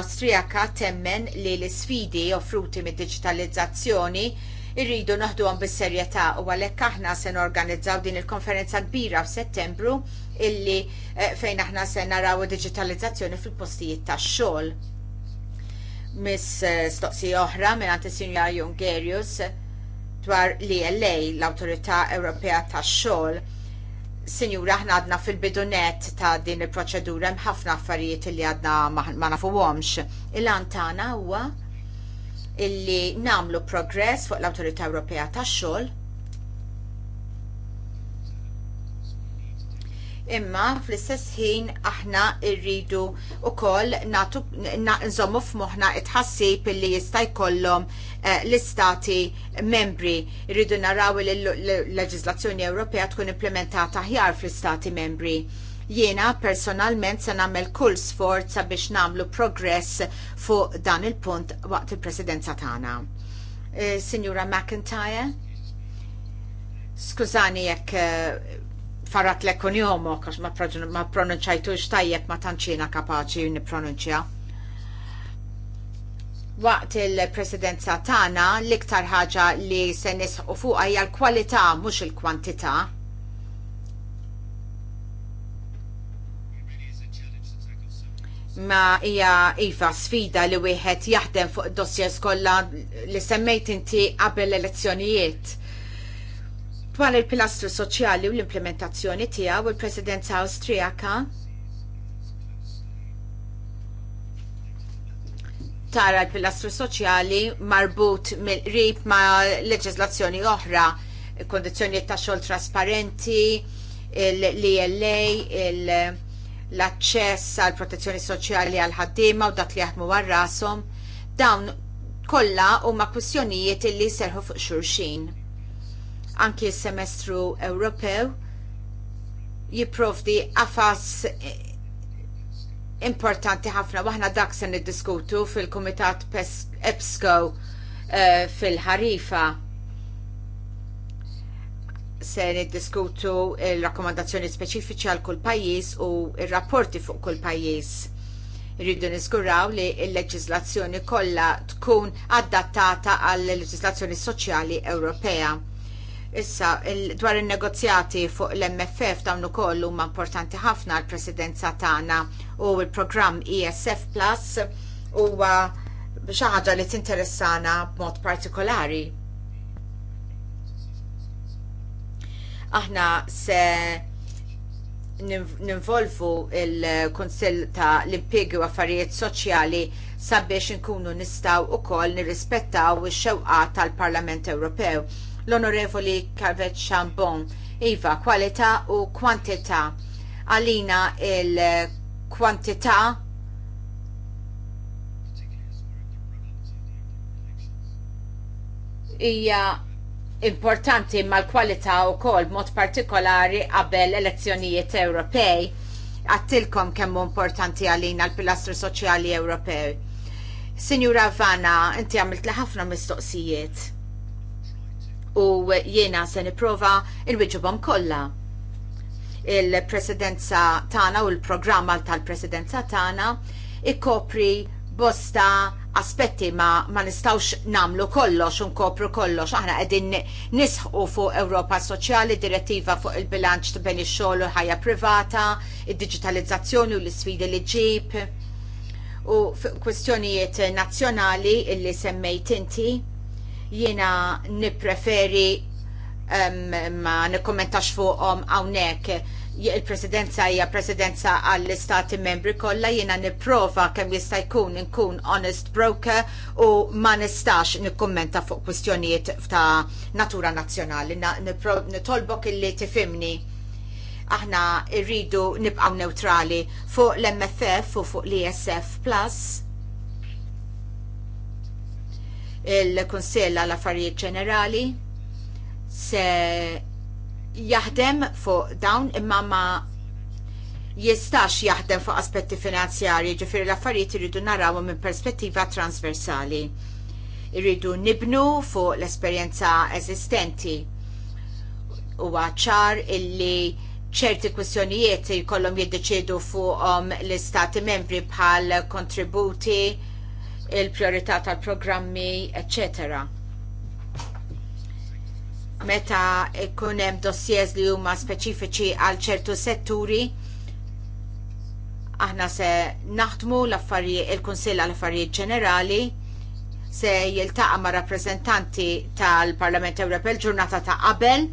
Awstrijaka temmen li l-sfidi offruti mid-digitalizzazzjoni irridu naħdu għan bis-serjetà u għalhekk aħna se norganizzaw din il-konferenza kbira f'Settembru illi eh, fejn aħna se naraw digitalizzazzjoni fil-postijiet tax-xogħol. Miss eh, stoqsi oħra minn għanti Sinja Jungerius dwar l-ELA, l awtorità Ewropea tax-xogħol. Sinjura, aħna għadna fil-bidunet ta' din il-proċedura hemm ħafna affarijiet li għadna ma nafuhomx. Il-għan tagħna huwa illi namlu progress fuq l-Autorità Ewropea tax-xogħol. Imma fl-istess ħin aħna rridu wkoll nżommu f'moħħna t tħassib illi jista' jkollhom eh, l-istati membri. Rridu naraw li l-leġiżlazzjoni Ewropea tkun implementata aħjar fl-istati membri Jiena personalment se nagħmel kull sforza biex nagħmlu progress fuq dan il-punt waqt il-presidenza tagħna. E, Signora McIntyre, skużani jekk eh, farat l jomu, għax ma pronunċajtu xtajjeb ma tanċina kapaċi nipronunċja. Waqt il-presidenza tagħna l-iktar ħaġa li se nisħu fuqha hija l-kwalità mhux il-kwantità ma hija iva sfida li wieħed jaħdem fuq dossiers kollha li semmejt inti qabel elezzjonijiet. Dwar il-pilastru soċjali u l-implementazzjoni tiegħu il-Presidenza Awstrijaka tara l-pilastru soċjali marbut mill-qrib ma' leġiżlazzjoni oħra, kondizzjonijiet ta' xogħol trasparenti, l-ELA, il-, il l-aċċess għal protezzjoni soċjali għal ħaddiema u dak li jaħdmu għal rashom, dawn kollha huma kwistjonijiet li serħu fuq xulxin. Anki s-semestru Ewropew jipprovdi għafas importanti ħafna waħna dak se niddiskutu fil-Kumitat EPSCO uh, fil-ħarifa se niddiskutu il-rakkomandazzjoni speċifiċi għal kull pajjiż u il-rapporti fuq kull pajjiż. Irridu niżguraw li l-leġiżlazzjoni kollha tkun adattata għall leġiżlazzjoni soċjali Ewropea. Issa, dwar il-negozjati fuq l-MFF dawn ukoll huma importanti ħafna għall presidenza tagħna u l-programm ESF Plus huwa xi ħaġa li tinteressana b'mod partikolari Aħna se ninvolvu il-Konsil ta' l impiegi u Affarijiet Soċjali sabiex nkunu nistaw koll nirrispettaw ix xewqa tal-Parlament Ewropew. L-Onorevoli Carvet Chambon, iva kwalità u kwantità. Għalina il-kwantità hija importanti mal-kwalità wkoll mod partikolari qabel elezzjonijiet Ewropej. Għattilkom kemm hu importanti għalina l-pilastru soċjali Ewropej. Sinjura Vanna, inti għamilt ħafna mistoqsijiet u jiena se nipprova inwiġibhom kollha. Il-presidenza tagħna u l-programma tal-presidenza tagħna ikkopri bosta aspetti ma, ma nistawx namlu kollox, unkopru kollox, aħna għedin nisħu fuq Ewropa Soċjali, direttiva fuq il-bilanċ bejn ix-xogħol u ħajja privata, id-digitalizzazzjoni u l-isfidi li ġib, u kwestjonijiet nazzjonali illi semmejt inti, jiena nippreferi um, ma nikkommentax fuqhom hawnhekk il-presidenza hija presidenza għall-istati membri kollha jiena nipprova kemm jista' jkun inkun honest broker u ma nistax nikkummenta fuq kwistjonijiet ta' natura nazzjonali. Nitolbok illi tifimni aħna rridu nibqgħu neutrali fuq l-MFF u fuq l-ESF Plus il-Kunsell l Affarijiet Ġenerali se jaħdem fuq dawn imma ma jistax jaħdem fuq aspetti finanzjarji, ġifiri l-affarijiet irridu naraw minn perspettiva transversali. Irridu nibnu fuq l-esperjenza eżistenti. Huwa ċar illi ċerti kwistjonijiet jkollhom jiddeċiedu fuqhom l-istati membri bħal kontributi, il-priorità tal-programmi, eccetera meta ikun hemm dossiers li huma speċifiċi għal ċertu setturi aħna se naħdmu l-affarijiet il-Kunsill għall affarijiet ġenerali se jiltaqa' ma' rappreżentanti tal-Parlament Ewropew ġurnata ta' qabel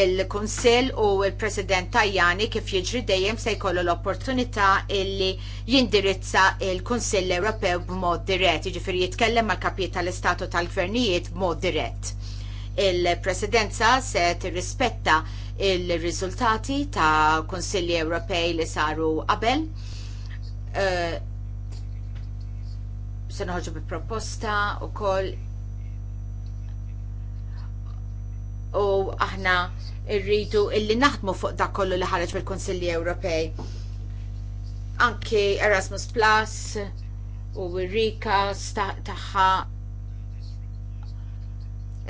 il-Kunsill u l il president Tajani kif jiġri dejjem se jkollu l-opportunità illi jindirizza il-Kunsill Ewropew b'mod dirett, jiġifieri jitkellem mal kapijiet tal-Istatu tal-Gvernijiet b'mod dirett Il-presidenza se tirrispetta il-riżultati ta' Konsilli Ewropej li saru qabel. Uh, se noħġu bi proposta u koll u aħna irridu illi naħdmu fuq dak kollu li ħareġ mill konsilli Ewropej. Anki Erasmus Plus u Rika tagħha ta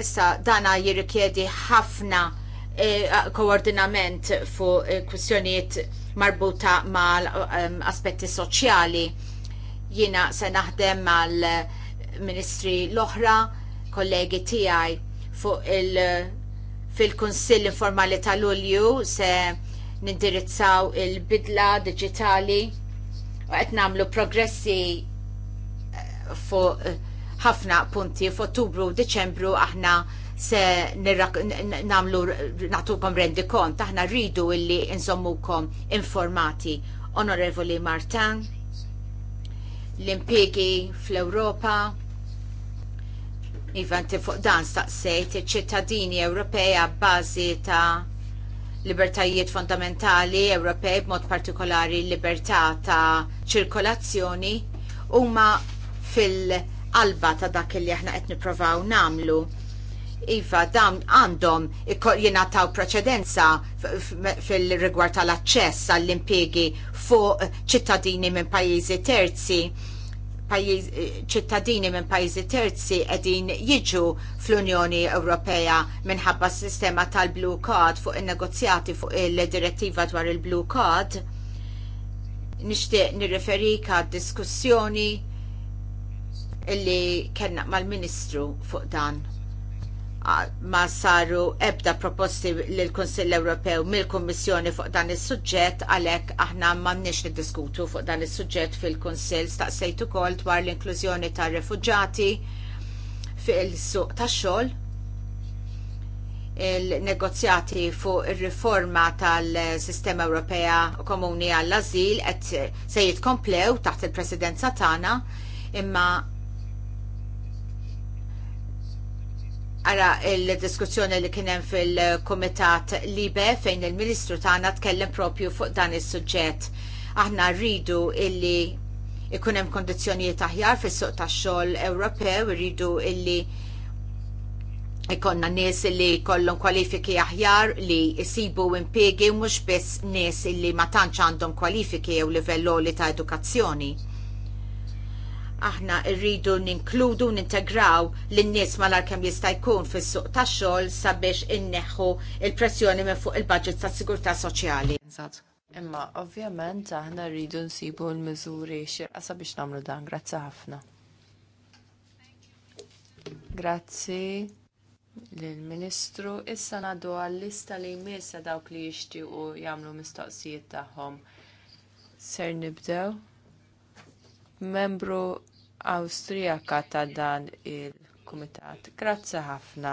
Issa dana jirrikjedi ħafna eh, koordinament fuq eh, kwistjonijiet marbuta mal ehm, aspetti soċjali. Jiena se naħdem mal eh, ministri l-oħra, kollegi tiegħi fu il fil-Kunsill Informali tal-Ulju se nindirizzaw il-bidla digitali u qed nagħmlu progressi fuq ħafna punti f'Ottubru u Deċembru aħna se namlu natukom rendi kont, aħna rridu illi insommukom informati. Onorevoli Martin, l-impiegi fl-Europa, Ivan fuq dan staqsejt iċ-ċittadini Ewropea bażi ta' libertajiet fondamentali Ewropej b'mod partikolari libertà ta' ċirkolazzjoni huma fil- qalba ta' dak li aħna qed nippruvaw nagħmlu. Iva, dawn għandhom taw preċedenza fil-rigward tal-aċċess għall-impiegi fuq ċittadini minn pajjiżi terzi. ċittadini minn pajjiżi terzi edin jiġu fl-Unjoni Ewropea minħabba s-sistema tal-Blue Card fuq il-negozjati fuq il-direttiva dwar il-Blue Card. Nishtiq nirreferika diskussjoni illi kellna mal-Ministru fuq dan ma saru ebda proposti lill-Kunsill Ewropew mill-Kummissjoni fuq dan is-suġġett għalhekk aħna m'għandniex niddiskutu fuq dan is-suġġett fil-Kunsill staqsejt ukoll dwar l-inklużjoni tar-refuġati fil-suq tax-xogħol il-negozjati fuq ir-riforma tal-Sistema Ewropea Komuni għall-Azil qed se jitkomplew taħt il-Presidenza tagħna imma Ara il-diskussjoni li kienem fil-Komitat Libe fejn il-Ministru tagħna tkellem propju fuq dan is-suġġett. Aħna rridu illi ikun hemm kondizzjonijiet aħjar fis-suq tax-xogħol Ewropew, rridu illi ikonna nies illi kollhom kwalifiki aħjar li jisibu impiegi mhux biss nies illi ma tantx għandhom kwalifiki jew livell li ta' edukazzjoni aħna rridu ninkludu nintegraw l-nies malar kemm jista' jkun fis-suq tax-xogħol sabiex inneħħu il-pressjoni minn fuq il-budget tas-sigurtà soċjali. Imma ovvjament aħna rridu nsibu l-miżuri xirqa sabiex nagħmlu dan. Grazzi ħafna. Grazzi lill-Ministru. Issa ngħaddu għall-lista li jmiss dawk li jixtiequ jagħmlu mistoqsijiet tagħhom. Ser nibdew membru Awstrijaka ta' dan il-Kumitat. Grazzi ħafna,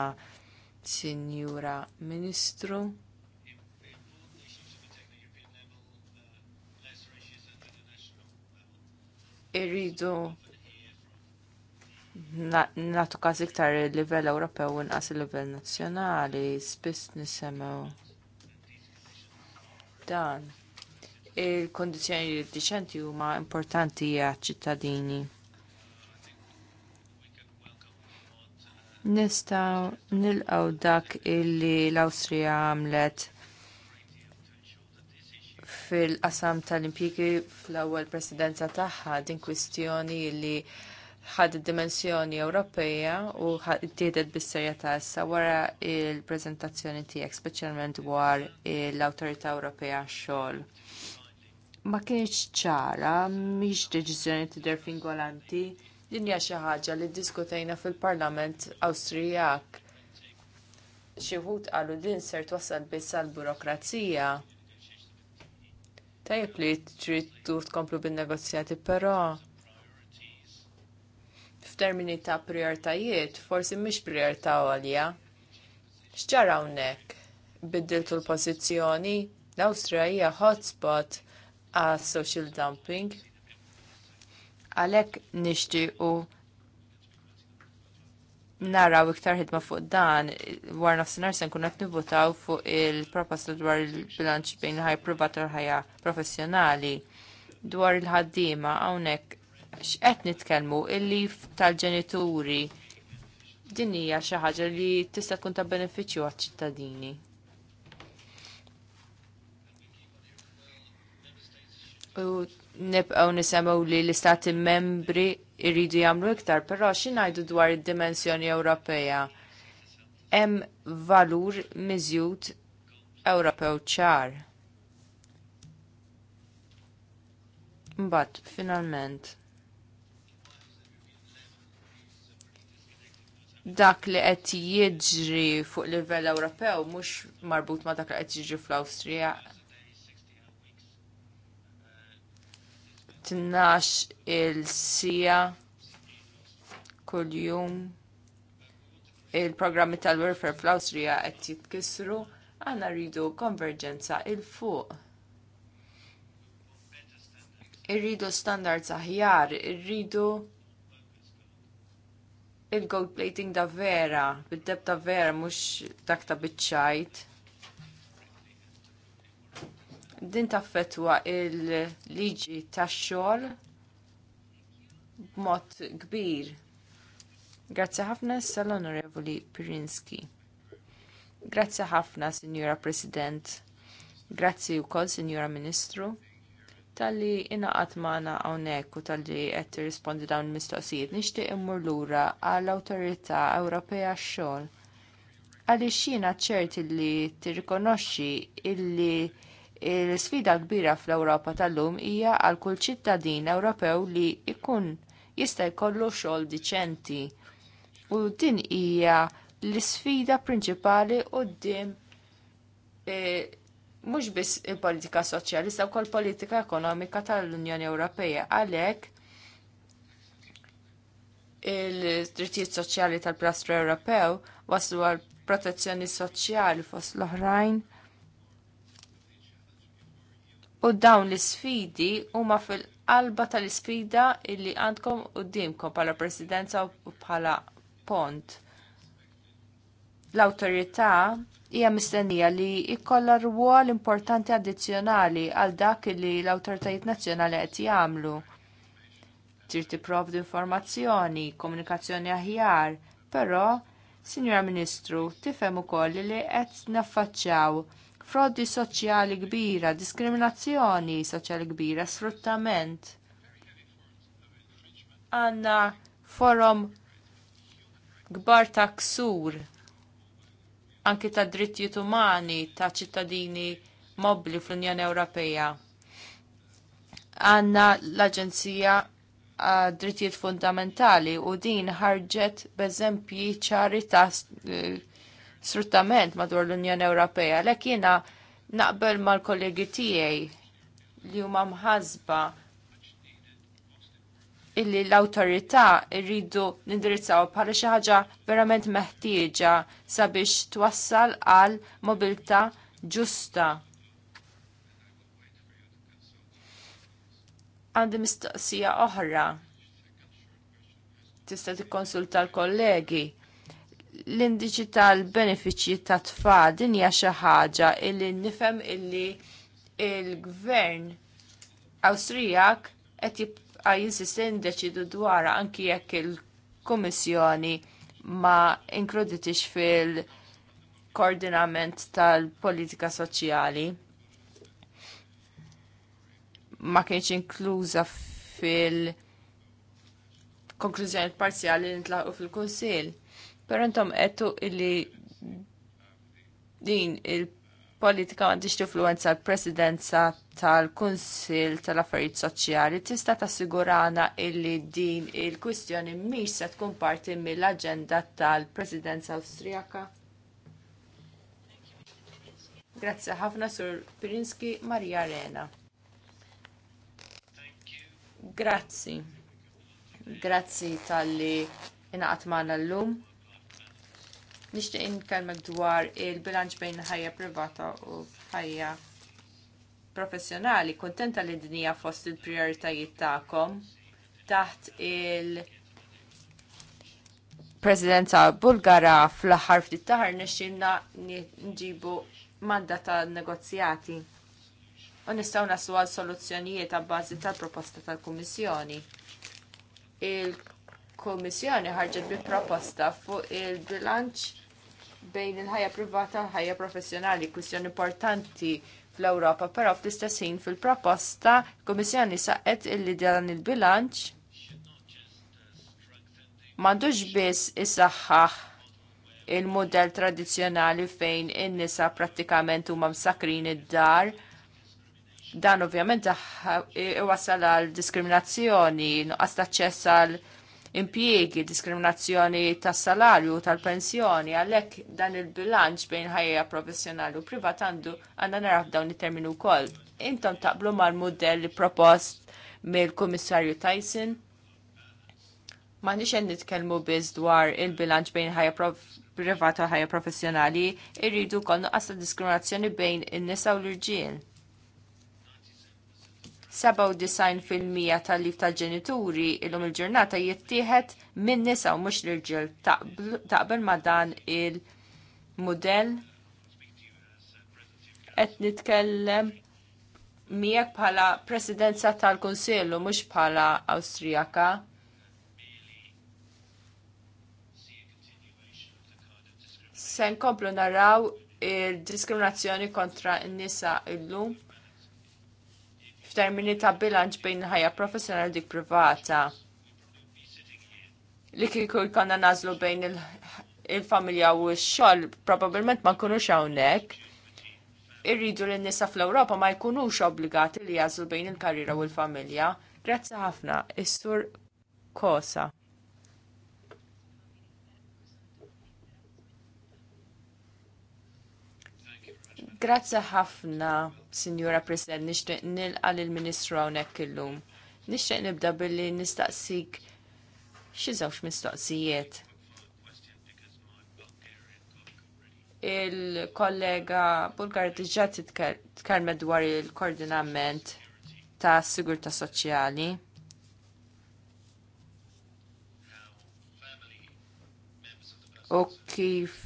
Sinjura Ministru. Irridu natu każ iktar il-livell Ewropew u nqas il-livell nazzjonali, spiss nisemgħu dan. il kundizzjoni diċenti huma importanti għaċ ċittadini. Nistaw nilqaw dak illi l-Awstrija għamlet fil-qasam tal-impjiki fl-ewwel presidenza tagħha din kwistjoni li ħad dimensjoni Ewropeja u ħaddiet bis-serjetà issa wara il-preżentazzjoni tiegħek speċjalment dwar l-Awtorità Ewropea xogħol. Ma kienx ċara, mhix deċiżjoni tidher fingolanti Din hija xi ħaġa li ddiskutejna fil-Parlament Awstrijak. Xi wħud qalu din ser twassal biss għall burokrazija Tajjeb li trid tkomplu bin-negozjati, però f'termini ta' prioritajiet, forsi mhix prijorità għolja. X'ġara hawnhekk? Biddiltu l-pożizzjoni, l-Awstrija hija hotspot għas social dumping. Għalek nishti u naraw iktar ħidma fuq dan, war nafsinar se nkun qed nivvotaw fuq il-proposta dwar il-bilanċ bejn il-ħaj privat u l-ħajja professjonali dwar il-ħaddiema hawnhekk x'qed nitkellmu il-lif tal-ġenituri din hija xi ħaġa li tista' tkun ta' benefiċċju għaċ-ċittadini. U nibqaw nisemaw li l-istati membri irridu jagħmlu iktar, però xinajdu dwar id-dimensjoni Ewropea. Hemm valur miżjud Ewropew ċar. Mbagħad finalment. dak li qed jiġri fuq livell Ewropew mhux marbut ma' dak li qed jiġri fl-Awstrija Tnax il-sija kull-jum il-programmi tal-welfare fl-Awstrija qed jitkissru, għandna rridu konverġenza il fuq. Irridu standards aħjar, irridu il-gold plating da vera, bid-deb ta' vera mhux dak ta' biċċajt din taffetwa il-liġi tax-xogħol b'mod kbir. Grazzi ħafna sal-Onorevoli Pirinski. Grazzi ħafna, Sinjura President. Grazzi wkoll, sinjura Ministru tal-li inaqat maħna għonek u tal-li għed rispondi dawn mistoqsijiet nixtieq immur lura għall awtorità Ewropea x-xogħol. Għaliex jiena ċerti li tirrikonoxxi illi Il-sfida kbira fl-Ewropa tal-lum hija għal kull ċittadin Ewropew li jkun jista' jkollu xogħol diċenti. U din hija l-sfida prinċipali quddiem e, mhux biss il-politika soċjali, u wkoll politika ekonomika tal-Unjoni Ewropea. Għalhekk il-drittijiet soċjali tal-Plastru Ewropew waslu għal protezzjoni soċjali fost l-oħrajn U dawn l-sfidi huma fil-qalba tal-isfida illi għandkom quddiemkom bħala presidenza u bħala pont. L-awtorità hija mistennija li jkollha rwol importanti addizzjonali għal dak li l-awtoritajiet nazzjonali qed jagħmlu trid tipprovdi informazzjoni, komunikazzjoni aħjar, però, Sinjora Ministru, tifhem ukoll li qed naffaċċjaw frodi soċjali kbira, diskriminazzjoni soċjali kbira, sfruttament. Għanna forum kbar ta' ksur, anki ta' drittijiet umani ta' ċittadini mobli fl-Unjoni Ewropea. Għanna l-Aġenzija drittijiet fundamentali u din ħarġet b'eżempji ċari ta' eh, sfruttament madwar l-Unjoni Ewropea. Lek jiena naqbel mal-kollegi tiegħi li huma mħasba illi l-autorità rridu nindirizzaw bħala xi ħaġa verament meħtieġa sabiex twassal għal mobilità ġusta. Għandi mistoqsija oħra. Tista' tikkonsulta l-kollegi l-indiċi tal-benefiċċji ta' tfal din hija xi ħaġa illi nifhem illi il-gvern Awstrijak qed jibqa' jinsisti ndeċidu dwarha anki jekk il-Kummissjoni ma inkluditix fil-koordinament tal-politika soċjali. Ma kienx inkluża fil- konklużjoni parzjali li ntlaqgħu fil-Kunsill Pero intom għettu illi din il-politika għandix influenza l-presidenza tal-Kunsil tal-Affarijiet Soċjali tista' tassigurana illi din il-kwistjoni mhix se tkun parti mill-aġenda tal-Presidenza Awstrijaka? Grazzi ħafna sur Pirinski Marija Arena. Grazzi. Grazzi tal-li inaqat maħna l-lum. Nixtieq inkellmek dwar il-bilanċ bejn ħajja privata u ħajja professjonali. Kontenta li dinija fost il-prioritajiet tagħkom taħt il- Presidenza Bulgara fl-aħħar ftit taħar nixxilna nġibu mandat ta' negozjati u nistaw naslu għal soluzzjonijiet ta' bażi tal-proposta tal-Kummissjoni. Il-Kummissjoni ħarġet bi proposta fuq il-bilanċ bejn il-ħajja privata u ħajja professjonali, kwistjoni importanti fl-Ewropa, però fl-istess ħin fil-proposta l-Kummissjoni saqet illi dan il-bilanċ m'għandux biss isaħħaħ il-modell tradizzjonali fejn in-nisa prattikament huma msakrin id-dar. Dan ovvjament iwassal għal diskriminazzjoni, nuqqas taċċess għal impjiegi, diskriminazzjoni tas-salarju, tal-pensjoni, għalhekk dan il-bilanċ bejn ħajja professjonali u privat għandu għandna naraf dawn it-terminu wkoll. Intom taqblu mal-mudell propost mill-Kummissarju Tyson? Ma qed nitkellmu biss dwar il-bilanċ bejn ħajja privata u ħajja professjonali, irridu kol nuqqas diskriminazzjoni bejn in-nisa u l-irġiel. 97% tal-lif tal-ġenituri illum il-ġurnata jittieħed minn nisa u mhux l-irġiel taqbel ma dan il-mudell qed nitkellem miegħek bħala presidenza tal konsillu mhux bħala Awstrijaka. Se nkomplu naraw il-diskriminazzjoni kontra n-nisa illum Termini ta' bilanċ bejn ħajja professjonali dik privata. Li kieku jkollna nażlu bejn il-familja u x-xogħol, probabbilment ma nkunux hawnhekk. Irridu li nisa fl-Ewropa ma jkunux obbligati li jażlu bejn il-karriera u l-familja. Grazzi ħafna, is-sur Kosa. Grazzi ħafna, Signora President, nixtieq nilqa lill ministru hawnhekk illum. Nixtieq nibda billi nistaqsik xi żewġ mistoqsijiet. Il-kollega Bulgar diġà titkellem dwar il-koordinament ta' sigurtà soċjali. U kif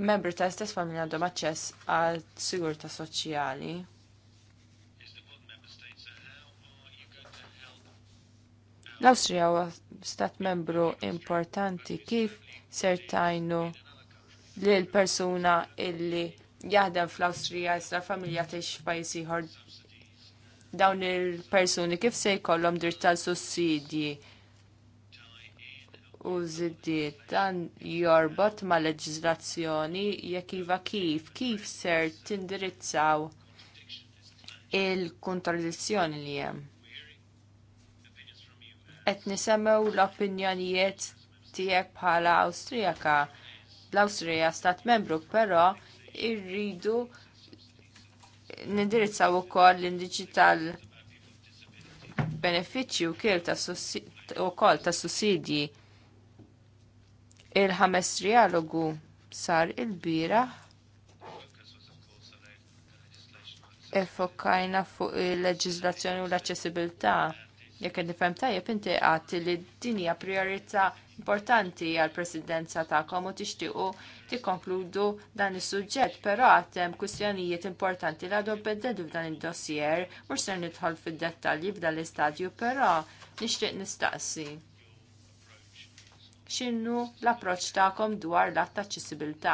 membri ta' stess familja għandhom aċċess għal sigurta soċjali. L-Awstrija huwa stat membru importanti kif ser tajnu li l-persuna illi jaħdem fl-Awstrija jisra familja tgħix pajjiż ieħor dawn il-persuni kif se jkollhom dritt tal-sussidji u żiddiet dan jorbot ma' leġiżlazzjoni jekk iva kif, kif ser tindirizzaw il-kontradizzjoni li hemm. Qed nisemmew l-opinjonijiet tiegħek bħala Awstrijaka. L-Awstrija stat membru, però irridu nindirizzaw ukoll l-indiċi tal-benefiċċju kiel ta' ukoll ta' sussidji Il-ħames trialogu sar il-bira effokajna fuq il-leġizlazzjoni u l-aċċessibilità. Jekk nifhem tajjeb inti għati li dinja priorità importanti għal presidenza tagħkom u tixtiequ tikkonkludu dan is-suġġett, però għad hemm kwistjonijiet importanti li għadhom beddedu f'dan id-dossier mhux se nidħol fid-dettalji f'dan l-istadju, però nixtieq nistaqsi x'inhu l-approċċ tagħkom dwar l-att taċċessibilità.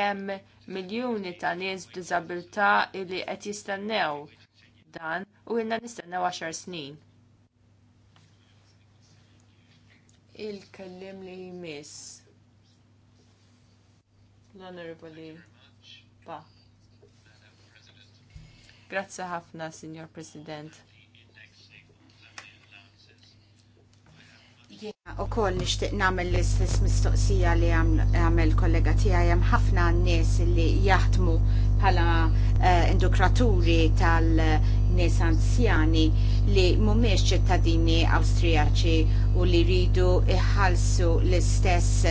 Hemm miljuni ta' nies b'diżabilità li qed jistennew dan u ilna nistennew 10 snin. Il-kellim li jmiss. L-Onorevoli Ba. Grazzi ħafna, Signor President. U koll nishtiq namel l-istess mistoqsija li għamel kollega tijaj jem ħafna n-nies li jaħdmu bħala eh, indukraturi tal-nies anzjani li mumiex ċittadini Awstrijaċi u li ridu iħalsu l-istess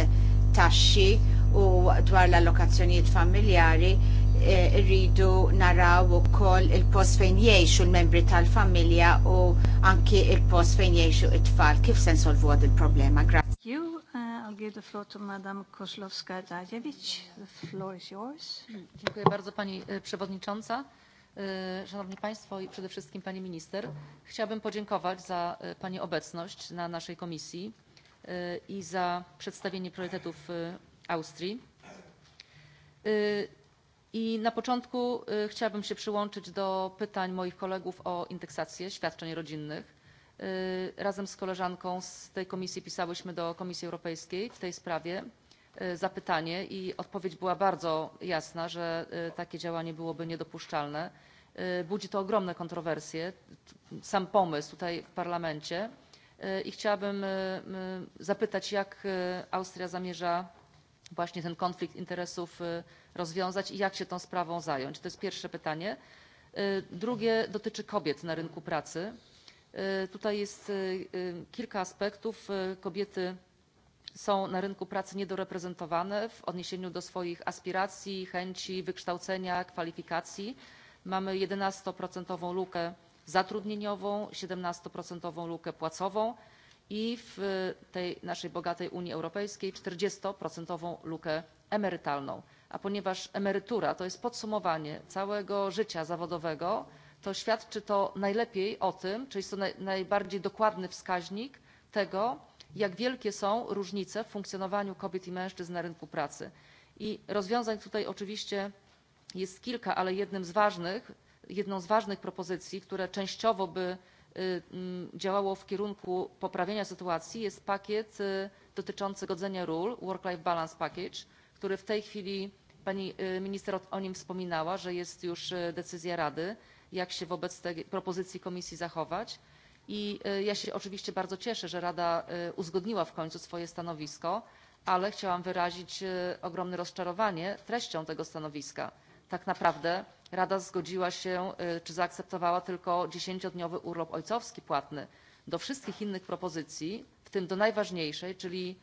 taxxi u dwar l-allokazzjonijiet familjari Eh, rridu naraw ukoll il-post fejn jgħixu l-membri tal-familja u anki il-post fejn jgħixu it-tfal. Kif se nsolvu għad il-problema? Grazie. You, uh, I'll give the floor to Madam Kozlowska-Radziewicz. The floor is yours. Dziękuję bardzo Pani e, Przewodnicząca. E, szanowni Państwo i przede wszystkim Pani Minister, chciałabym podziękować za e, Pani obecność na naszej komisji i za przedstawienie priorytetów Austrii. I na początku chciałabym się przyłączyć do pytań moich kolegów o indeksację świadczeń rodzinnych. razem z koleżanką z tej komisji pisałyśmy do Komisji Europejskiej w tej sprawie zapytanie i odpowiedź była bardzo jasna, że takie działanie byłoby niedopuszczalne. Budzi to ogromne kontrowersje, sam pomysł tutaj w parlamencie i chciałabym zapytać, jak Austria zamierza właśnie ten konflikt interesów rozwiązać i jak się tą sprawą zająć? To jest pierwsze pytanie. Drugie dotyczy kobiet na rynku pracy. Tutaj jest kilka aspektów. Kobiety są na rynku pracy niedoreprezentowane w odniesieniu do swoich aspiracji, chęci, wykształcenia, kwalifikacji. Mamy 11% lukę zatrudnieniową, 17% lukę płacową i w tej naszej bogatej Unii Europejskiej 40% lukę emerytalną a ponieważ emerytura to jest podsumowanie całego życia zawodowego, to świadczy to najlepiej o tym, czy jest to naj, najbardziej dokładny wskaźnik tego, jak wielkie są różnice w funkcjonowaniu kobiet i mężczyzn na rynku pracy. I rozwiązań tutaj oczywiście jest kilka, ale jednym z ważnych, jedną z ważnych propozycji, które częściowo by mm, działało w kierunku poprawienia sytuacji jest pakiet dotyczący godzenia ról, Work-Life Balance Package, który w tej chwili Pani minister o nim wspominała, że jest już decyzja Rady, jak się wobec tej propozycji Komisji zachować. I ja się oczywiście bardzo cieszę, że Rada uzgodniła w końcu swoje stanowisko, ale chciałam wyrazić ogromne rozczarowanie treścią tego stanowiska. Tak naprawdę Rada zgodziła się, czy zaakceptowała tylko dziesięciodniowy urlop ojcowski płatny. Do wszystkich innych propozycji, w tym do najważniejszej, czyli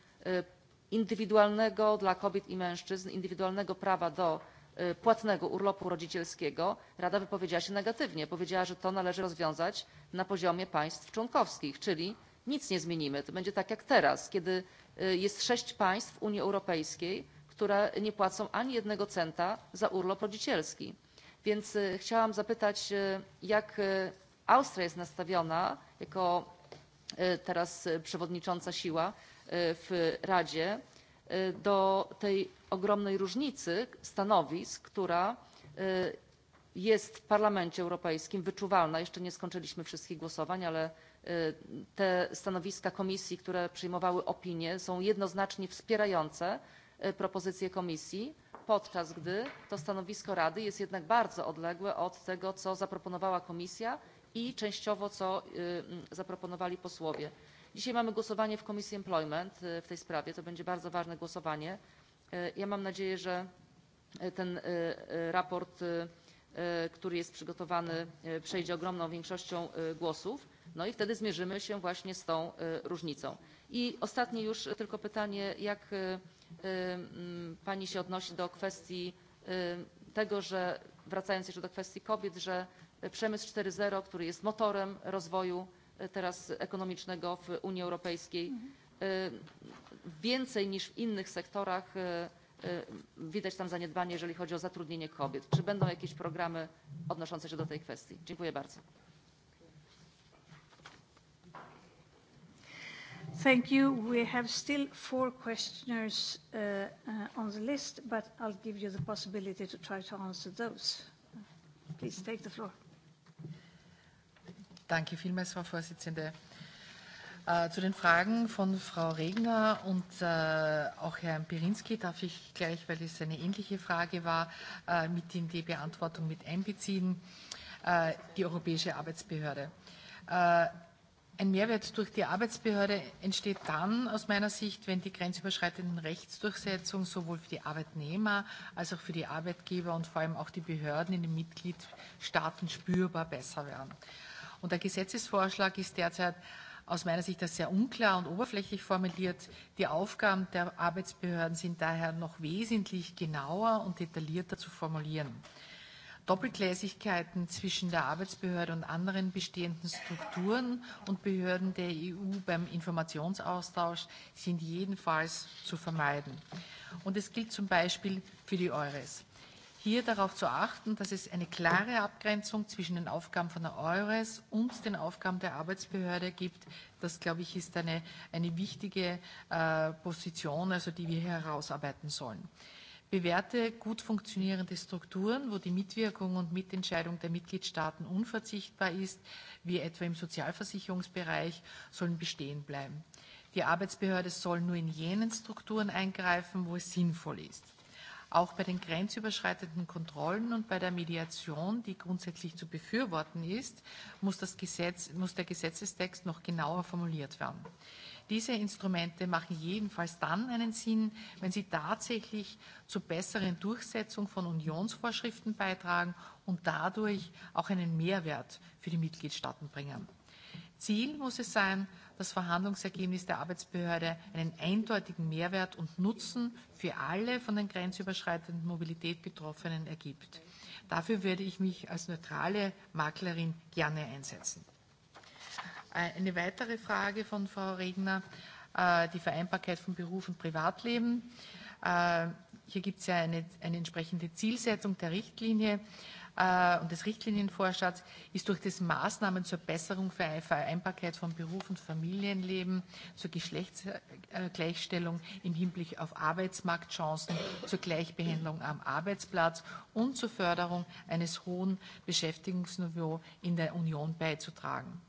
indywidualnego dla kobiet i mężczyzn, indywidualnego prawa do e, płatnego urlopu rodzicielskiego Rada wypowiedziała się negatywnie. Powiedziała, że to należy rozwiązać na poziomie państw członkowskich, czyli nic nie zmienimy. To będzie tak jak teraz, kiedy e, jest sześć państw Unii Europejskiej, które nie płacą ani jednego centa za urlop rodzicielski. Więc e, chciałam zapytać, jak Austria jest nastawiona jako teraz przewodnicząca siła E, w Radzie e, do tej ogromnej różnicy stanowisk, która e, jest w Parlamencie Europejskim wyczuwalna. Jeszcze nie skończyliśmy wszystkich głosowań, ale te stanowiska komisji, które przyjmowały opinie, są jednoznacznie wspierające propozycje komisji, podczas gdy to stanowisko Rady jest jednak bardzo odległe od tego, co zaproponowała komisja i częściowo co zaproponowali posłowie. Dzisiaj mamy głosowanie w Komisji Employment e, w tej sprawie. To będzie bardzo ważne głosowanie. E, ja mam nadzieję, że e, ten raport, który jest przygotowany, przejdzie ogromną większością głosów. No i wtedy zmierzymy się właśnie z tą różnicą. I ostatnie już tylko pytanie, jak Pani się odnosi do kwestii tego, że wracając jeszcze do kwestii kobiet, że przemysł 4.0, który jest motorem rozwoju E, teraz ekonomicznego w Unii Europejskiej. Mhm. E, więcej niż w innych sektorach e, widać tam zaniedbanie, jeżeli chodzi o zatrudnienie kobiet. Czy będą jakieś programy odnoszące się do tej kwestii? Dziękuję bardzo. Thank you. We have still four questioners uh, uh, on the list, but I'll give you the possibility to try to answer those. Please take the floor. Danke vielmals, Frau Vorsitzende. Äh, zu den Fragen von Frau Regner und äh, auch Herrn Pirinski darf ich gleich, weil es eine ähnliche Frage war, äh, mit in die Beantwortung mit einbeziehen. Äh, die Europäische Arbeitsbehörde. Äh, Ein Mehrwert durch die Arbeitsbehörde entsteht dann aus meiner Sicht, wenn die grenzüberschreitenden Rechtsdurchsetzung sowohl für die Arbeitnehmer als auch für die Arbeitgeber und vor allem auch die Behörden in den Mitgliedstaaten spürbar besser werden. Und der Gesetzesvorschlag ist derzeit aus meiner Sicht das sehr unklar und oberflächlich formuliert. Die Aufgaben der Arbeitsbehörden sind daher noch wesentlich genauer und detaillierter zu formulieren. Doppelgleisigkeiten zwischen der Arbeitsbehörde und anderen bestehenden Strukturen und Behörden der EU beim Informationsaustausch sind jedenfalls zu vermeiden. Und es gilt zum Beispiel für die EURES hier darauf zu achten, dass es eine klare Abgrenzung zwischen den Aufgaben von der EURES und den Aufgaben der Arbeitsbehörde gibt. Das, glaube ich, ist eine, eine wichtige äh, Position, also die wir herausarbeiten sollen. Bewährte, gut funktionierende Strukturen, wo die Mitwirkung und Mitentscheidung der Mitgliedstaaten unverzichtbar ist, wie etwa im Sozialversicherungsbereich, sollen bestehen bleiben. Die Arbeitsbehörde soll nur in jenen Strukturen eingreifen, wo es sinnvoll ist. Auch bei den grenzüberschreitenden Kontrollen und bei der Mediation, die grundsätzlich zu befürworten ist, muss, das Gesetz, muss der Gesetzestext noch genauer formuliert werden. Diese Instrumente machen jedenfalls dann einen Sinn, wenn sie tatsächlich zur besseren Durchsetzung von Unionsvorschriften beitragen und dadurch auch einen Mehrwert für die Mitgliedstaaten bringen. Ziel muss es sein, das Verhandlungsergebnis der Arbeitsbehörde einen eindeutigen Mehrwert und Nutzen für alle von den grenzüberschreitenden Mobilität Betroffenen ergibt. Dafür werde ich mich als neutrale Maklerin gerne einsetzen. Äh, eine weitere Frage von Frau Regner, äh, die Vereinbarkeit von Beruf und Privatleben. Äh, hier gibt es ja eine, eine entsprechende Zielsetzung der Richtlinie äh, und des Richtlinienvorschlags ist durch das Maßnahmen zur Besserung für eine Vereinbarkeit von Beruf und Familienleben, zur Geschlechtsgleichstellung im Hinblick auf Arbeitsmarktchancen, zur Gleichbehandlung am Arbeitsplatz und zur Förderung eines hohen Beschäftigungsniveaus in der Union beizutragen.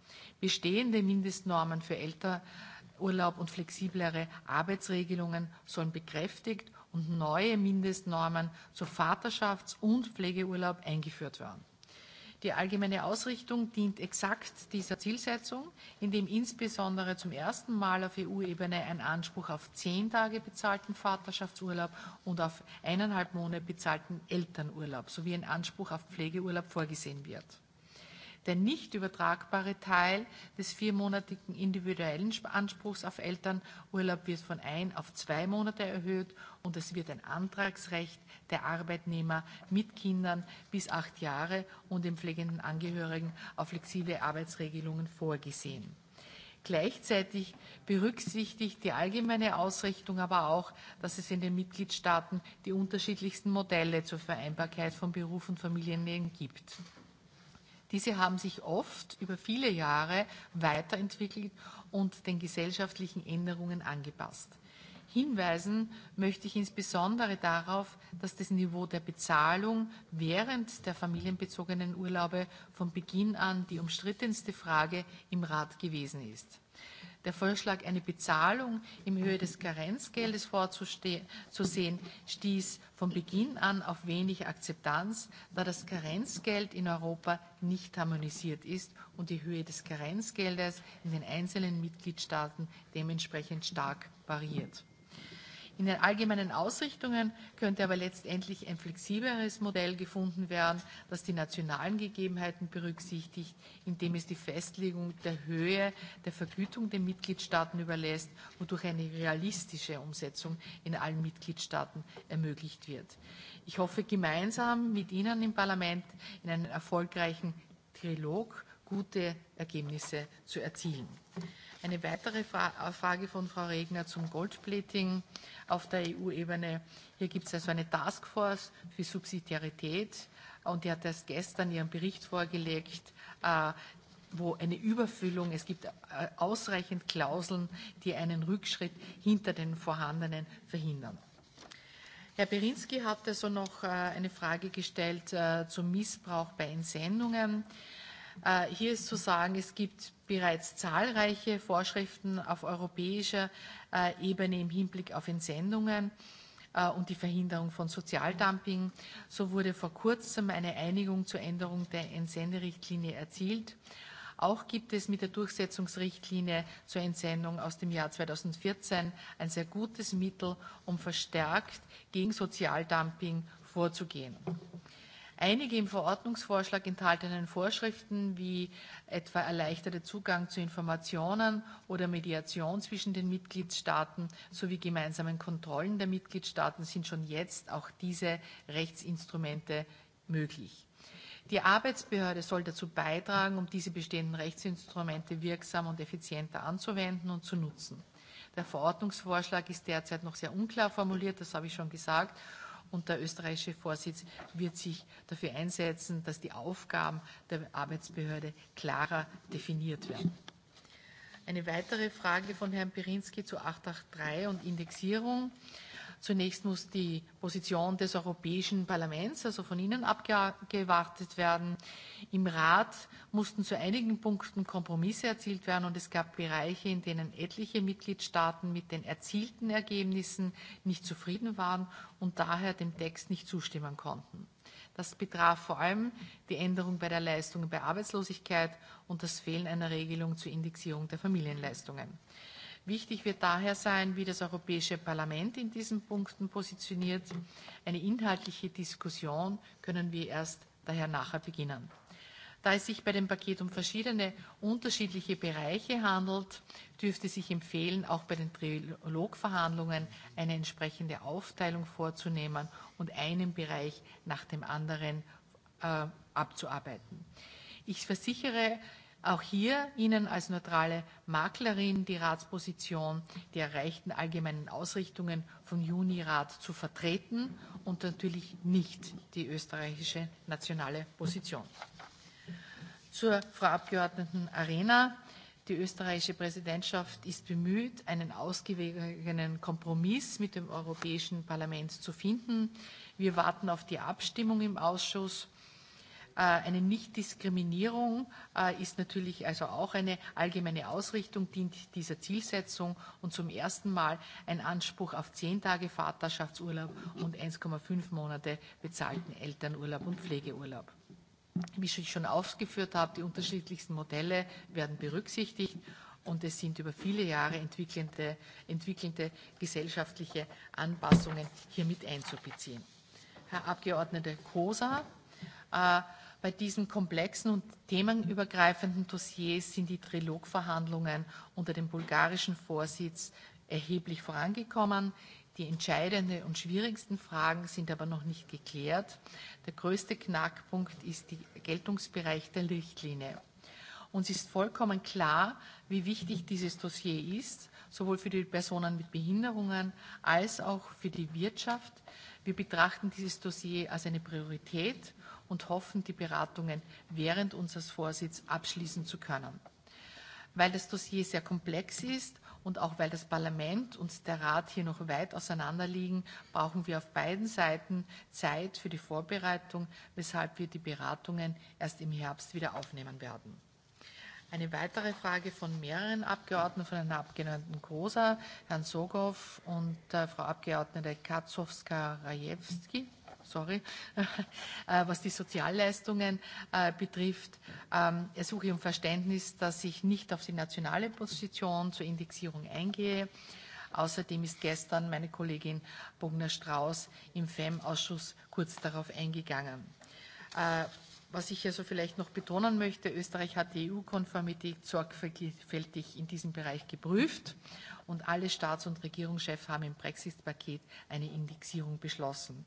Bestehende Mindestnormen für Elternurlaub und flexiblere Arbeitsregelungen sollen bekräftigt und neue Mindestnormen zu Vaterschafts- und Pflegeurlaub eingeführt werden. Die allgemeine Ausrichtung dient exakt dieser Zielsetzung, indem insbesondere zum ersten Mal auf EU-Ebene ein Anspruch auf zehn Tage bezahlten Vaterschaftsurlaub und auf eineinhalb Monate bezahlten Elternurlaub sowie ein Anspruch auf Pflegeurlaub vorgesehen wird. Der nicht übertragbare Teil des viermonatigen individuellen Anspruchs auf Elternurlaub wird von ein auf zwei Monate erhöht und es wird ein Antragsrecht der Arbeitnehmer mit Kindern bis acht Jahre und den pflegenden Angehörigen auf flexible Arbeitsregelungen vorgesehen. Gleichzeitig berücksichtigt die allgemeine Ausrichtung aber auch, dass es in den Mitgliedstaaten die unterschiedlichsten Modelle zur Vereinbarkeit von Beruf und Familienleben gibt. Diese haben sich oft über viele Jahre weiterentwickelt und den gesellschaftlichen Änderungen angepasst. Hinweisen möchte ich insbesondere darauf, dass das Niveau der Bezahlung während der familienbezogenen Urlaube von Beginn an die umstrittenste Frage im Rat gewesen ist. Der Vorschlag, eine Bezahlung in Höhe des Karenzgeldes vorzusehen, stieß von Beginn an auf wenig Akzeptanz, da das Karenzgeld in Europa nicht harmonisiert ist und die Höhe des Karenzgeldes in den einzelnen Mitgliedstaaten dementsprechend stark variiert. In den allgemeinen Ausrichtungen könnte aber letztendlich ein flexibleres Modell gefunden werden, das die nationalen Gegebenheiten berücksichtigt, indem es die Festlegung der Höhe der Vergütung den Mitgliedstaaten überlässt, wodurch eine realistische Umsetzung in allen Mitgliedstaaten ermöglicht wird. Ich hoffe gemeinsam mit Ihnen im Parlament in einem erfolgreichen Trilog gute Ergebnisse zu erzielen. Eine weitere Fra äh, Frage von Frau Regner zum Goldplating auf der EU-Ebene. Hier gibt es also eine Taskforce für Subsidiarität und die hat erst gestern ihren Bericht vorgelegt, äh, wo eine Überfüllung, es gibt äh, ausreichend Klauseln, die einen Rückschritt hinter den vorhandenen verhindern. Herr Berinski hat also noch äh, eine Frage gestellt zum Missbrauch bei Entsendungen. Hier ist zu sagen, es gibt bereits zahlreiche Vorschriften auf europäischer äh, Ebene im Hinblick auf Entsendungen äh, und die Verhinderung von Sozialdumping. So wurde vor kurzem eine Einigung zur Änderung der Entsenderichtlinie erzielt. Auch gibt es mit der Durchsetzungsrichtlinie zur Entsendung aus dem Jahr 2014 ein sehr gutes Mittel, um verstärkt gegen Sozialdumping vorzugehen. Einige im Verordnungsvorschlag enthaltenen Vorschriften wie etwa erleichterte Zugang zu Informationen oder Mediation zwischen den Mitgliedstaaten sowie gemeinsamen Kontrollen der Mitgliedstaaten sind schon jetzt auch diese Rechtsinstrumente möglich. Die Arbeitsbehörde soll dazu beitragen, um diese bestehenden Rechtsinstrumente wirksam und effizienter anzuwenden und zu nutzen. Der Verordnungsvorschlag ist derzeit noch sehr unklar formuliert, das habe ich schon gesagt, Und der österreichische Vorsitz wird sich dafür einsetzen, dass die Aufgaben der Arbeitsbehörde klarer definiert werden. Eine weitere Frage von Herrn Pirinski zu 883 und Indexierung. Äh, Zunächst muss die Position des Europäischen Parlaments, also von Ihnen abgewartet werden. Im Rat mussten zu einigen Punkten Kompromisse erzielt werden und es gab Bereiche, in denen etliche Mitgliedstaaten mit den erzielten Ergebnissen nicht zufrieden waren und daher dem Text nicht zustimmen konnten. Das betraf vor allem die Änderung bei der Leistung bei Arbeitslosigkeit und das Fehlen einer Regelung zur Indexierung der Familienleistungen. Wichtig wird daher sein, wie das Europäische Parlament in diesen Punkten positioniert. Eine inhaltliche Diskussion können wir erst daher nachher beginnen. Da es sich bei dem Paket um verschiedene unterschiedliche Bereiche handelt, dürfte sich empfehlen, auch bei den Trilogverhandlungen eine entsprechende Aufteilung vorzunehmen und einen Bereich nach dem anderen äh, abzuarbeiten. Ich versichere Auch hier Ihnen als neutrale Maklerin die Ratsposition der erreichten allgemeinen Ausrichtungen vom Juni-Rat zu vertreten und natürlich nicht die österreichische nationale Position. Zur Frau Abgeordneten Arena. Die österreichische Präsidentschaft ist bemüht, einen ausgewogenen Kompromiss mit dem Europäischen Parlament zu finden. Wir warten auf die Abstimmung im Ausschuss Äh, eine Nichtdiskriminierung äh, ist natürlich also auch eine allgemeine Ausrichtung, dient dieser Zielsetzung und zum ersten Mal ein Anspruch auf zehn Tage Vaterschaftsurlaub und 1,5 Monate bezahlten Elternurlaub und Pflegeurlaub. Wie ich schon ausgeführt habe, die unterschiedlichsten Modelle werden berücksichtigt und es sind über viele Jahre entwickelnde, entwickelnde gesellschaftliche Anpassungen hier mit einzubeziehen. Herr Abgeordneter Kosa, äh, Bei diesem komplexen und themenübergreifenden Dossier sind die Trilogverhandlungen unter dem bulgarischen Vorsitz erheblich vorangekommen. Die entscheidenden und schwierigsten Fragen sind aber noch nicht geklärt. Der größte Knackpunkt ist der Geltungsbereich der Richtlinie. Uns ist vollkommen klar, wie wichtig dieses Dossier ist, sowohl für die Personen mit Behinderungen als auch für die Wirtschaft. Wir betrachten dieses Dossier als eine Priorität und hoffen, die Beratungen während unseres Vorsitz abschließen zu können. Weil das Dossier sehr komplex ist und auch weil das Parlament und der Rat hier noch weit auseinanderliegen, brauchen wir auf beiden Seiten Zeit für die Vorbereitung, weshalb wir die Beratungen erst im Herbst wieder aufnehmen werden. Eine weitere Frage von mehreren Abgeordneten, von Herrn Abgeordneten Großer, Herrn Sogow und äh, Frau Abgeordnete Katsowska rajewski sorry, äh, was die Sozialleistungen äh, betrifft, ähm, ersuche ich um Verständnis, dass ich nicht auf die nationale Position zur Indexierung eingehe. Außerdem ist gestern meine Kollegin Bogner-Strauß im FEM-Ausschuss kurz darauf eingegangen. Äh, was ich also vielleicht noch betonen möchte, Österreich hat die EU-Konformität sorgfältig in diesem Bereich geprüft und alle Staats- und Regierungschefs haben im Brexit-Paket eine Indexierung beschlossen.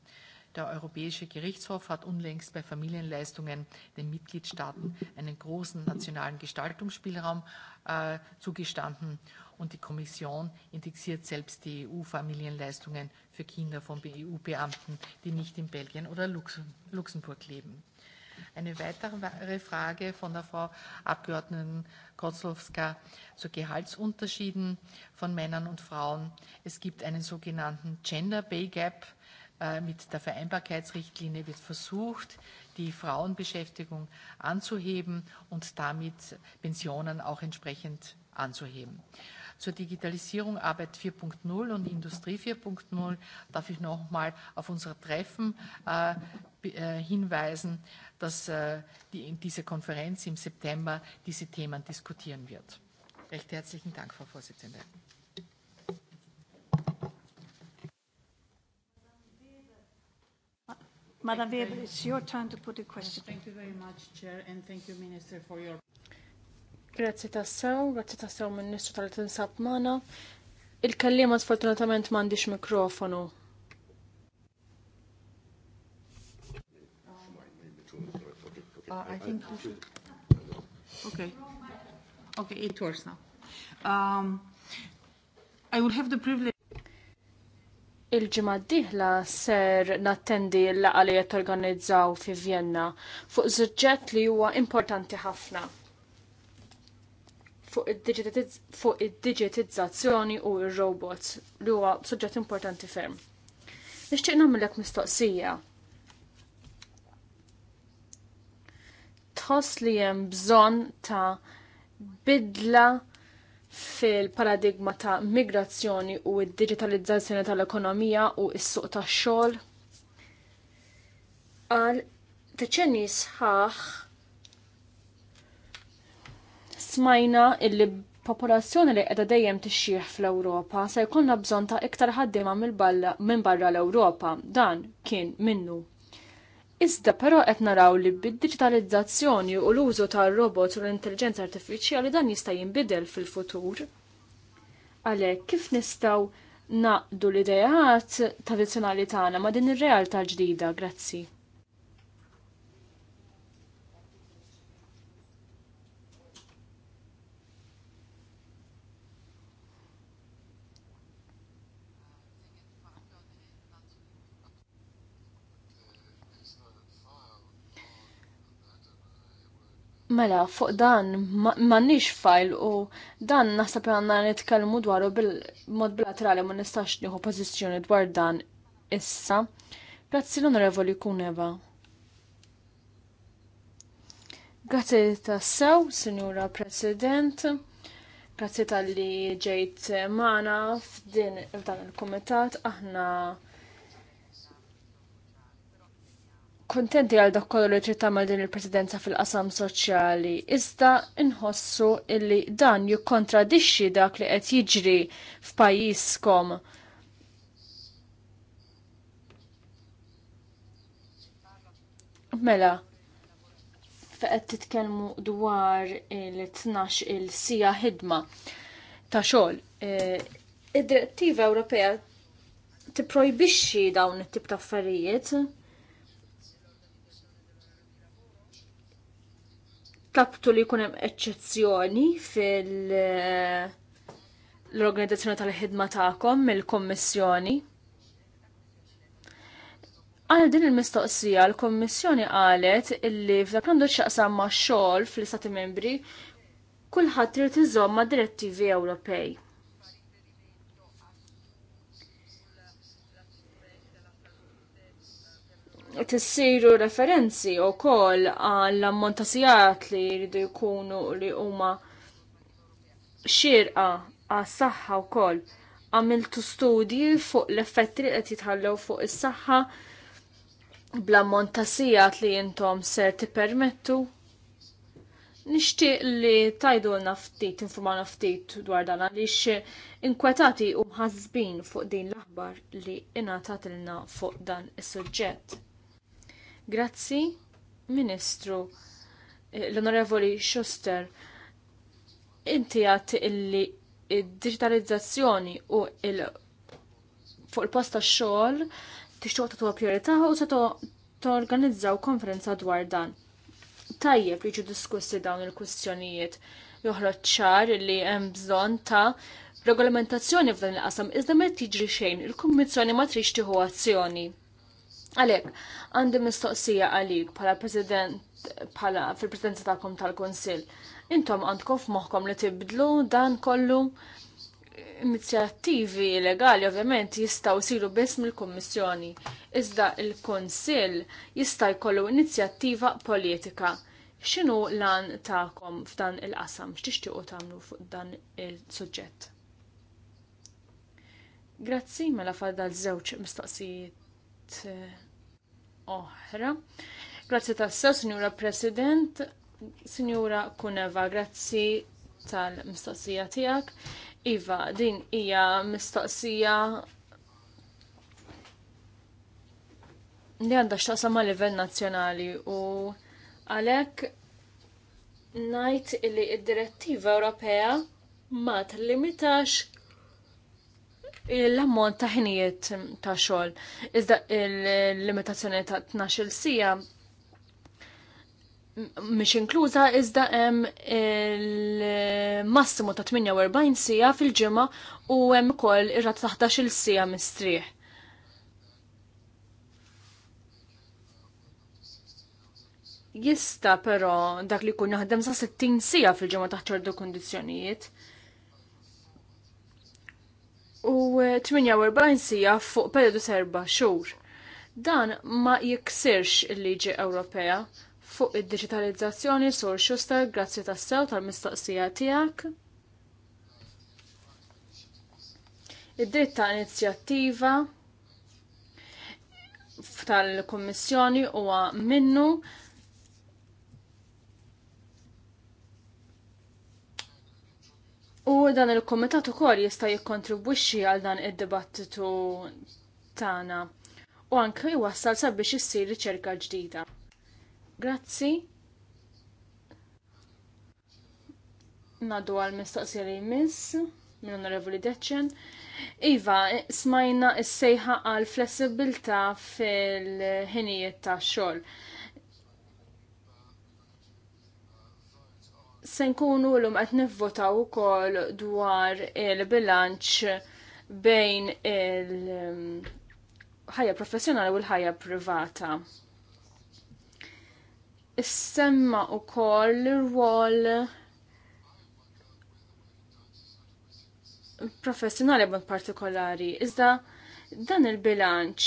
Der Europäische Gerichtshof hat unlängst bei Familienleistungen den Mitgliedstaaten einen großen nationalen Gestaltungsspielraum äh, zugestanden und die Kommission indexiert selbst die EU-Familienleistungen für Kinder von EU-Beamten, die nicht in Belgien oder Lux Luxemburg leben. Eine weitere Frage von der Frau Abgeordneten Kozlowska zu Gehaltsunterschieden von Männern und Frauen. Es gibt einen sogenannten Gender Pay Gap Äh, mit der Vereinbarkeitsrichtlinie wird versucht, die Frauenbeschäftigung anzuheben und damit Pensionen auch entsprechend anzuheben. Zur Digitalisierung Arbeit 4.0 und Industrie 4.0 darf ich nochmal auf unser Treffen äh, äh, hinweisen, dass äh, die, diese Konferenz im September diese Themen diskutieren wird. Recht herzlichen Dank, Frau Vorsitzende. Madam Weber, it's your time to put a question. thank you very much, Chair, and thank you, Minister, for your... Grazie tassew, grazie tassew, minnistru tal-tinsab mana. Il-kallima sfortunatament mandiċ mikrofonu. Uh, I think Okay. Okay, it works now. Um, I will have the privilege il-ġimgħa d-dieħla ser nattendi l-laqgħa li qed organizzaw fi Vjenna fuq suġġett li huwa importanti ħafna fuq id-digitizzazzjoni u r-robots li huwa suġġett importanti ferm. Nixtieq nagħmilek mistoqsija. Tħoss li hemm bżonn ta' bidla fil-paradigma ta' migrazzjoni u d-digitalizzazzjoni tal-ekonomija u s-suq tax-xogħol. Għal deċenni sħaħ smajna illi popolazzjoni li qiegħda dejjem tixjih fl-Ewropa se jkollna bżonn ta' iktar ħaddiema minn barra l-Ewropa. Dan kien minnu Iżda però qed naraw li bid-diġitalizzazzjoni u l-użu tar-robot u l-intelligenza artifiċjali dan jista' jinbidel fil-futur. Għalhekk kif nistgħu naqdu l-idejat tradizzjonali tagħna ma' din ir-realtà ġdida, grazzi. Mela, fuq dan, mannix fajl u dan nasab għanna nitkellmu dwaru bil-mod bilaterali ma nistax nieħu pożizzjoni dwar dan issa. Grazzi l-onorevoli Kuneva. Grazzi tassew, Signora President. Grazzi tal-li ġejt maħna f'din il-dan il-komitat. Aħna kontenti għal dak kollu li trid tagħmel din il-presidenza fil-qasam soċjali, iżda inħossu illi dan jikkontradixxi dak li qed jiġri f'pajjiżkom. Mela, feqed titkellmu dwar il-12 il-sija ħidma ta' xogħol. E, Id-Direttiva Ewropea tipprojbixxi dawn it-tip ta' affarijiet tlabtu li jkun hemm eċċezzjoni fil- l-organizzazzjoni tal-ħidma tagħkom mill-Kommissjoni. Għal din il-mistoqsija, l-Kommissjoni qalet illi f'dak għandu xaqsam ma' xogħol fl-Istati Membri kulħadd irid iżomm ma' direttivi Ewropej. tissiru referenzi u kol għall ammontasijat li jridu jkunu li huma xirqa għas saħħa u kol. Għamiltu studji fuq l-effetti li qed jitħallew fuq is-saħħa bla montasijat li jintom ser tippermettu. Nixtieq li tajdu ftit, informawna ftit dwar dan għaliex inkwetati u mħazbin fuq din l-aħbar li ingħatat fuq dan is-suġġett. Grazzi, Ministru, eh, l-Onorevoli Schuster, inti għat illi id-digitalizzazzjoni u il fuq il-posta xogħol tixtieq tagħtuha priorità u se torganizzaw konferenza dwar dan. Tajjeb li diskussi dawn il-kwistjonijiet joħroġ ċar li hemm bżonn ta' regolamentazzjoni f'dan il-qasam iżda ma tiġri xejn, il-Kummissjoni ma trix tieħu azzjoni. Għalek, għandi mistoqsija għalik pala president pala fil-prezidenza ta'kom tal-Konsil. Intom għandkom f'moħkom li tibdlu dan kollu inizjattivi legali ovvjament jistaw siru biss mill-Kommissjoni. Iżda il-Konsil jista' jkollu inizjattiva politika. X'inhu lan ta'kom f'dan il-qasam? X'tixtiequ tagħmlu fuq dan il-suġġett? Grazzi mela fadda l żewġ mistoqsijiet eh, oħra. Grazzi tassa, Signora President, Signora Kuneva, grazzi tal-mistoqsija tijak. Iva, din hija mistoqsija li għandha x'taqsam ma' livell nazzjonali u għalhekk ngħid li d-direttiva Ewropea ma tillimitax l-ammont ta' ħinijiet ta' xogħol. Iżda l-limitazzjoni ta' 12 sija mhix inkluża iżda hemm il-massimu ta' 48 sija fil-ġimgħa u hemm ukoll ir-rat ta' 11 sija mistrieħ. Jista però dak li kun naħdem sa' 60 sija fil-ġimgħa taħt ċertu kundizzjonijiet u 48 eh, sija fuq periodu serba xhur. Dan ma jiksirx il-liġi Ewropea fuq id-digitalizzazzjoni sur Xuster grazzi tas-sew tal mistoqsija tiegħek. Id-dritt ta' inizjattiva tal-Kommissjoni huwa minnu U dan il-komitat ukoll jista' jikkontribwixxi għal dan id-dibattitu tagħna u anke jwassal sabiex issir riċerka ġdida. Grazzi. Nadu għal mistoqsija li jmiss minn Onorevoli Deċen. Iva, smajna s-sejħa għal flessibilta fil-ħinijiet ta' xogħol Se nkunu l um għet nivvotaw kol dwar il-bilanċ bejn il-ħajja professjonali u l-ħajja privata. Issemma u kol l-rwol professjonali bant partikolari. Iżda dan il-bilanċ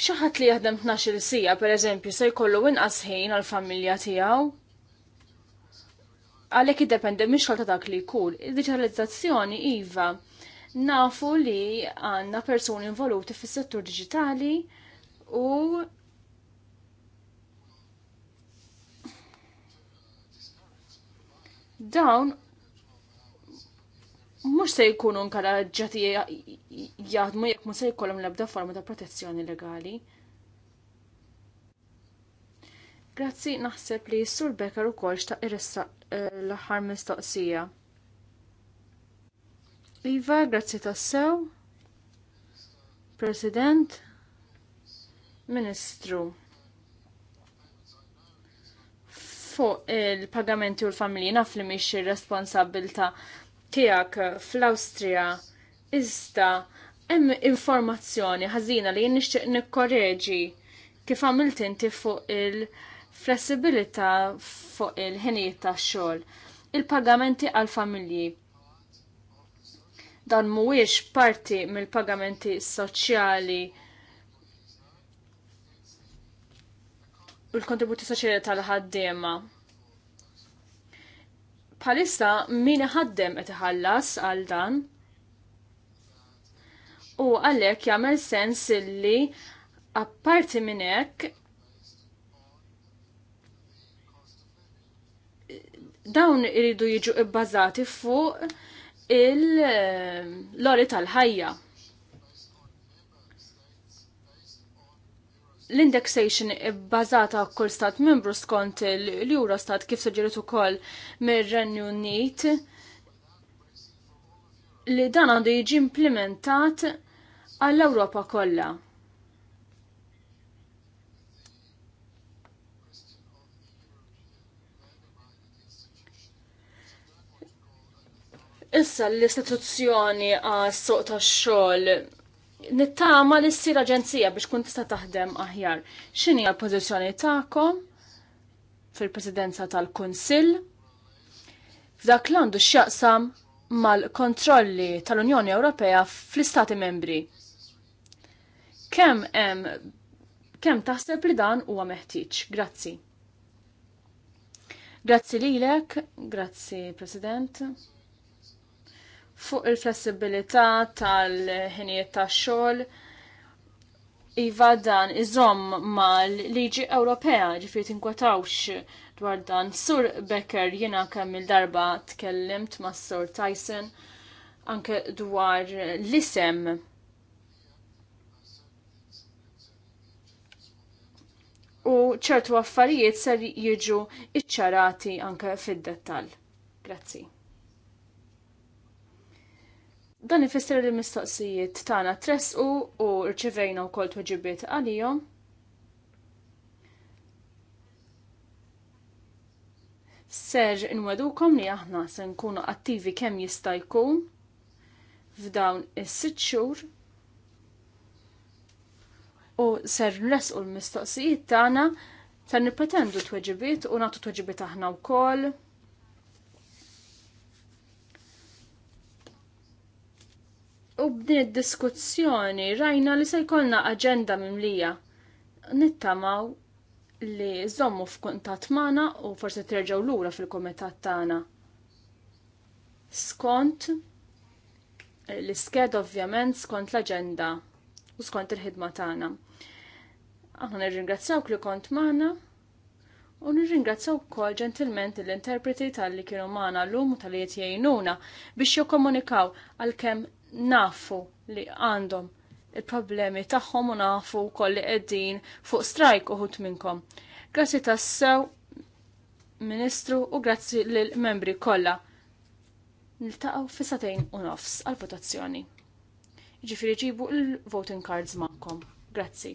Xaħat li jaħdem 12 sija, per eżempju, se jkollu inqas ħin għal-familja tiegħu. Għalhekk iddependi minn xogħol ta' dak li jkun. Id-diġitalizzazzjoni iva nafu li għandna persuni involuti fis-settur diġitali u dawn mux se jkunu ġati jaħdmu jekk mu se jkollhom l-ebda forma ta' protezzjoni legali. Grazzi naħseb li Sur bekar u kolx ta' irissa eh, l-aħħar mistoqsija. Iva, grazzi tassew. President, Ministru. Fuq il-pagamenti u l-familji naf li miex responsabilta tiegħek fl-Awstrija iżda hemm informazzjoni ħażina li nixtieq nikkoreġi kif għamilt inti fuq il-flessibilità fuq il-ħinijiet tax-xogħol. Il-pagamenti għall familji dan mhuwiex parti mill-pagamenti soċjali u l-kontributi soċjali tal-ħaddiema Palissa min ħaddem qed iħallas għal dan. U għalhekk jagħmel sens illi apparti minn hekk dawn iridu jiġu ibbażati fuq il-lori tal-ħajja. l-indexation bbażata kull stat membru skont l-Eurostat kif suġġeriet ukoll mir-Renju Unit li dan għandu jiġi implementat għall-Ewropa kollha. Issa l-istituzzjoni għas suq tax-xogħol nittama li ssir aġenzija biex kun tista' taħdem aħjar. X'inhi l-pożizzjoni tagħkom fil-Presidenza tal-Kunsill? F'dak l għandu x'jaqsam mal-kontrolli tal-Unjoni Ewropea fl-Istati Membri. Kemm hemm taħseb li dan huwa meħtieġ. Grazzi. Grazzi lilek, grazzi President fuq il-flessibilità tal-ħinijiet tax-xogħol. Iva dan iżomm mal liġi Ewropea ġifieri tinkwetawx dwar dan. Sur Becker jiena kemm il-darba tkellimt ma' Sur Tyson anke dwar l-isem u ċertu affarijiet ser jiġu iċċarati anke fid-dettall. Grazzi. Dan ifisser li mistoqsijiet tagħna tresqu u rċivejna wkoll tweġibiet għalihom. Ser inwedukom li aħna se nkunu attivi kemm jista' jkun f'dawn is-sitt xhur u ser nresqu l-mistoqsijiet tagħna ser nippetendu tweġibiet u nagħtu tweġibiet aħna wkoll. U b'din id-diskussjoni rajna li se jkollna aġenda mimlija. Nittamaw li żommu f'kuntat Mana u forsi terġgħu lura fil-kumitat tagħna. Skont l-isked ovvjament skont l-aġenda u skont il-ħidma tagħna. Aħna nirringrazzjawk li kont Mana, u nirringrazzjaw ukoll ġentilment l-interpreti tal-li kienu l llum u tal-li jtjajnuna biex jikkomunikaw għalkemm nafu li għandhom il-problemi tagħhom u nafu wkoll li qegħdin fuq strajk uħud minnkom. Grazzi tassew, Ministru, u grazzi lill membri kollha. Niltaqgħu fi satejn u nofs għal-votazzjoni. Jiġifieri ġibu l-voting cards magħkom. Grazzi.